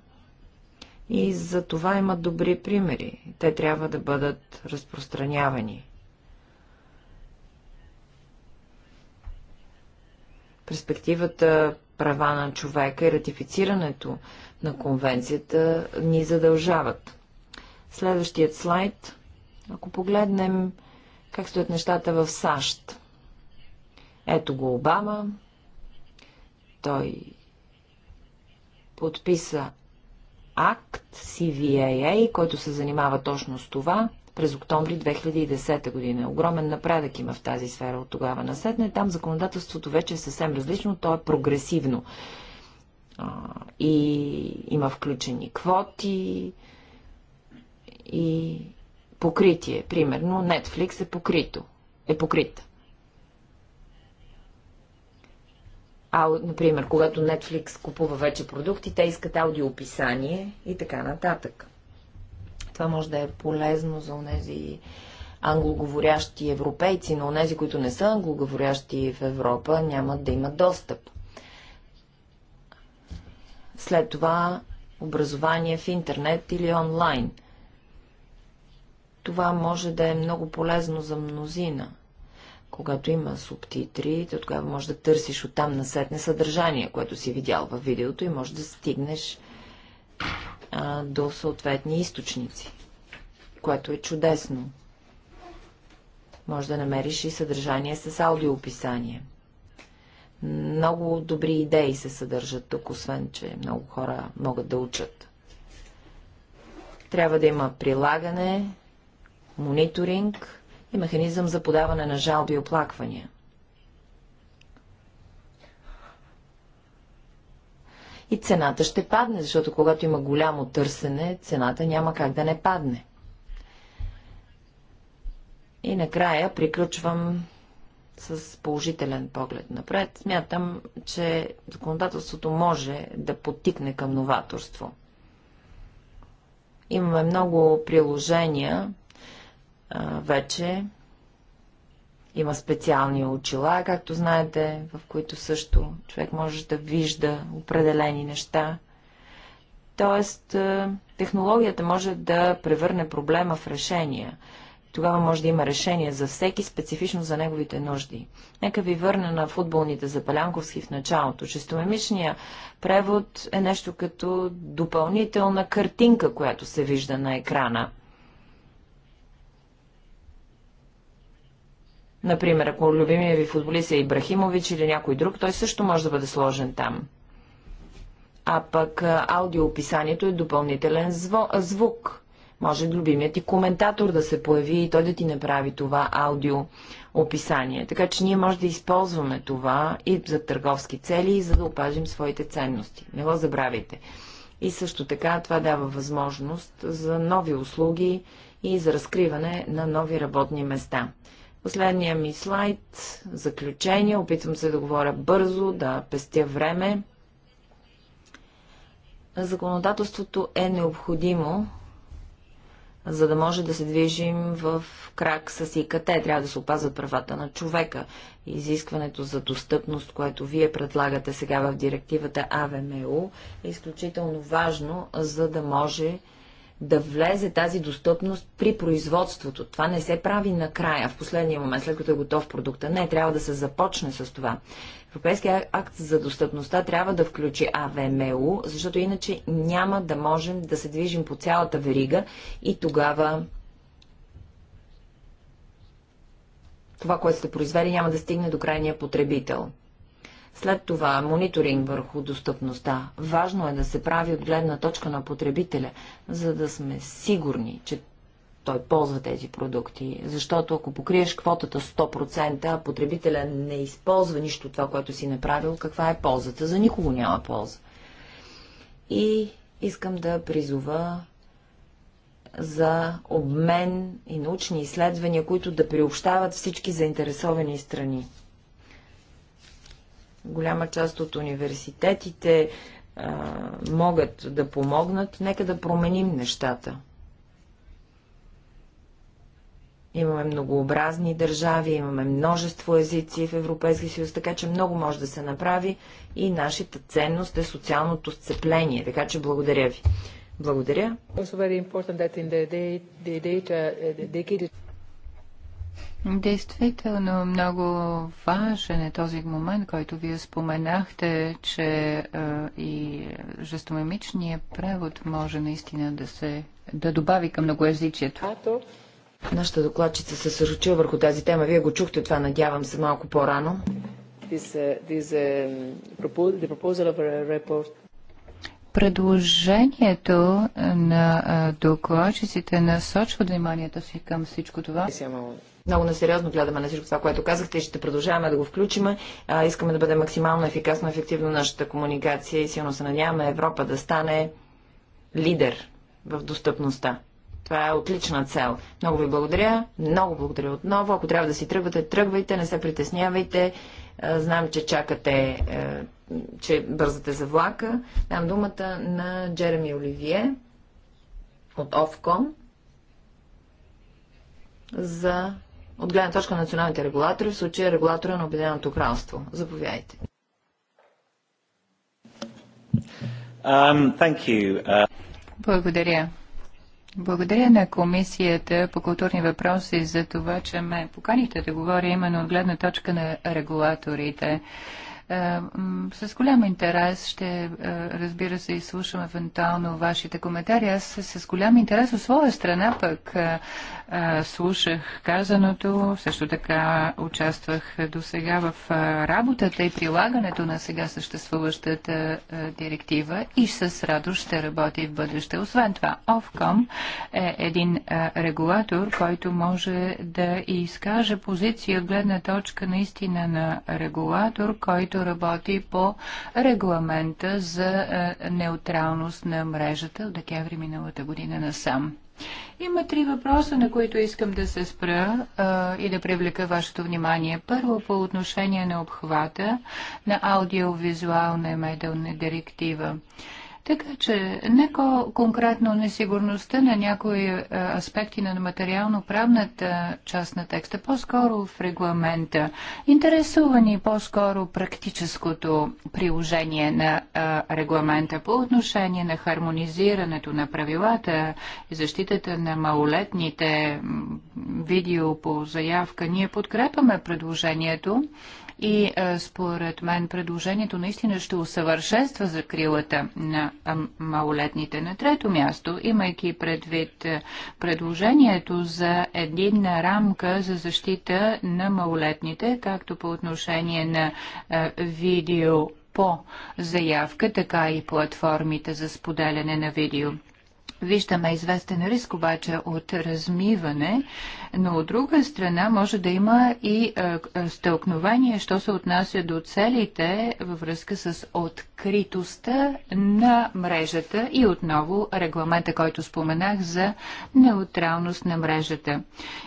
и за това имат добри примери. Те трябва да бъдат разпространявани. Перспективата права на човека и ратифицирането на конвенцията ни задължават. Следващият слайд. Ако погледнем как стоят нещата в САЩ. Ето го Обама. Той подписа акт CVAA, който се занимава точно с това през октомври 2010 година. Огромен напредък има в тази сфера от тогава насетне. Там законодателството вече е съвсем различно, то е прогресивно. И има включени квоти и покритие. Примерно Netflix е покрито. Е покрита. например, когато Netflix купува вече продукти, те искат аудиописание и така нататък. Това може да е полезно за онези англоговорящи европейци, но онези, които не са англоговорящи в Европа, нямат да имат достъп. След това образование в интернет или онлайн. Това може да е много полезно за мнозина – когато има субтитри, то тогава може да търсиш оттам насетне съдържание, което си видял във видеото и може да стигнеш а, до съответни източници, което е чудесно. Може да намериш и съдържание с аудиописание. Много добри идеи се съдържат тук, освен, че много хора могат да учат. Трябва да има прилагане, мониторинг и механизъм за подаване на жалби и оплаквания. И цената ще падне, защото когато има голямо търсене, цената няма как да не падне. И накрая приключвам с положителен поглед напред. Смятам, че законодателството може да потикне към новаторство. Имаме много приложения, вече има специални очила, както знаете, в които също човек може да вижда определени неща. Тоест, технологията може да превърне проблема в решения. Тогава може да има решение за всеки, специфично за неговите нужди. Нека ви върна на футболните за Палянковски в началото. Шестомемичният превод е нещо като допълнителна картинка, която се вижда на екрана – Например, ако любимия ви футболист е Ибрахимович или някой друг, той също може да бъде сложен там. А пък аудиоописанието е допълнителен звук. Може любимият ти коментатор да се появи и той да ти направи това аудиоописание. Така че ние може да използваме това и за търговски цели, и за да опазим своите ценности. Не го забравяйте. И също така това дава възможност за нови услуги и за разкриване на нови работни места. Последния ми слайд, заключение. Опитвам се да говоря бързо, да пестя време. Законодателството е необходимо, за да може да се движим в крак с ИКТ. Трябва да се опазват правата на човека. Изискването за достъпност, което вие предлагате сега в директивата АВМУ, е изключително важно, за да може да влезе тази достъпност при производството. Това не се прави накрая, в последния момент, след като е готов продукта. Не, трябва да се започне с това. Европейския акт за достъпността трябва да включи АВМУ, защото иначе няма да можем да се движим по цялата верига и тогава това, което сте произвели, няма да стигне до крайния потребител. След това мониторинг върху достъпността. Важно е да се прави от гледна точка на потребителя, за да сме сигурни, че той ползва тези продукти. Защото ако покриеш квотата 100%, а потребителя не използва нищо от това, което си направил, каква е ползата? За никого няма полза. И искам да призова за обмен и научни изследвания, които да приобщават всички заинтересовани страни. Голяма част от университетите а, могат да помогнат. Нека да променим нещата. Имаме многообразни държави, имаме множество езици в Европейския съюз, така че много може да се направи и нашата ценност е социалното сцепление. Така че благодаря ви. Благодаря. Действително много важен е този момент, който вие споменахте, че а, и жестомимичният превод може наистина да се да добави към многоязичието. Нашата докладчица се съсредоточила върху тази тема. Вие го чухте това, надявам се, малко по-рано. This, uh, this, uh, the proposal of a report Предложението на докладчиците насочва вниманието си към всичко това. Много насериозно гледаме на всичко това, което казахте и ще продължаваме да го включим. искаме да бъде максимално ефикасно, ефективно нашата комуникация и силно се надяваме Европа да стане лидер в достъпността. Това е отлична цел. Много ви благодаря. Много благодаря отново. Ако трябва да си тръгвате, тръгвайте, не се притеснявайте. Е, знам, че чакате, е, че бързате за влака. Дам думата на Джереми Оливие от Овком. за от гледна точка на националните регулатори, в случая регулатора на Обединеното кралство. Заповядайте. Um, uh... Благодаря. Благодаря на Комисията по културни въпроси за това, че ме поканите да говоря именно от гледна точка на регулаторите. Е, с голям интерес ще, е, разбира се, изслушам евентуално вашите коментари. Аз с голям интерес от своя страна пък е, слушах казаното, също така участвах до сега в работата и прилагането на сега съществуващата директива и с радост ще работи в бъдеще. Освен това, Овком е един регулатор, който може да изкаже позиция от гледна точка наистина на регулатор, който който работи по регламента за е, неутралност на мрежата от декември миналата година насам. Има три въпроса, на които искам да се спра а, е, и да привлека вашето внимание. Първо, по отношение на обхвата на аудиовизуална медълна директива. Така че, нека конкретно несигурността на някои е, аспекти на материално-правната част на текста, по-скоро в регламента, интересувани по-скоро практическото приложение на е, регламента по отношение на хармонизирането на правилата и защитата на малолетните видео по заявка. Ние подкрепаме предложението и е, според мен предложението наистина ще усъвършенства закрилата на малолетните. На трето място, имайки предвид е, предложението за единна рамка за защита на малолетните, както по отношение на е, видео по заявка, така и платформите за споделяне на видео. Виждаме известен риск обаче от размиване но от друга страна може да има и е, е, стълкновение, що се отнася до целите във връзка с откритостта на мрежата и отново регламента, който споменах за неутралност на мрежата.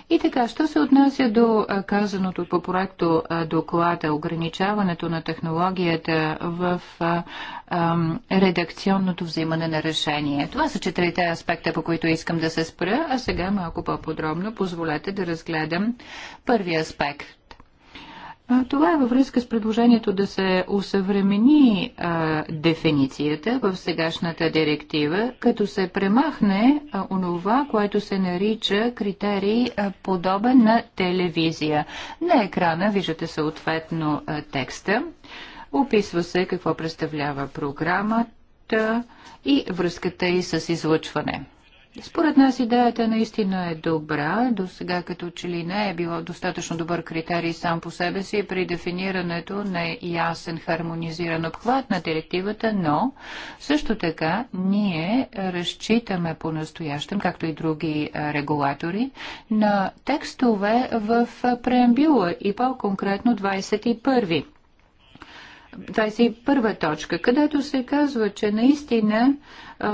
И така, що се отнася до е, казаното по проекто доклада, ограничаването на технологията в редакционното взимане на решение. Това са четирите аспекта, по които искам да се спра, а сега малко по-подробно позволете позволете да разгледам първия аспект. Това е във връзка с предложението да се усъвремени а, дефиницията в сегашната директива, като се премахне а, онова, което се нарича критерий а, подобен на телевизия. На екрана виждате съответно а, текста. Описва се какво представлява програмата и връзката и с излъчване. Според нас идеята наистина е добра. До сега като че ли не е било достатъчно добър критерий сам по себе си при дефинирането на ясен хармонизиран обхват на директивата, но също така ние разчитаме по-настоящем, както и други регулатори, на текстове в преамбюла и по-конкретно 21. 21 точка, където се казва, че наистина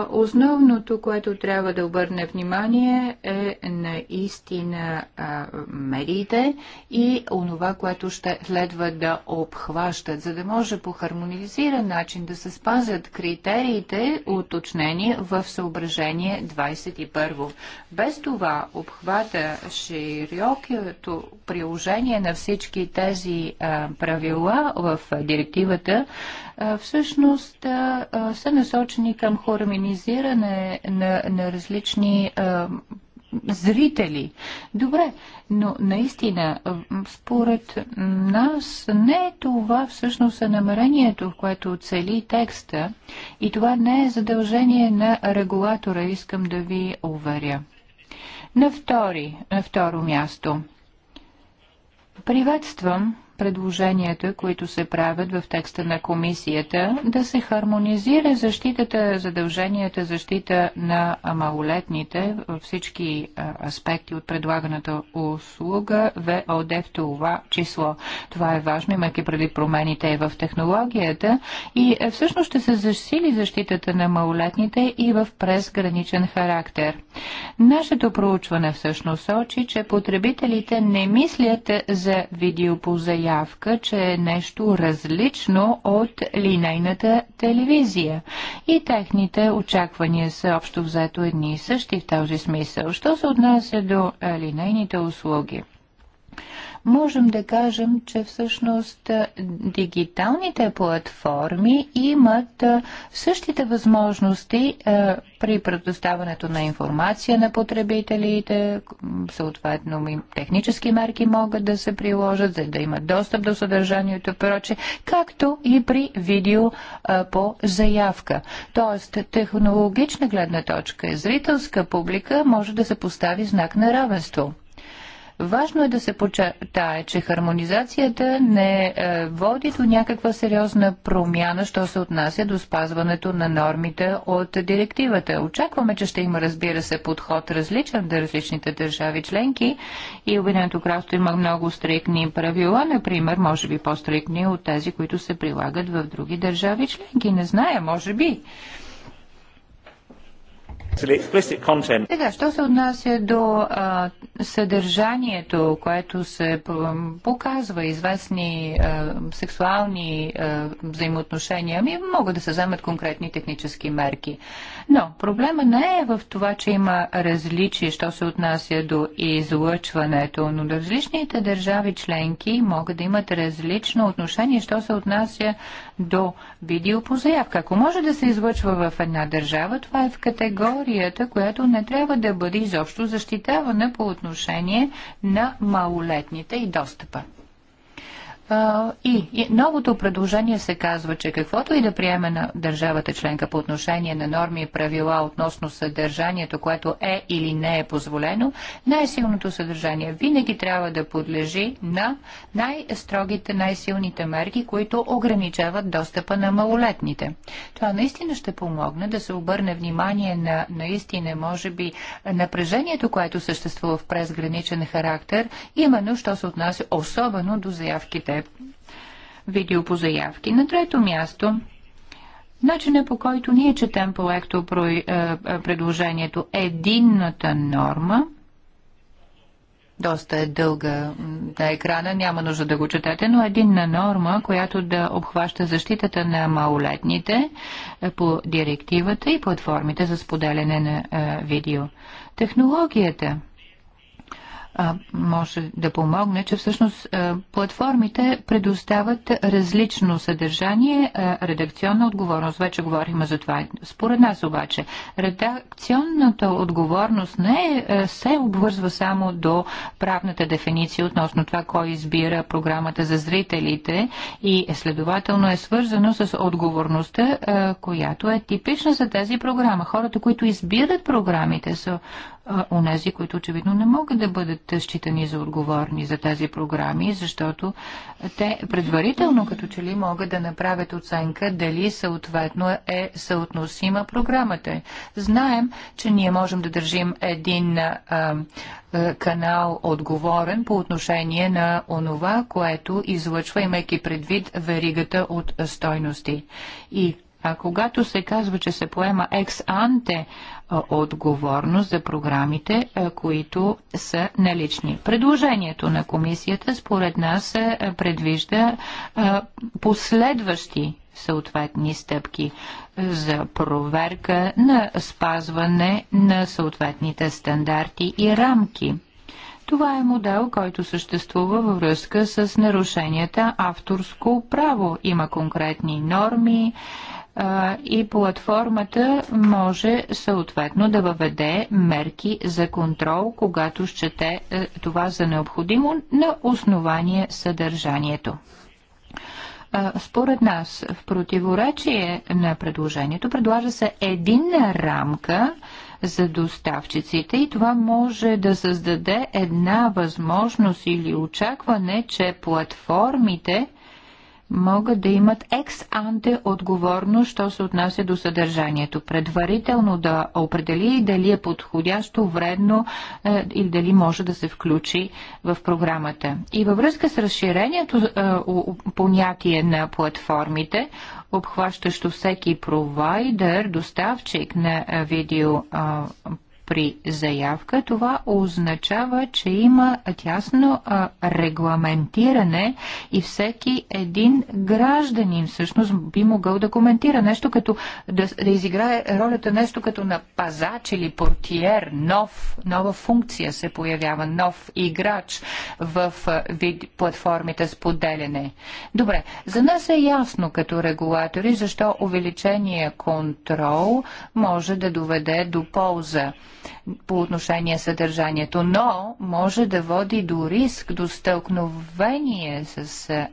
Основното, което трябва да обърне внимание е наистина медиите и онова, което ще следва да обхващат, за да може по хармонизиран начин да се спазят критериите, уточнени в съображение 21. Без това обхвата широкото приложение на всички тези правила в директивата всъщност са насочени към хармонизиране на, на различни зрители. Добре, но наистина, според нас не е това всъщност е намерението, което цели текста и това не е задължение на регулатора, искам да ви уверя. На, втори, на второ място. Приветствам предложенията, които се правят в текста на комисията, да се хармонизира защитата, задълженията, защита на малолетните във всички аспекти от предлаганата услуга ВОД в това число. Това е важно, имайки преди промените и в технологията и е, всъщност ще се засили защитата на малолетните и в презграничен характер. Нашето проучване всъщност сочи, че потребителите не мислят за видеопозаяване заявка, че е нещо различно от линейната телевизия. И техните очаквания са общо взето едни и същи в този смисъл. Що се отнася до е, линейните услуги? можем да кажем, че всъщност дигиталните платформи имат същите възможности при предоставането на информация на потребителите, съответно технически мерки могат да се приложат, за да имат достъп до съдържанието и проче, както и при видео по заявка. Тоест, технологична гледна точка, зрителска публика може да се постави знак на равенство. Важно е да се почертае, че хармонизацията не е, води до някаква сериозна промяна, що се отнася до спазването на нормите от директивата. Очакваме, че ще има, разбира се, подход различен да различните държави членки и Обединеното кралство има много стрикни правила, например, може би по-стрикни от тези, които се прилагат в други държави членки. Не зная, може би. Сега, що се отнася до а, съдържанието, което се показва известни а, сексуални а, взаимоотношения, ми могат да се вземат конкретни технически мерки. Но проблема не е в това, че има различия, що се отнася до излъчването, но различните държави членки могат да имат различно отношение, що се отнася до видео по заявка. Ако може да се излъчва в една държава, това е в категорията, която не трябва да бъде изобщо защитавана по отношение на малолетните и достъпа. И, новото предложение се казва, че каквото и да приеме на държавата членка по отношение на норми и правила относно съдържанието, което е или не е позволено, най-силното съдържание винаги трябва да подлежи на най-строгите, най-силните мерки, които ограничават достъпа на малолетните. Това наистина ще помогне да се обърне внимание на наистина, може би, напрежението, което съществува в презграничен характер, именно, що се отнася особено до заявките видеопозаявки. На трето място, начинът по който ние четем проекто е, предложението е единната норма, доста е дълга на екрана, няма нужда да го четете, но единна норма, която да обхваща защитата на малолетните е, по директивата и платформите за споделяне на видео. Технологията – а, може да помогне, че всъщност а, платформите предоставят различно съдържание, а, редакционна отговорност. Вече говорихме за това. Според нас обаче, редакционната отговорност не е, се обвързва само до правната дефиниция относно това, кой избира програмата за зрителите и следователно е свързано с отговорността, а, която е типична за тази програма. Хората, които избират програмите, са онези, които очевидно не могат да бъдат считани за отговорни за тези програми, защото те предварително като че ли могат да направят оценка дали съответно е съотносима програмата. Знаем, че ние можем да държим един а, канал отговорен по отношение на онова, което излъчва, имайки предвид веригата от стойности. И а когато се казва, че се поема екс-анте отговорност за програмите, които са налични. Предложението на комисията според нас предвижда последващи съответни стъпки за проверка на спазване на съответните стандарти и рамки. Това е модел, който съществува във връзка с нарушенията авторско право. Има конкретни норми, и платформата може съответно да въведе мерки за контрол, когато счете е, това за необходимо на основание съдържанието. Според нас, в противоречие на предложението, предлага се единна рамка за доставчиците и това може да създаде една възможност или очакване, че платформите могат да имат екс-анте отговорно, що се отнася до съдържанието. Предварително да определи дали е подходящо, вредно е, или дали може да се включи в програмата. И във връзка с разширението е, понятие на платформите, обхващащо всеки провайдер, доставчик на видео при заявка, това означава, че има тясно регламентиране и всеки един гражданин всъщност би могъл да коментира нещо като, да, да изиграе ролята нещо като на пазач или портиер, нов, нова функция се появява, нов играч в вид платформите споделяне. Добре, за нас е ясно като регулатори, защо увеличение контрол може да доведе до полза по отношение съдържанието, но може да води до риск, до стълкновение с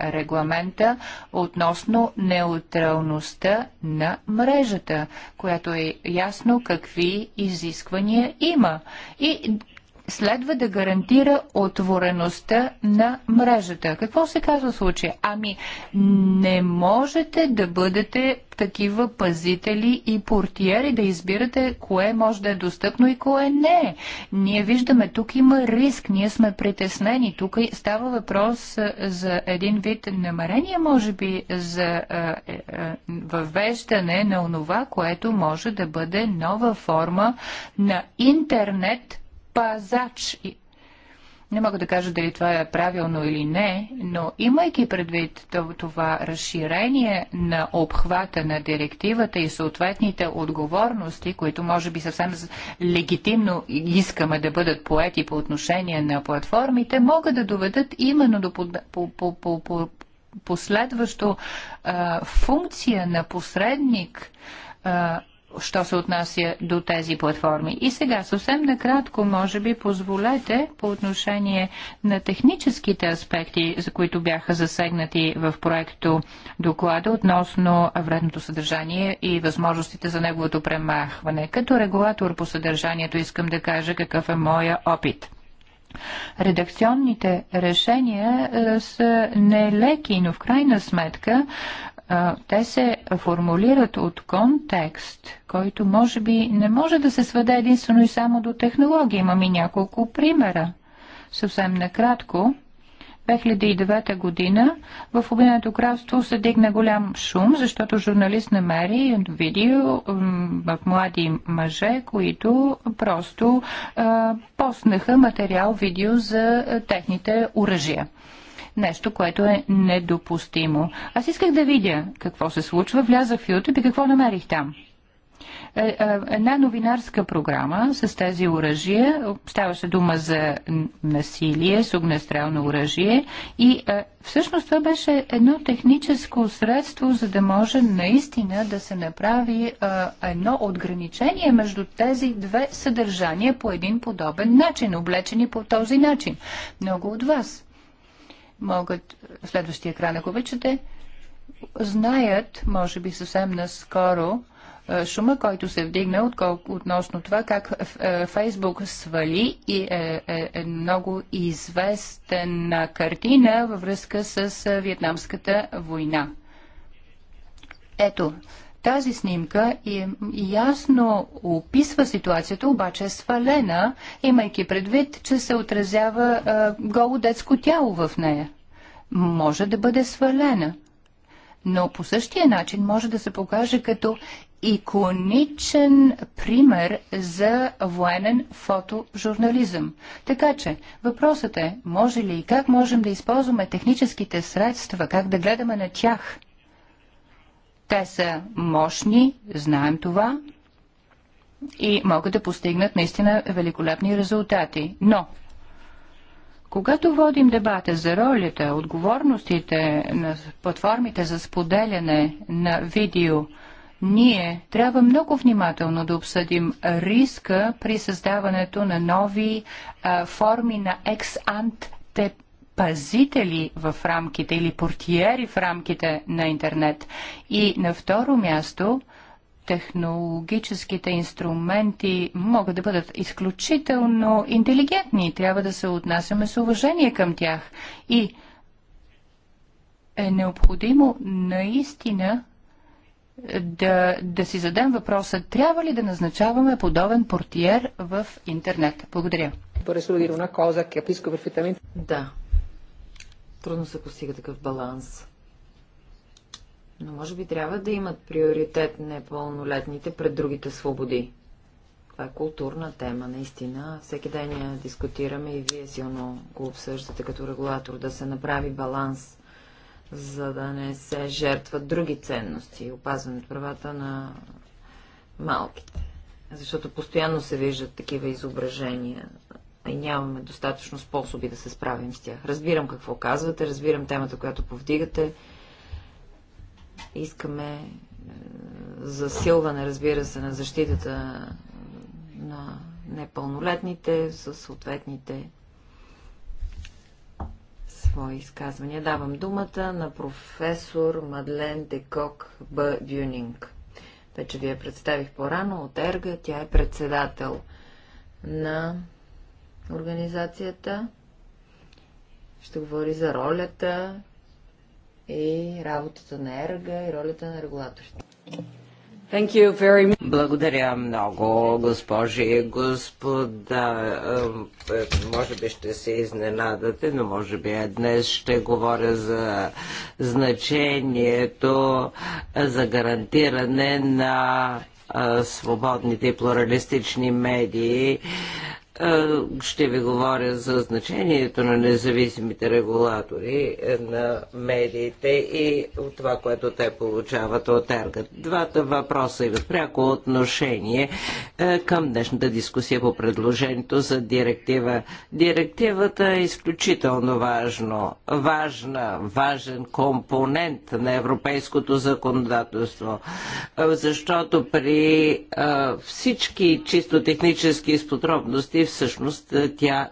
регламента относно неутралността на мрежата, която е ясно какви изисквания има. И следва да гарантира отвореността на мрежата. Какво се казва в случая? Ами, не можете да бъдете такива пазители и портиери, да избирате кое може да е достъпно и кое не. Ние виждаме, тук има риск, ние сме притеснени. Тук става въпрос за един вид намерение, може би, за е, въвеждане на онова, което може да бъде нова форма на интернет – пазач. Не мога да кажа дали това е правилно или не, но имайки предвид това разширение на обхвата на директивата и съответните отговорности, които може би съвсем легитимно искаме да бъдат поети по отношение на платформите, могат да доведат именно до под... по, по, по, по, последващо а, функция на посредник а, що се отнася до тези платформи. И сега съвсем накратко, може би, позволете по отношение на техническите аспекти, за които бяха засегнати в проекто доклада относно вредното съдържание и възможностите за неговото премахване. Като регулатор по съдържанието искам да кажа какъв е моя опит. Редакционните решения е, са нелеки, но в крайна сметка те се формулират от контекст, който може би не може да се сведе единствено и само до Имам Имаме няколко примера. Съвсем накратко, 2009 година в Обединеното кралство се дигна голям шум, защото журналист намери видео в млади мъже, които просто а, постнаха материал, видео за техните оръжия. Нещо, което е недопустимо. Аз исках да видя какво се случва. Влязах в YouTube и какво намерих там е, е, една новинарска програма с тези оръжия. Ставаше дума за насилие с огнестрелно оръжие и е, всъщност това беше едно техническо средство, за да може наистина да се направи едно отграничение между тези две съдържания по един подобен начин, облечени по този начин. Много от вас могат, следващия екран, ако обичате, знаят, може би съвсем наскоро, е, шума, който се е вдигна относно това как е, Фейсбук свали и е, е, е много известна картина във връзка с Вьетнамската война. Ето, тази снимка и ясно описва ситуацията, обаче е свалена, имайки предвид, че се отразява а, голо детско тяло в нея. Може да бъде свалена, но по същия начин може да се покаже като иконичен пример за военен фотожурнализъм. Така че въпросът е, може ли и как можем да използваме техническите средства, как да гледаме на тях – те са мощни, знаем това, и могат да постигнат наистина великолепни резултати. Но, когато водим дебата за ролята, отговорностите на платформите за споделяне на видео, ние трябва много внимателно да обсъдим риска при създаването на нови а, форми на ex ант пазители в рамките или портиери в рамките на интернет. И на второ място, технологическите инструменти могат да бъдат изключително интелигентни. Трябва да се отнасяме с уважение към тях. И е необходимо наистина да, да си задам въпроса, трябва ли да назначаваме подобен портиер в интернет? Благодаря. Да, Трудно се постига такъв баланс. Но може би трябва да имат приоритет непълнолетните пред другите свободи. Това е културна тема, наистина. Всеки ден я дискутираме и вие силно го обсъждате като регулатор, да се направи баланс, за да не се жертват други ценности, от правата на малките. Защото постоянно се виждат такива изображения и нямаме достатъчно способи да се справим с тях. Разбирам какво казвате, разбирам темата, която повдигате. Искаме е, засилване, разбира се, на защитата на непълнолетните с съответните свои изказвания. Давам думата на професор Мадлен Декок Б. Бюнинг. Вече ви я представих по-рано от Ерга. Тя е председател на организацията, ще говори за ролята и работата на ЕРГА и ролята на регулаторите. Благодаря много, госпожи и господа. Е, може би ще се изненадате, но може би е днес ще говоря за значението е, за гарантиране на свободните и плуралистични медии е, ще ви говоря за значението на независимите регулатори е, на медиите и от това, което те получават от ЕРГА. Двата въпроса имат пряко отношение е, към днешната дискусия по предложението за директива. Директивата е изключително важно, важна, важен компонент на европейското законодателство, защото при всички чисто технически сподробности или всъщност е, тя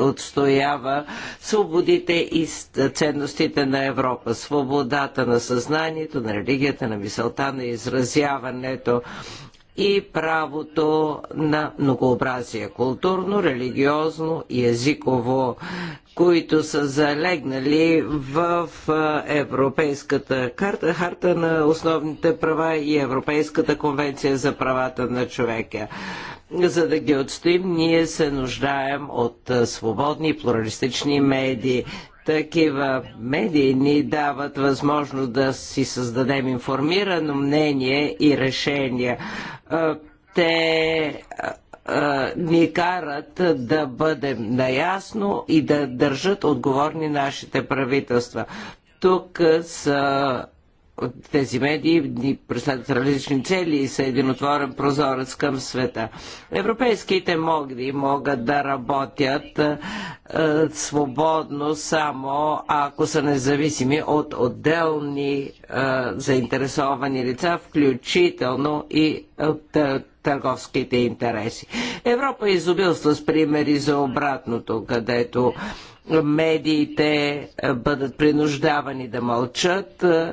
отстоява свободите и е, ценностите на Европа, свободата на съзнанието, на религията, на мисълта, на изразяването и правото на многообразие културно, религиозно и езиково, които са залегнали в Европейската карта, харта на основните права и Европейската конвенция за правата на човека. За да ги отстоим, ние се нуждаем от свободни и плуралистични медии такива медии ни дават възможност да си създадем информирано мнение и решения. Те ни карат да бъдем наясно и да държат отговорни нашите правителства. Тук са тези медии ни преследват различни цели и са един отворен прозорец към света. Европейските могли могат да работят е, свободно само ако са независими от отделни е, заинтересовани лица, включително и е, търговските интереси. Европа е изобилства с примери за обратното, където медиите е, бъдат принуждавани да мълчат е,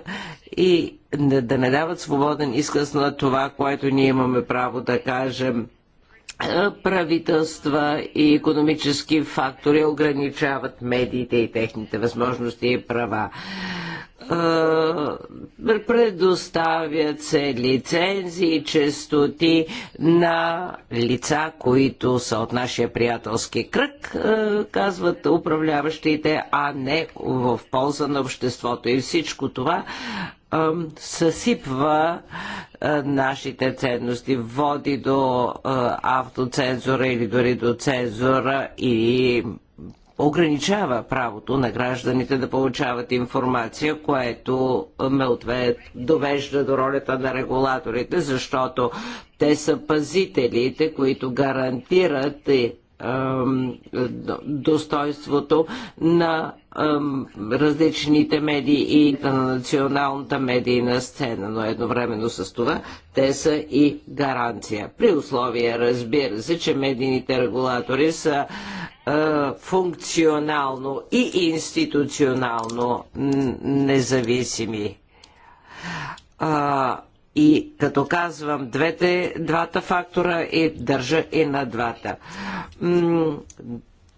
и да не дават свободен изказ на това, което ние имаме право да кажем е, правителства и економически фактори ограничават медиите и техните възможности и права предоставят се лицензии, честоти на лица, които са от нашия приятелски кръг, казват управляващите, а не в полза на обществото. И всичко това съсипва нашите ценности, води до автоцензура или дори до цензура и ограничава правото на гражданите да получават информация, което ме отвед, довежда до ролята на регулаторите, защото те са пазителите, които гарантират и достоинството на различните медии и на националната медийна сцена, но едновременно с това те са и гаранция. При условие, разбира се, че медийните регулатори са функционално и институционално независими. А, и като казвам двете, двата фактора и държа и на двата.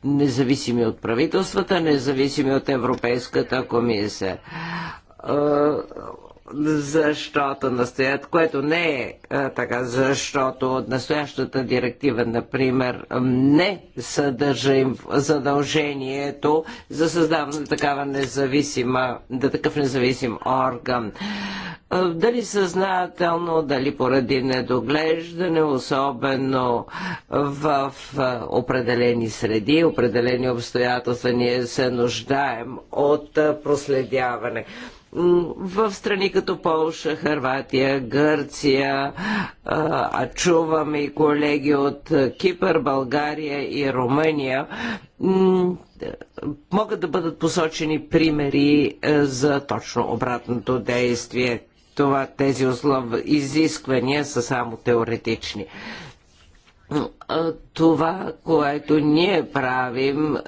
независими от правителствата, независими от Европейската комисия е, защото настоят, което не е а, така, защото от настоящата директива, например, не съдържа им задължението за създаване такава независима, да такъв независим орган. Дали съзнателно, дали поради недоглеждане, особено в определени среди, определени обстоятелства, ние се нуждаем от проследяване в страни като Полша, Харватия, Гърция, а чуваме и колеги от Кипър, България и Румъния, могат да бъдат посочени примери е, за точно обратното действие. Това, тези услов... изисквания са само теоретични това, което ние правим, е,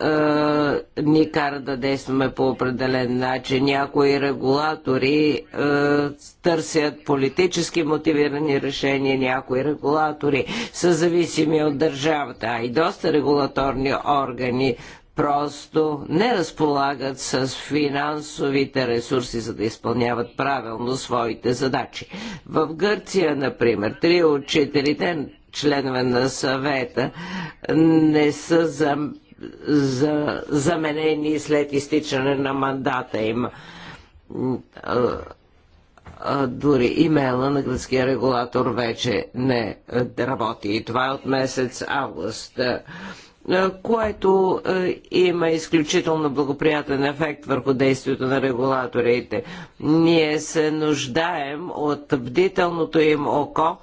ни кара да действаме по определен начин. Някои регулатори е, търсят политически мотивирани решения, някои регулатори са зависими от държавата, а и доста регулаторни органи просто не разполагат с финансовите ресурси, за да изпълняват правилно своите задачи. В Гърция, например, три от четирите членове на съвета не са за, за, заменени след изтичане на мандата им. Дори имейла на гръцкия регулатор вече не работи. И това е от месец август което има изключително благоприятен ефект върху действието на регулаторите. Ние се нуждаем от бдителното им око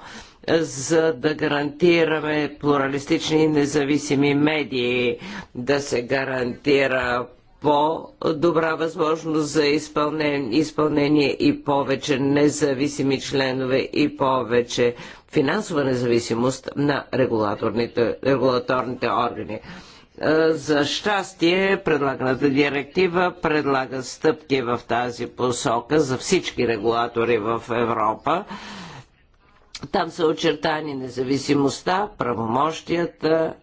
за да гарантираме плуралистични и независими медии, да се гарантира по-добра възможност за изпълнение, и повече независими членове и повече финансова независимост на регулаторните, регулаторните органи. За щастие, предлаганата директива предлага стъпки в тази посока за всички регулатори в Европа там са очертани независимостта, правомощията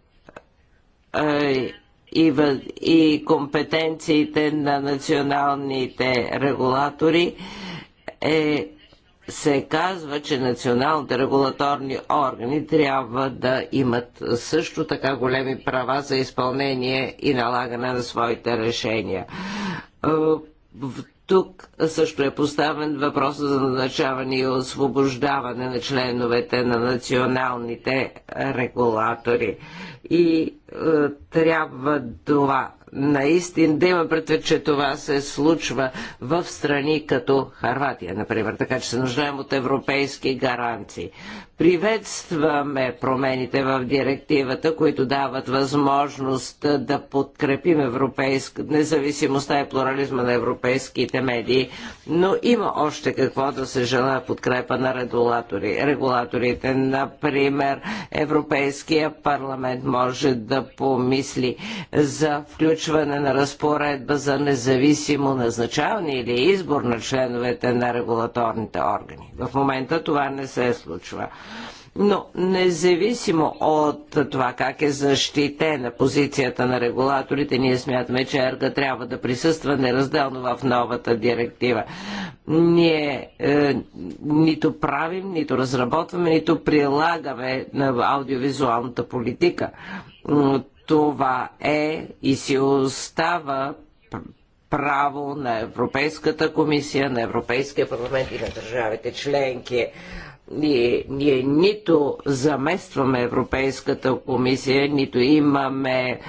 и, и компетенциите на националните регулатори. Е, се казва, че националните регулаторни органи трябва да имат също така големи права за изпълнение и налагане на своите решения е, тук също е поставен въпрос за назначаване и освобождаване на членовете на националните регулатори и е, трябва това наистина да има предвид, че това се случва в страни като Харватия, например, така че се нуждаем от европейски гаранции. Приветстваме промените в директивата, които дават възможност да подкрепим европейск... независимостта и плурализма на европейските медии, но има още какво да се желая подкрепа на регулатори. регулаторите. Например, Европейския парламент може да помисли за включване на разпоредба за независимо назначаване или избор на членовете на регулаторните органи. В момента това не се случва. Но независимо от това как е защитена позицията на регулаторите, ние смятаме, че ЕРГА трябва да присъства неразделно в новата директива. Ние е, нито правим, нито разработваме, нито прилагаме на аудиовизуалната политика. Това е и си остава право на Европейската комисия, на Европейския парламент и на държавите членки. Ние, ние нито заместваме Европейската комисия, нито имаме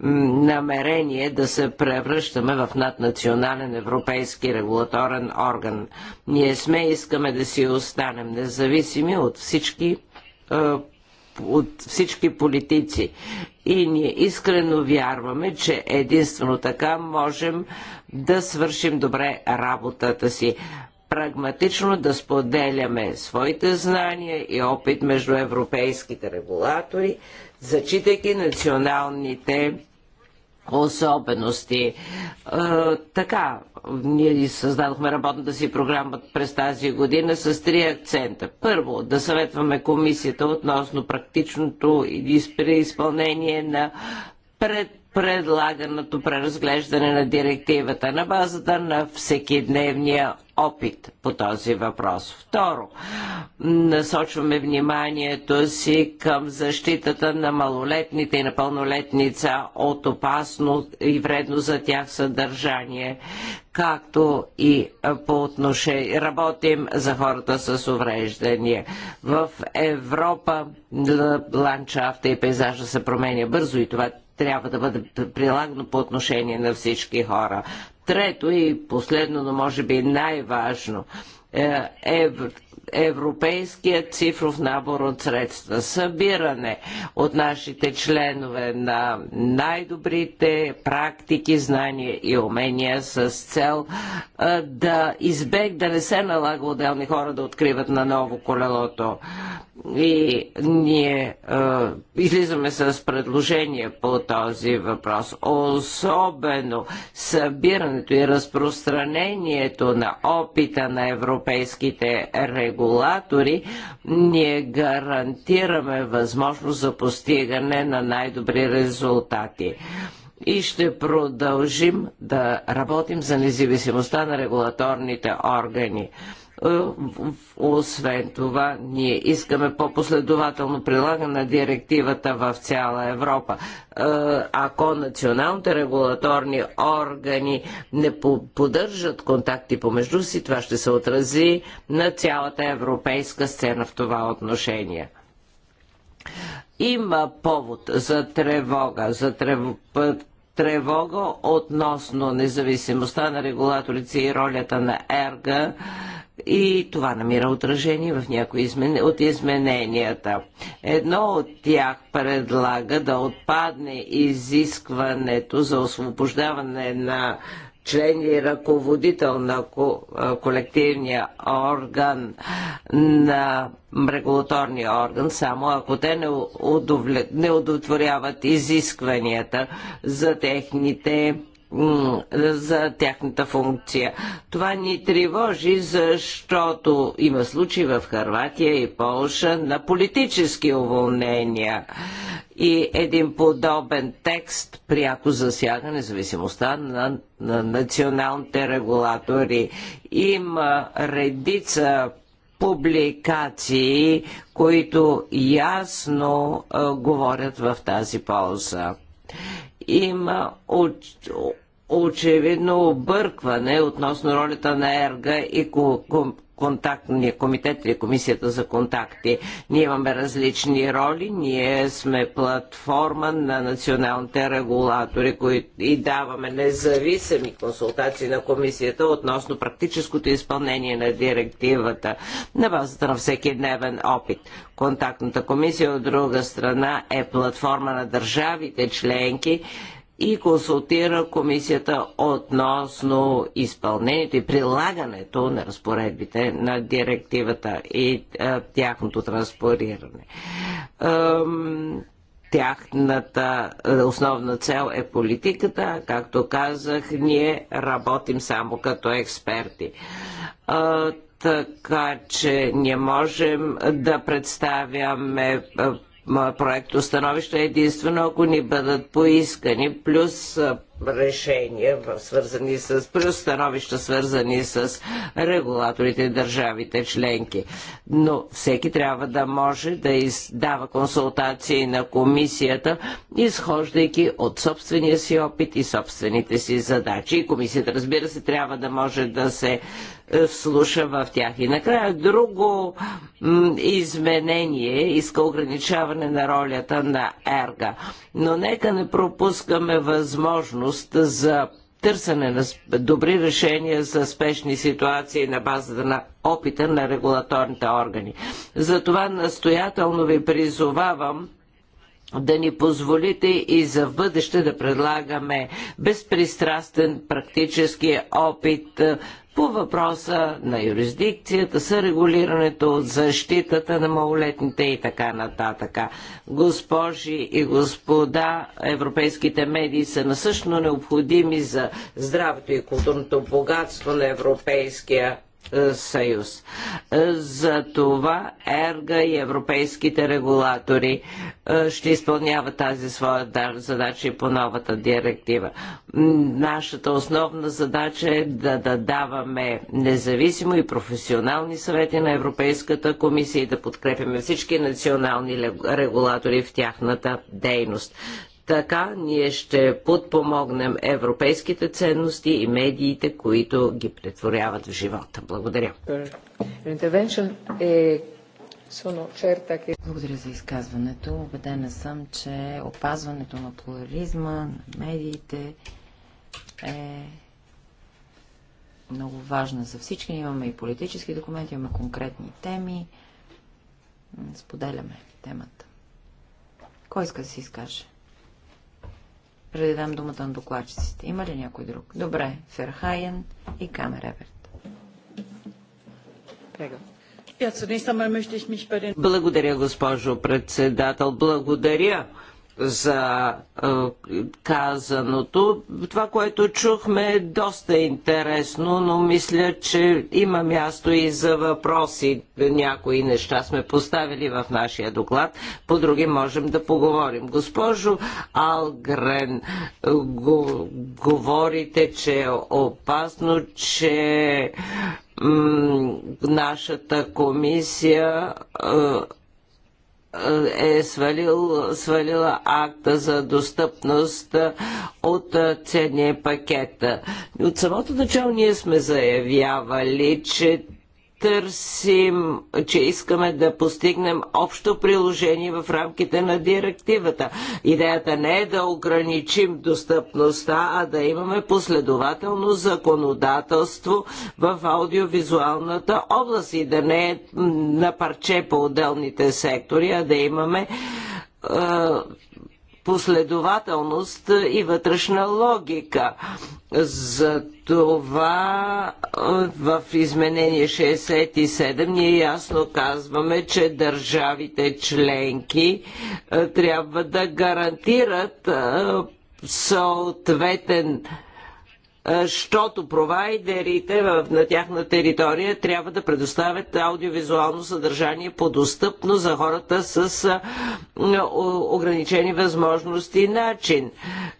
намерение да се превръщаме в наднационален европейски регулаторен орган. Ние сме искаме да си останем независими от всички от всички политици. И ние искрено вярваме, че единствено така можем да свършим добре работата си прагматично да споделяме своите знания и опит между европейските регулатори, зачитайки националните особености. Е, така, ние създадохме работната си програма през тази година с три акцента. Първо, да съветваме комисията относно практичното изпълнение на пред предлаганото преразглеждане на директивата на базата на всекидневния опит по този въпрос. Второ, насочваме вниманието си към защитата на малолетните и на пълнолетница от опасно и вредно за тях съдържание, както и по отношение работим за хората с увреждания. В Европа ландшафта и пейзажа се променя бързо и това трябва да бъде прилагано по отношение на всички хора. Трето и последно, но може би най-важно, е европейският цифров набор от средства. Събиране от нашите членове на най-добрите практики, знания и умения с цел да избег, да не се налага отделни хора да откриват на ново колелото. И ние е, излизаме с предложение по този въпрос. Особено събирането и разпространението на опита на европейските регулации регулатори, ние гарантираме възможност за постигане на най-добри резултати и ще продължим да работим за независимостта на регулаторните органи. Е, освен това, ние искаме по-последователно прилагане на директивата в цяла Европа. Е, ако националните регулаторни органи не поддържат контакти помежду си, това ще се отрази на цялата европейска сцена в това отношение има повод за тревога, за трев... тревога относно независимостта на регулаторите и ролята на ЕРГА и това намира отражение в някои измен... от измененията. Едно от тях предлага да отпадне изискването за освобождаване на член и ръководител на колективния орган на регулаторния орган, само ако те не, удовлет... не удовлетворяват изискванията за техните за тяхната функция. Това ни тревожи, защото има случаи в Харватия и Полша на политически уволнения. И един подобен текст пряко засяга независимостта на, на националните регулатори. Има редица публикации, които ясно а, говорят в тази полза. Има очевидно объркване относно ролята на ЕРГА и контактния комитет или комисията за контакти. Ние имаме различни роли, ние сме платформа на националните регулатори, които и даваме независими консултации на комисията относно практическото изпълнение на директивата на базата на всеки дневен опит. Контактната комисия от друга страна е платформа на държавите членки, и консултира комисията относно изпълнението и прилагането на разпоредбите на директивата и а, тяхното транспориране. Ам тяхната основна цел е политиката. Както казах, ние работим само като експерти. А, така че не можем да представяме проекто становища е единствено ако ни бъдат поискани, плюс решения, свързани с, плюс свързани с регулаторите държавите членки. Но всеки трябва да може да издава консултации на комисията, изхождайки от собствения си опит и собствените си задачи. И комисията, разбира се, трябва да може да се е, вслуша в тях. И накрая друго изменение иска ограничаване на ролята на ерга. Но нека не пропускаме възможност възможност за търсене на добри решения за спешни ситуации на базата на опита на регулаторните органи. Затова настоятелно ви призовавам да ни позволите и за в бъдеще да предлагаме безпристрастен практически опит е, по въпроса на юрисдикцията, сърегулирането от защитата на малолетните и така нататък. Госпожи и господа, европейските медии са насъщно необходими за здравето и културното богатство на Европейския е, съюз. Е, за това ЕРГА и европейските регулатори е, ще изпълняват тази своя задача и по новата директива. Нашата основна задача е да, да даваме независимо и професионални съвети на Европейската комисия и да подкрепяме всички национални регулатори в тяхната дейност. Така ние ще подпомогнем европейските ценности и медиите, които ги претворяват в живота. Благодаря. Е Благодаря за изказването. Обедена съм, че опазването на плурализма, на медиите е много важна за всички. Имаме и политически документи, имаме конкретни теми. Споделяме темата. Кой иска да се изкаже? преди дам думата на докладчиците. Има ли някой друг? Добре, Ферхайен и Камереберт. Е, Благодаря, госпожо председател. Благодаря за е, казаното. Това, което чухме е доста интересно, но мисля, че има място и за въпроси. Някои неща сме поставили в нашия доклад, по други можем да поговорим. Госпожо Алгрен, го, говорите, че е опасно, че нашата комисия е, е свалил, свалила акта за достъпност от ценния пакет. От самото начало ние сме заявявали, че търсим, че искаме да постигнем общо приложение в рамките на директивата. Идеята не е да ограничим достъпността, а да имаме последователно законодателство в аудиовизуалната област и да не е на парче по отделните сектори, а да имаме последователност и вътрешна логика. За това в изменение 67 ние ясно казваме, че държавите членки трябва да гарантират съответен защото провайдерите на тяхна територия трябва да предоставят аудиовизуално съдържание по достъпно за хората с ограничени възможности и начин.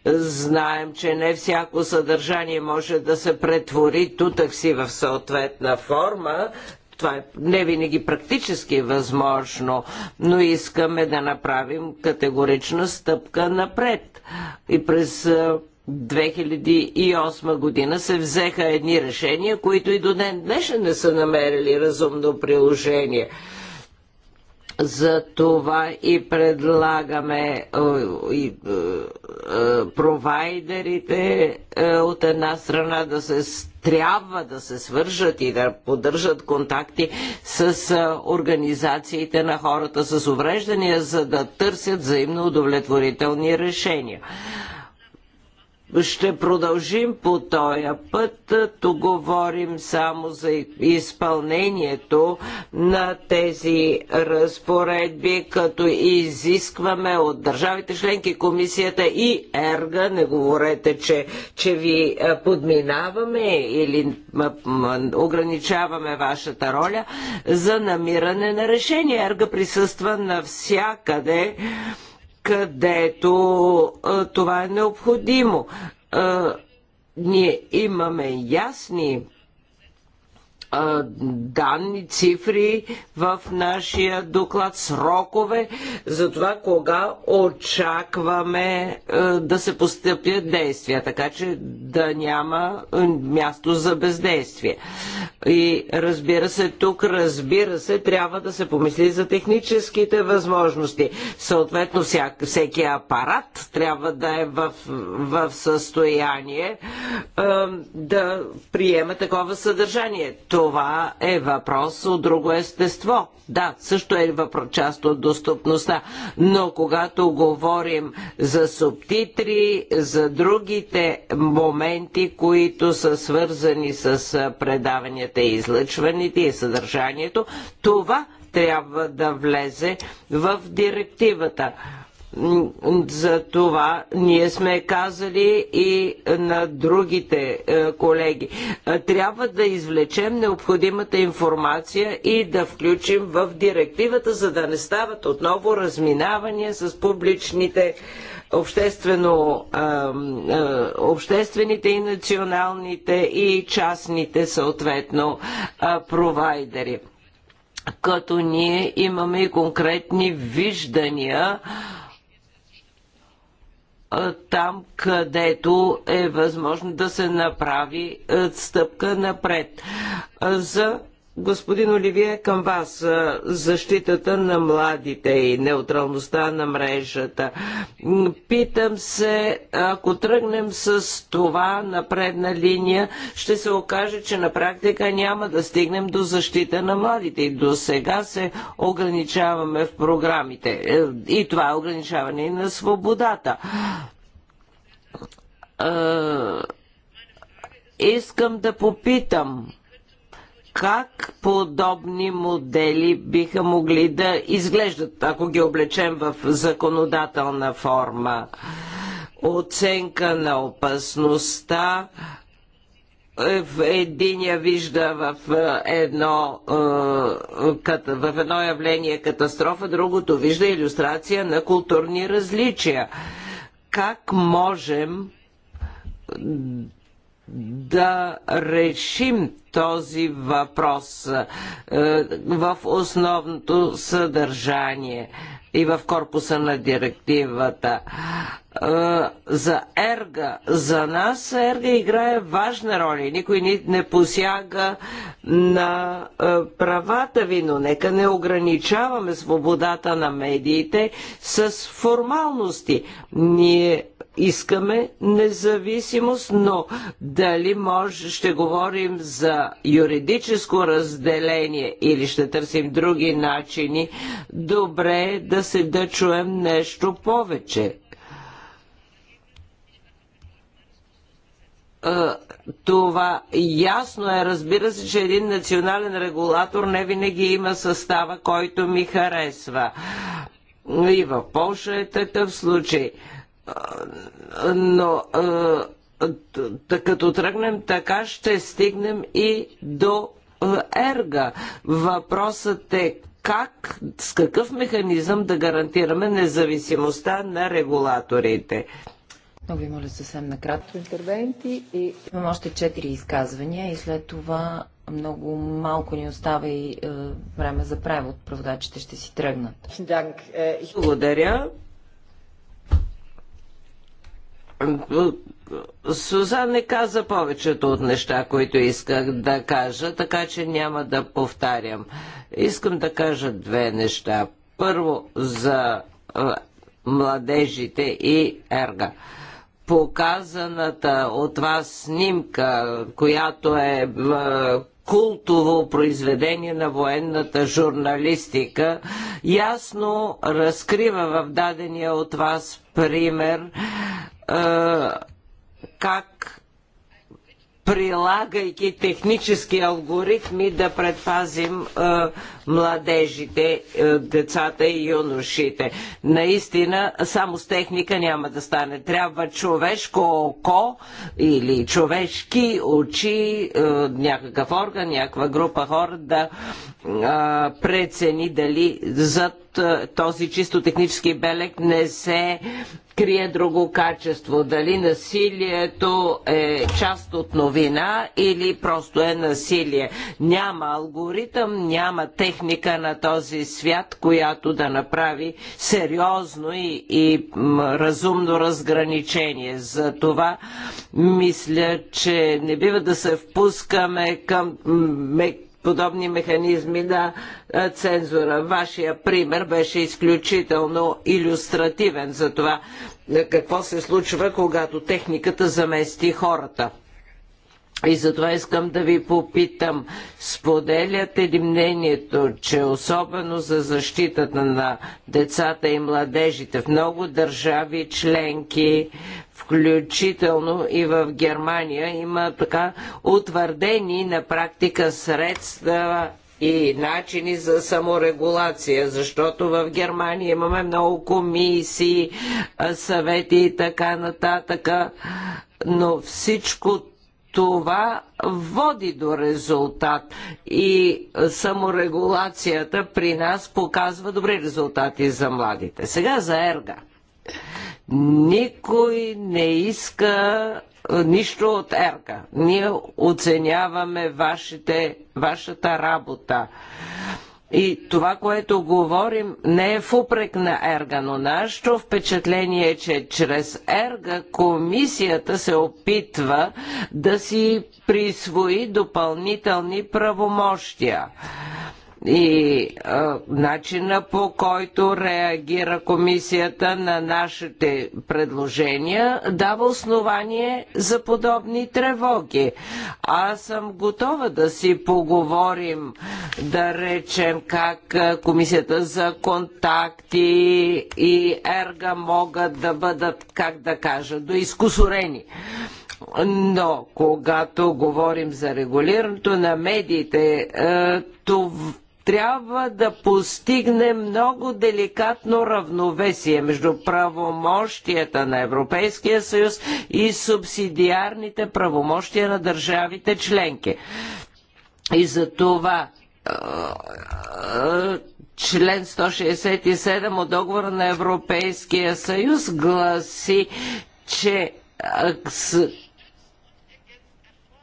Знаем, че не всяко съдържание може да се претвори тутък си в съответна форма, това е не винаги практически възможно, но искаме да направим категорична стъпка напред. И през 2008 година се взеха едни решения, които и до ден днешен не са намерили разумно приложение. За това и предлагаме е, и, е, е, провайдерите от една страна да се трябва да се свържат и да поддържат контакти с организациите на хората с увреждания, за да търсят взаимно удовлетворителни решения ще продължим по този път. то говорим само за изпълнението на тези разпоредби, като изискваме от държавите членки, комисията и ЕРГА, не говорете, че, че ви е, подминаваме или ограничаваме вашата роля, за намиране на решение. ЕРГА присъства навсякъде където това е необходимо. Ние имаме ясни данни, цифри в нашия доклад, срокове за това кога очакваме да се постъпят действия, така че да няма място за бездействие. И разбира се, тук разбира се, трябва да се помисли за техническите възможности. Съответно, всеки апарат трябва да е в, в състояние да приема такова съдържание това е въпрос от друго естество. Да, също е въпрос, част от достъпността, но когато говорим за субтитри, за другите моменти, които са свързани с предаванията и излъчваните и съдържанието, това трябва да влезе в директивата. За това ние сме казали и на другите е, колеги. Е, трябва да извлечем необходимата информация и да включим в директивата, за да не стават отново разминавания с публичните обществено, е, обществените и националните и частните съответно провайдери като ние имаме и конкретни виждания там, където е възможно да се направи стъпка напред за Господин Оливие, към вас защитата на младите и неутралността на мрежата. Питам се, ако тръгнем с това на предна линия, ще се окаже, че на практика няма да стигнем до защита на младите. И до сега се ограничаваме в програмите. Е, и това е ограничаване и на свободата. Е, искам да попитам как подобни модели биха могли да изглеждат, ако ги облечем в законодателна форма. Оценка на опасността, в е, единия вижда в е, едно, е, в едно явление катастрофа, другото вижда иллюстрация на културни различия. Как можем да решим този въпрос е, в основното съдържание и в корпуса на директивата. Е, за Ерга, за нас Ерга играе важна роля. Никой ни не посяга на е, правата ви, но нека не ограничаваме свободата на медиите с формалности. Ние искаме независимост, но дали може, ще говорим за юридическо разделение или ще търсим други начини, добре е да се да чуем нещо повече. това ясно е, разбира се, че един национален регулатор не винаги има състава, който ми харесва. И в Польша е такъв случай но като тръгнем така, ще стигнем и до ерга. Въпросът е как, с какъв механизъм да гарантираме независимостта на регулаторите. Много ви моля съвсем накратко. Интервенти и... Имам още четири изказвания и след това много малко ни остава и е, време за превод. Проводачите ще си тръгнат. Благодаря. Сузан не каза повечето от неща, които исках да кажа, така че няма да повтарям. Искам да кажа две неща. Първо за младежите и ерга. Показаната от вас снимка, която е култово произведение на военната журналистика, ясно разкрива в дадения от вас пример как прилагайки технически алгоритми да предпазим е, младежите, е, децата и юношите. Наистина, само с техника няма да стане. Трябва човешко око или човешки очи, е, някакъв орган, някаква група хора да прецени дали зад този чисто технически белег не се крие друго качество. Дали насилието е част от новина или просто е насилие. Няма алгоритъм, няма техника на този свят, която да направи сериозно и, и разумно разграничение. За това мисля, че не бива да се впускаме към подобни механизми на цензура. Вашия пример беше изключително иллюстративен за това какво се случва, когато техниката замести хората. И затова искам да ви попитам, споделяте ли мнението, че особено за защитата на децата и младежите в много държави членки, включително и в Германия, има така утвърдени на практика средства и начини за саморегулация, защото в Германия имаме много комисии, съвети и така нататък, но всичко това води до резултат и саморегулацията при нас показва добри резултати за младите. Сега за ерга. Никой не иска нищо от ерга. Ние оценяваме вашите, вашата работа. И това, което говорим, не е в упрек на Ерга, но нашето впечатление е, че чрез Ерга комисията се опитва да си присвои допълнителни правомощия и а, начина по който реагира комисията на нашите предложения дава основание за подобни тревоги. Аз съм готова да си поговорим, да речем как комисията за контакти и ерга могат да бъдат, как да кажа, доизкусорени. Но когато говорим за регулирането на медиите, е, това трябва да постигне много деликатно равновесие между правомощията на Европейския съюз и субсидиарните правомощия на държавите членки. И за това член 167 от договора на Европейския съюз гласи, че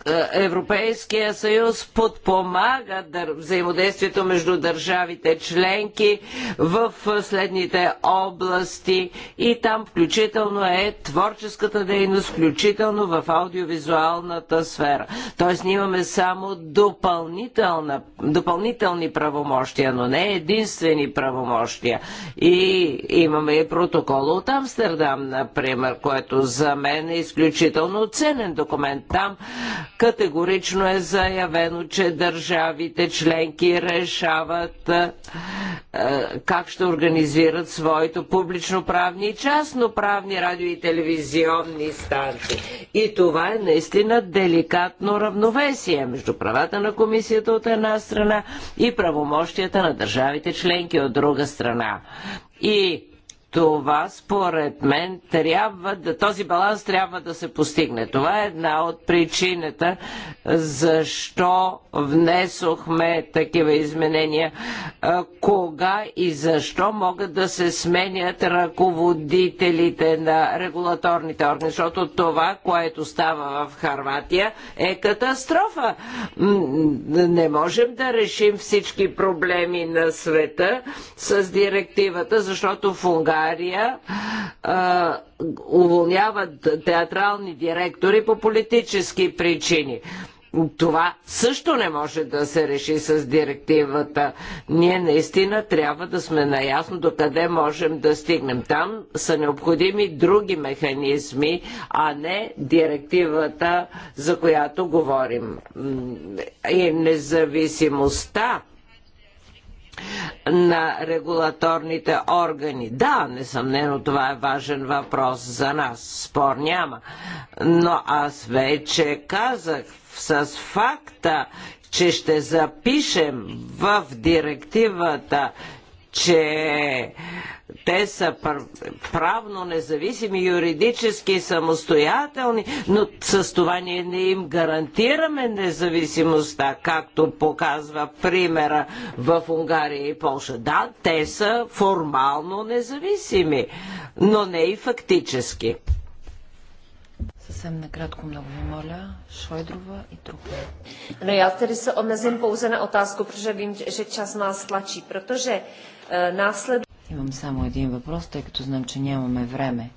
е, Европейския съюз подпомага взаимодействието между държавите членки в следните области и там включително е творческата дейност, включително в аудиовизуалната сфера. Тоест ние имаме само допълнителни правомощия, но не единствени правомощия. И имаме и протокол от Амстердам, например, което за мен е изключително ценен документ. Там Категорично е заявено, че държавите членки решават е, е, как ще организират своите публично-правни и частно-правни радио и телевизионни станции. И това е наистина деликатно равновесие между правата на комисията от една страна и правомощията на държавите членки от друга страна. И това според мен трябва да, този баланс трябва да се постигне. Това е една от причината защо внесохме такива изменения, кога и защо могат да се сменят ръководителите на регулаторните органи, защото това, което става в Харватия е катастрофа. Не можем да решим всички проблеми на света с директивата, защото в България а, уволняват театрални директори по политически причини. Това също не може да се реши с директивата. Ние наистина трябва да сме наясно до къде можем да стигнем. Там са необходими други механизми, а не директивата, за която говорим. И независимостта на регулаторните органи. Да, несъмнено това е важен въпрос за нас. Спор няма. Но аз вече казах с факта, че ще запишем в директивата, че те са правно независими, юридически самостоятелни, но с това ние не им гарантираме независимостта, както показва примера в Унгария и Польша. Да, те са формално независими, но не и фактически. Съвсем накратко много ви моля, Шойдрова и Трухова. No, já tedy se omezím pouze na otázku, protože vím, že čas nás tlačí, protože eh, násled... Имам само един въпрос, тъй като знам, че нямаме време.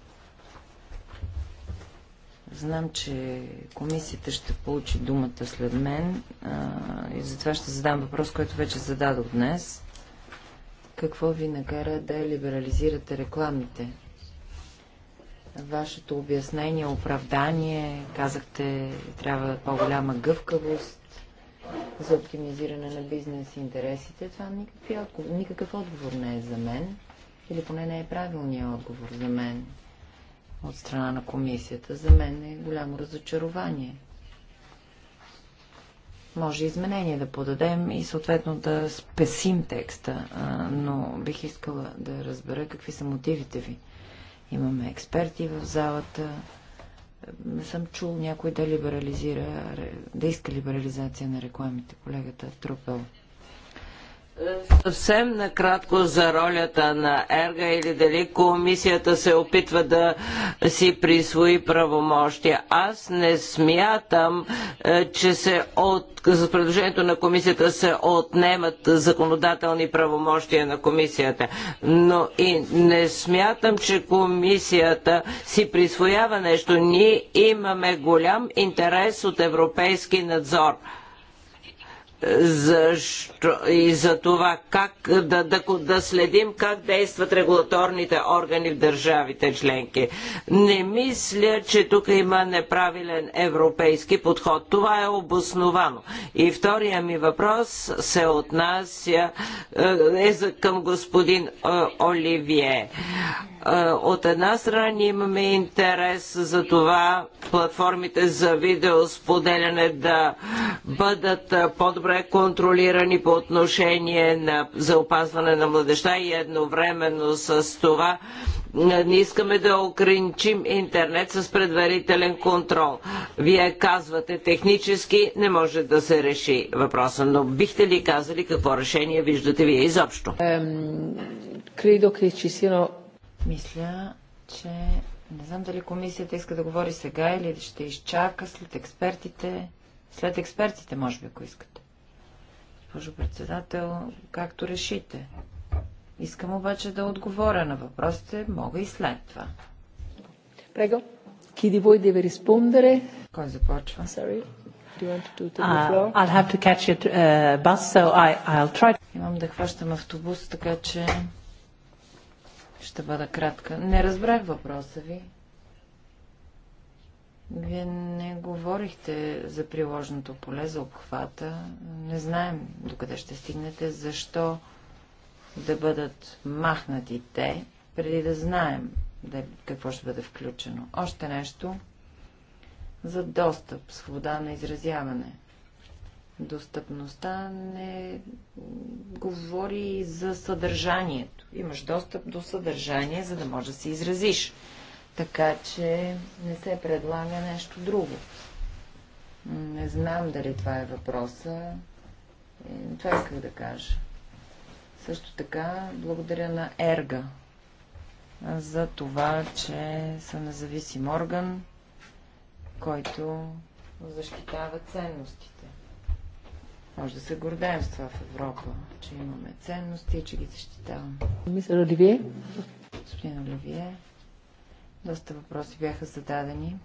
Знам, че комисията ще получи думата след мен а, и затова ще задам въпрос, който вече зададох днес. Какво ви накара да либерализирате рекламите? Вашето обяснение, оправдание, казахте, трябва по-голяма гъвкавост за оптимизиране на бизнес и интересите, това никакви никакъв отговор не е за мен, или поне не е правилният отговор за мен от страна на комисията. За мен е голямо разочарование. Може изменение да подадем и съответно да спесим текста, но бих искала да разбера какви са мотивите ви. Имаме експерти в залата, не съм чул някой да либерализира, да иска либерализация на рекламите, колегата Трупел. Съвсем накратко за ролята на ЕРГА или дали комисията се опитва да си присвои правомощия. Аз не смятам, е, че се от... за предложението на комисията се отнемат законодателни правомощия на комисията. Но и не смятам, че комисията си присвоява нещо. Ние имаме голям интерес от европейски надзор защо и за това как да, да, да следим как действат регулаторните органи в държавите членки. Не мисля, че тук има неправилен европейски подход. Това е обосновано. И втория ми въпрос се отнася е, е към господин е, Оливие. От една страна ние имаме интерес за това платформите за видеосподеляне да бъдат по-добре контролирани по отношение на, за опазване на младеща и едновременно с това не искаме да ограничим интернет с предварителен контрол. Вие казвате технически не може да се реши въпроса, но бихте ли казали какво решение виждате вие изобщо? Credo che ci siano мисля, че не знам дали комисията иска да говори сега или ще изчака след експертите. След експертите, може би, ако искате. Госпожо председател, както решите. Искам обаче да отговоря на въпросите. Мога и след това. Прего. Киди вой да ви респондере. Кой започва? Sorry. Do you want to the uh, floor? I'll have to catch a uh, bus, so I, I'll try. Имам да хващам автобус, така че ще бъда кратка. Не разбрах въпроса ви. Вие не говорихте за приложното поле, за обхвата. Не знаем докъде ще стигнете, защо да бъдат махнати те, преди да знаем да, какво ще бъде включено. Още нещо за достъп, свобода на изразяване. Достъпността не говори за съдържанието. Имаш достъп до съдържание, за да можеш да се изразиш. Така че не се предлага нещо друго. Не знам дали това е въпроса. Е, това исках да кажа. Също така, благодаря на Ерга за това, че са независим орган, който защитава ценности. Може да се гордаем с това в Европа, че имаме ценности и че ги защитаваме. Мисля, Оливие? Господин Оливие, доста въпроси бяха зададени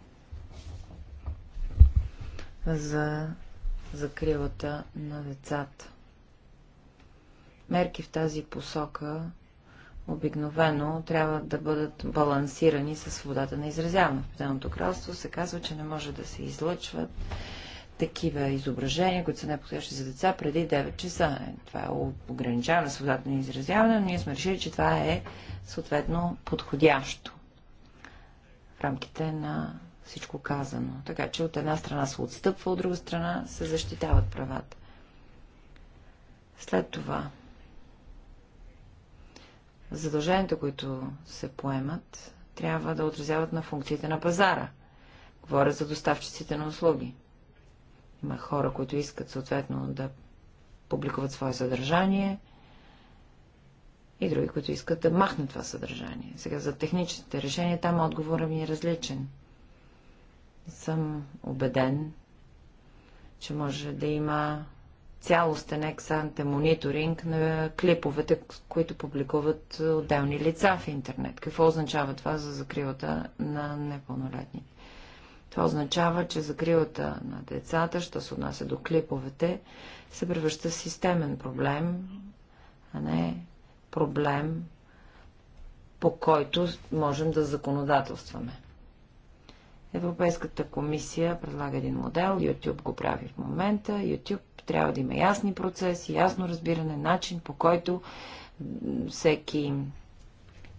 за закрилата на децата. Мерки в тази посока обикновено трябва да бъдат балансирани с водата на изразяване. В Обединеното кралство се казва, че не може да се излъчват такива изображения, които са неподходящи за деца преди 9 часа. Това е ограничаване на свободата на изразяване, но ние сме решили, че това е съответно подходящо в рамките на всичко казано. Така че от една страна се отстъпва, от друга страна се защитават правата. След това задълженията, които се поемат, трябва да отразяват на функциите на пазара. Говоря за доставчиците на услуги. Има хора, които искат съответно да публикуват свое съдържание и други, които искат да махнат това съдържание. Сега за техническите решения там отговорът ми е различен. Съм убеден, че може да има цялостен ексанте мониторинг на клиповете, които публикуват отделни лица в интернет. Какво означава това за закрилата на непълнолетните? Това означава, че закрилата на децата, що се отнася до клиповете, се превръща в системен проблем, а не проблем, по който можем да законодателстваме. Европейската комисия предлага един модел, YouTube го прави в момента. YouTube трябва да има ясни процеси, ясно разбиране, начин по който всеки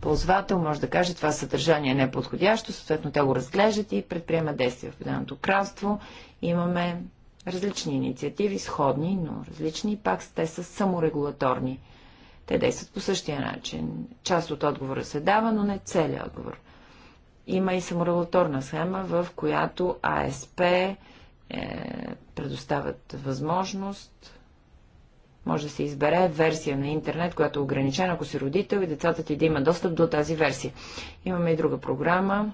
ползвател може да каже това съдържание не е подходящо, съответно те го разглеждат и предприемат действия в Обединеното кралство. Имаме различни инициативи, сходни, но различни, пак те са саморегулаторни. Те действат по същия начин. Част от отговора се дава, но не целият отговор. Има и саморегулаторна схема, в която АСП е, предоставят възможност може да се избере версия на интернет, която е ограничена, ако си родител и децата ти да има достъп до тази версия. Имаме и друга програма,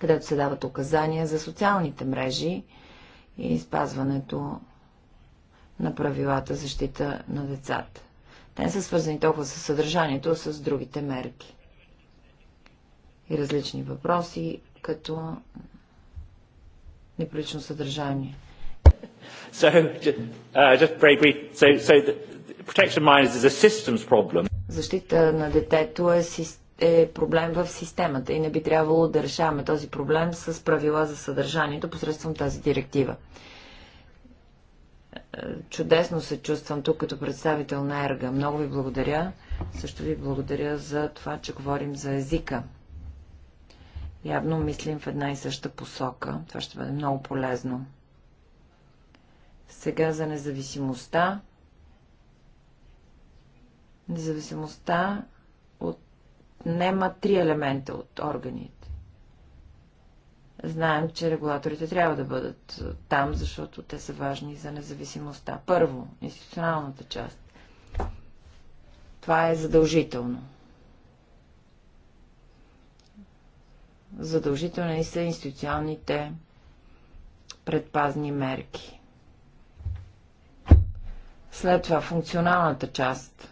където се дават указания за социалните мрежи и спазването на правилата защита на децата. Те не са свързани толкова с съдържанието, а с другите мерки. И различни въпроси, като неприлично съдържание. [laughs] so, uh, just very brief. So, so the protection minors is a systems problem. Защита на детето е, е проблем в системата и не би трябвало да решаваме този проблем с правила за съдържанието посредством тази директива. Е, чудесно се чувствам тук като представител на ЕРГА. Много ви благодаря. Също ви благодаря за това, че говорим за езика. Явно мислим в една и съща посока. Това ще бъде много полезно. Сега за независимостта. Независимостта от нема три елемента от органите. Знаем, че регулаторите трябва да бъдат е, там, защото те са важни за независимостта. Първо, институционалната част. Това е задължително. Задължителни са институционалните предпазни мерки. След това функционалната част.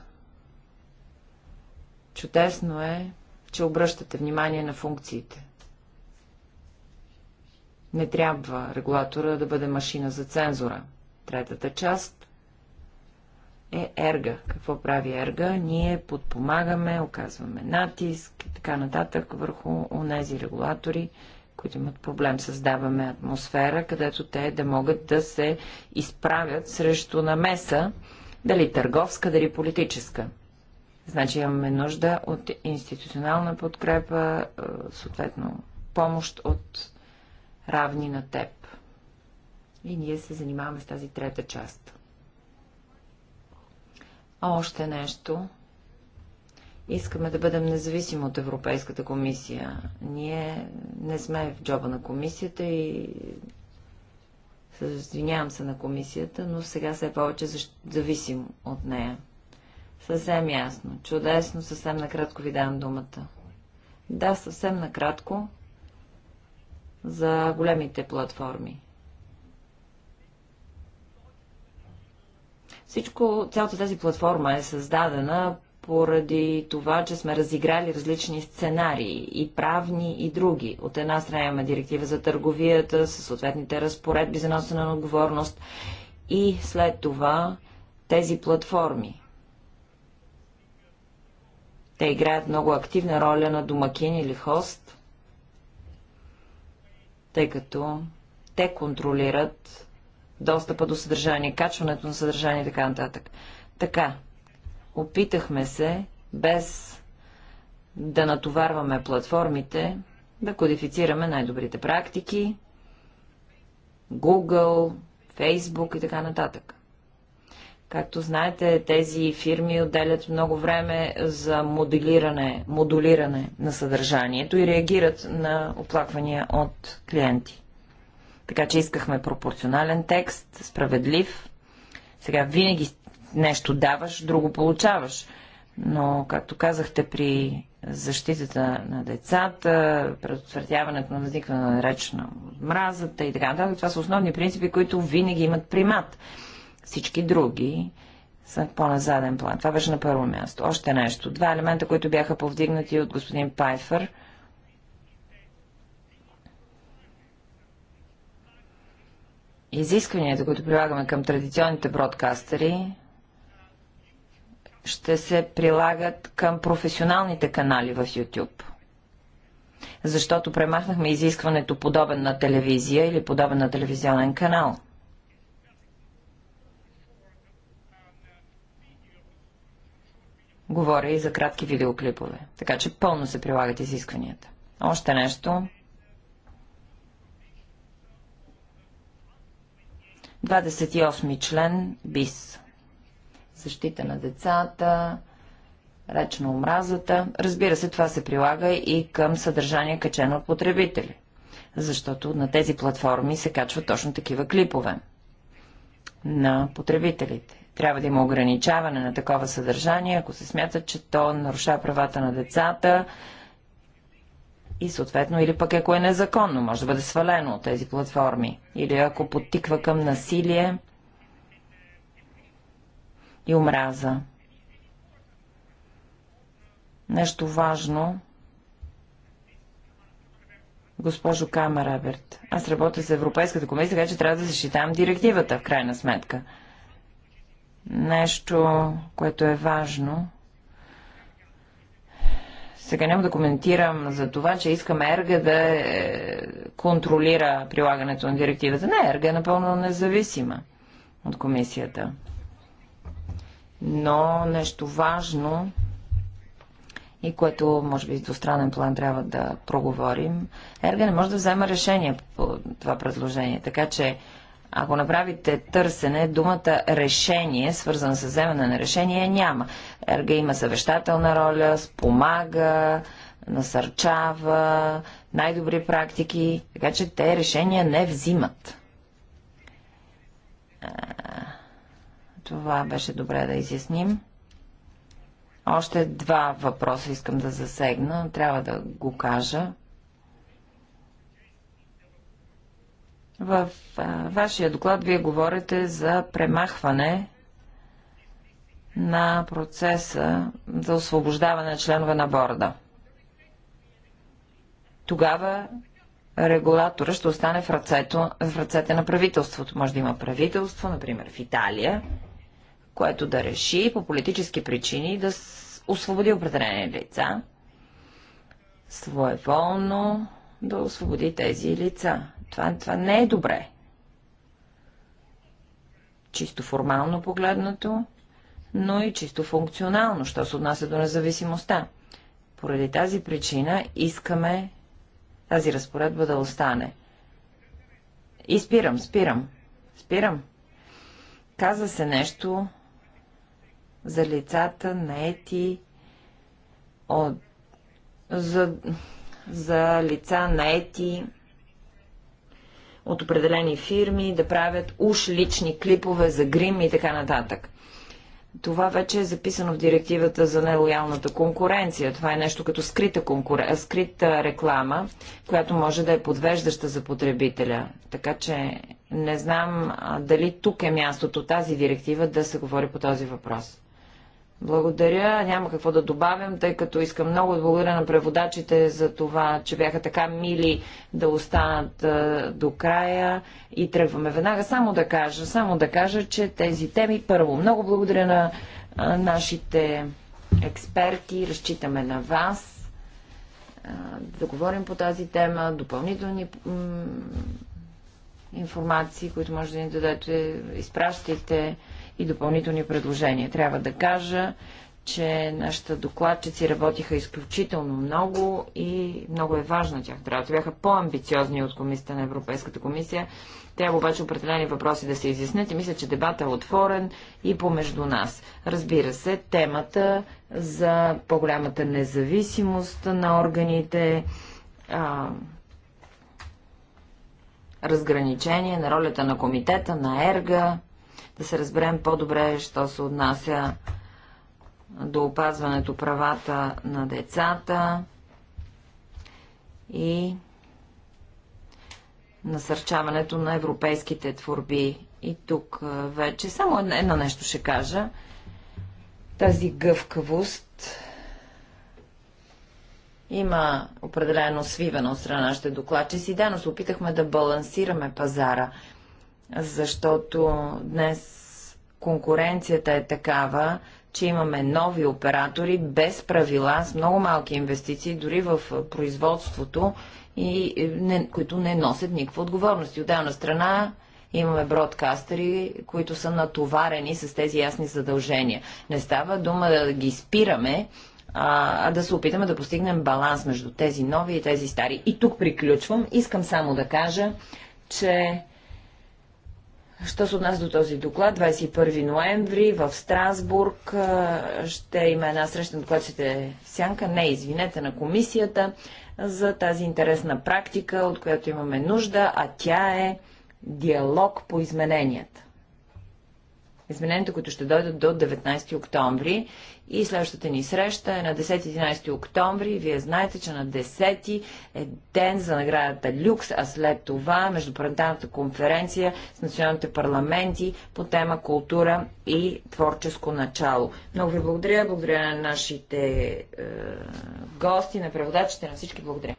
Чудесно е, че обръщате внимание на функциите. Не трябва регулатора да бъде машина за цензура. Третата част е ерга. Какво прави ерга? Ние подпомагаме, оказваме натиск и така нататък върху онези регулатори, които имат проблем. Създаваме атмосфера, където те да могат да се изправят срещу намеса, дали търговска, дали политическа. Значи имаме нужда от институционална подкрепа, е, съответно помощ от равни на теб. И ние се занимаваме с тази трета част. Още нещо Искаме да бъдем независими от Европейската комисия. Ние не сме в джоба на комисията и извинявам се на комисията, но сега все повече зависим от нея. Съвсем ясно. Чудесно, съвсем накратко ви давам думата. Да, съвсем накратко за големите платформи. Всичко, цялата тази платформа е създадена поради това, че сме разиграли различни сценарии, и правни, и други. От една страна имаме директива за търговията, със съответните разпоредби за носене на отговорност, и след това тези платформи. Те играят много активна роля на домакин или хост, тъй като те контролират достъпа до съдържание, качването на съдържание и така нататък. Така, Опитахме се, без да натоварваме платформите, да кодифицираме най-добрите практики, Google, Facebook и така нататък. Както знаете, тези фирми отделят много време за моделиране, модулиране на съдържанието и реагират на оплаквания от клиенти. Така че искахме пропорционален текст, справедлив. Сега винаги нещо даваш, друго получаваш. Но, както казахте, при защитата на децата, предотвратяването на възникване на реч на мразата и така нататък, това са основни принципи, които винаги имат примат. Всички други са по-назаден план. Това беше на първо място. Още нещо. Два елемента, които бяха повдигнати от господин Пайфър. Изискванията, които прилагаме към традиционните бродкастери, ще се прилагат към професионалните канали в YouTube. Защото премахнахме изискването подобен на телевизия или подобен на телевизионен канал. Говоря и за кратки видеоклипове. Така че пълно се прилагат изискванията. Още нещо. 28 член БИС защита на децата, реч на омразата. Разбира се, това се прилага и към съдържание качено от потребители, защото на тези платформи се качват точно такива клипове на потребителите. Трябва да има ограничаване на такова съдържание, ако се смята, че то нарушава правата на децата и съответно, или пък ако е незаконно, може да бъде свалено от тези платформи, или ако подтиква към насилие и омраза. Нещо важно, госпожо Камераберт. Аз работя с Европейската комисия, така че трябва да защитавам директивата, в крайна сметка. Нещо, което е важно. Сега няма да коментирам за това, че искаме ЕРГА да е, контролира прилагането на директивата. Не, ЕРГА е напълно независима от комисията но нещо важно и което, може би, с двустранен план трябва да проговорим. Ерга не може да взема решение по това предложение, така че ако направите търсене, думата решение, свързана с вземане на решение, няма. Ерга има съвещателна роля, спомага, насърчава, най-добри практики, така че те решения не взимат. Това беше добре да изясним. Още два въпроса искам да засегна. Трябва да го кажа. В а, вашия доклад вие говорите за премахване на процеса за освобождаване на членове на борда. Тогава регулатора ще остане в, ръцете, в ръцете на правителството. Може да има правителство, например в Италия, което да реши по политически причини да освободи определени лица, своеволно да освободи тези лица. Това, това не е добре. Чисто формално погледнато, но и чисто функционално, що се отнася до независимостта. Поради тази причина искаме тази разпоредба да остане. И спирам, спирам, спирам. Каза се нещо за лицата наети от, за, за лица наети от определени фирми, да правят уж лични клипове за грим и така нататък. Това вече е записано в директивата за нелоялната конкуренция. Това е нещо като скрита, конкур... скрита реклама, която може да е подвеждаща за потребителя. Така че не знам дали тук е мястото тази директива да се говори по този въпрос. Благодаря. Няма какво да добавям, тъй като искам много да благодаря на преводачите за това, че бяха така мили да останат до края. И тръгваме веднага само да кажа, само да кажа, че тези теми първо. Много благодаря на нашите експерти. Разчитаме на вас да говорим по тази тема. Допълнителни информации, които може да ни дадете, изпращайте и допълнителни предложения. Трябва да кажа, че нашите докладчици работиха изключително много и много е важна тях работа. Бяха по-амбициозни от комисията на Европейската комисия. Трябва обаче определени въпроси да се изяснят и мисля, че дебата е отворен и помежду нас. Разбира се, темата за по-голямата независимост на органите, а, разграничение на ролята на комитета, на ЕРГА, да се разберем по-добре, що се отнася до опазването правата на децата и насърчаването на европейските творби. И тук вече само едно нещо ще кажа. Тази гъвкавост има определено свиване от страна нашите докладчици. Да, но се опитахме да балансираме пазара – защото днес конкуренцията е такава, че имаме нови оператори без правила, с много малки инвестиции, дори в производството, и не, които не носят никаква отговорност. И една страна имаме бродкастери, които са натоварени с тези ясни задължения. Не става дума да ги спираме, а, а да се опитаме да постигнем баланс между тези нови и тези стари. И тук приключвам. Искам само да кажа, че Що се отнася до този доклад, 21 ноември в Страсбург ще има една среща на докладчите в Сянка, не извинете, на комисията за тази интересна практика, от която имаме нужда, а тя е диалог по измененията. Измененията, които ще дойдат до 19 октомври и следващата ни среща е на 10-11 октомври. Вие знаете, че на 10 е ден за наградата Люкс, а след това междупарламентарната конференция с националните парламенти по тема култура и творческо начало. Много ви благодаря. Благодаря на нашите е, гости, на преводачите, на всички. Благодаря.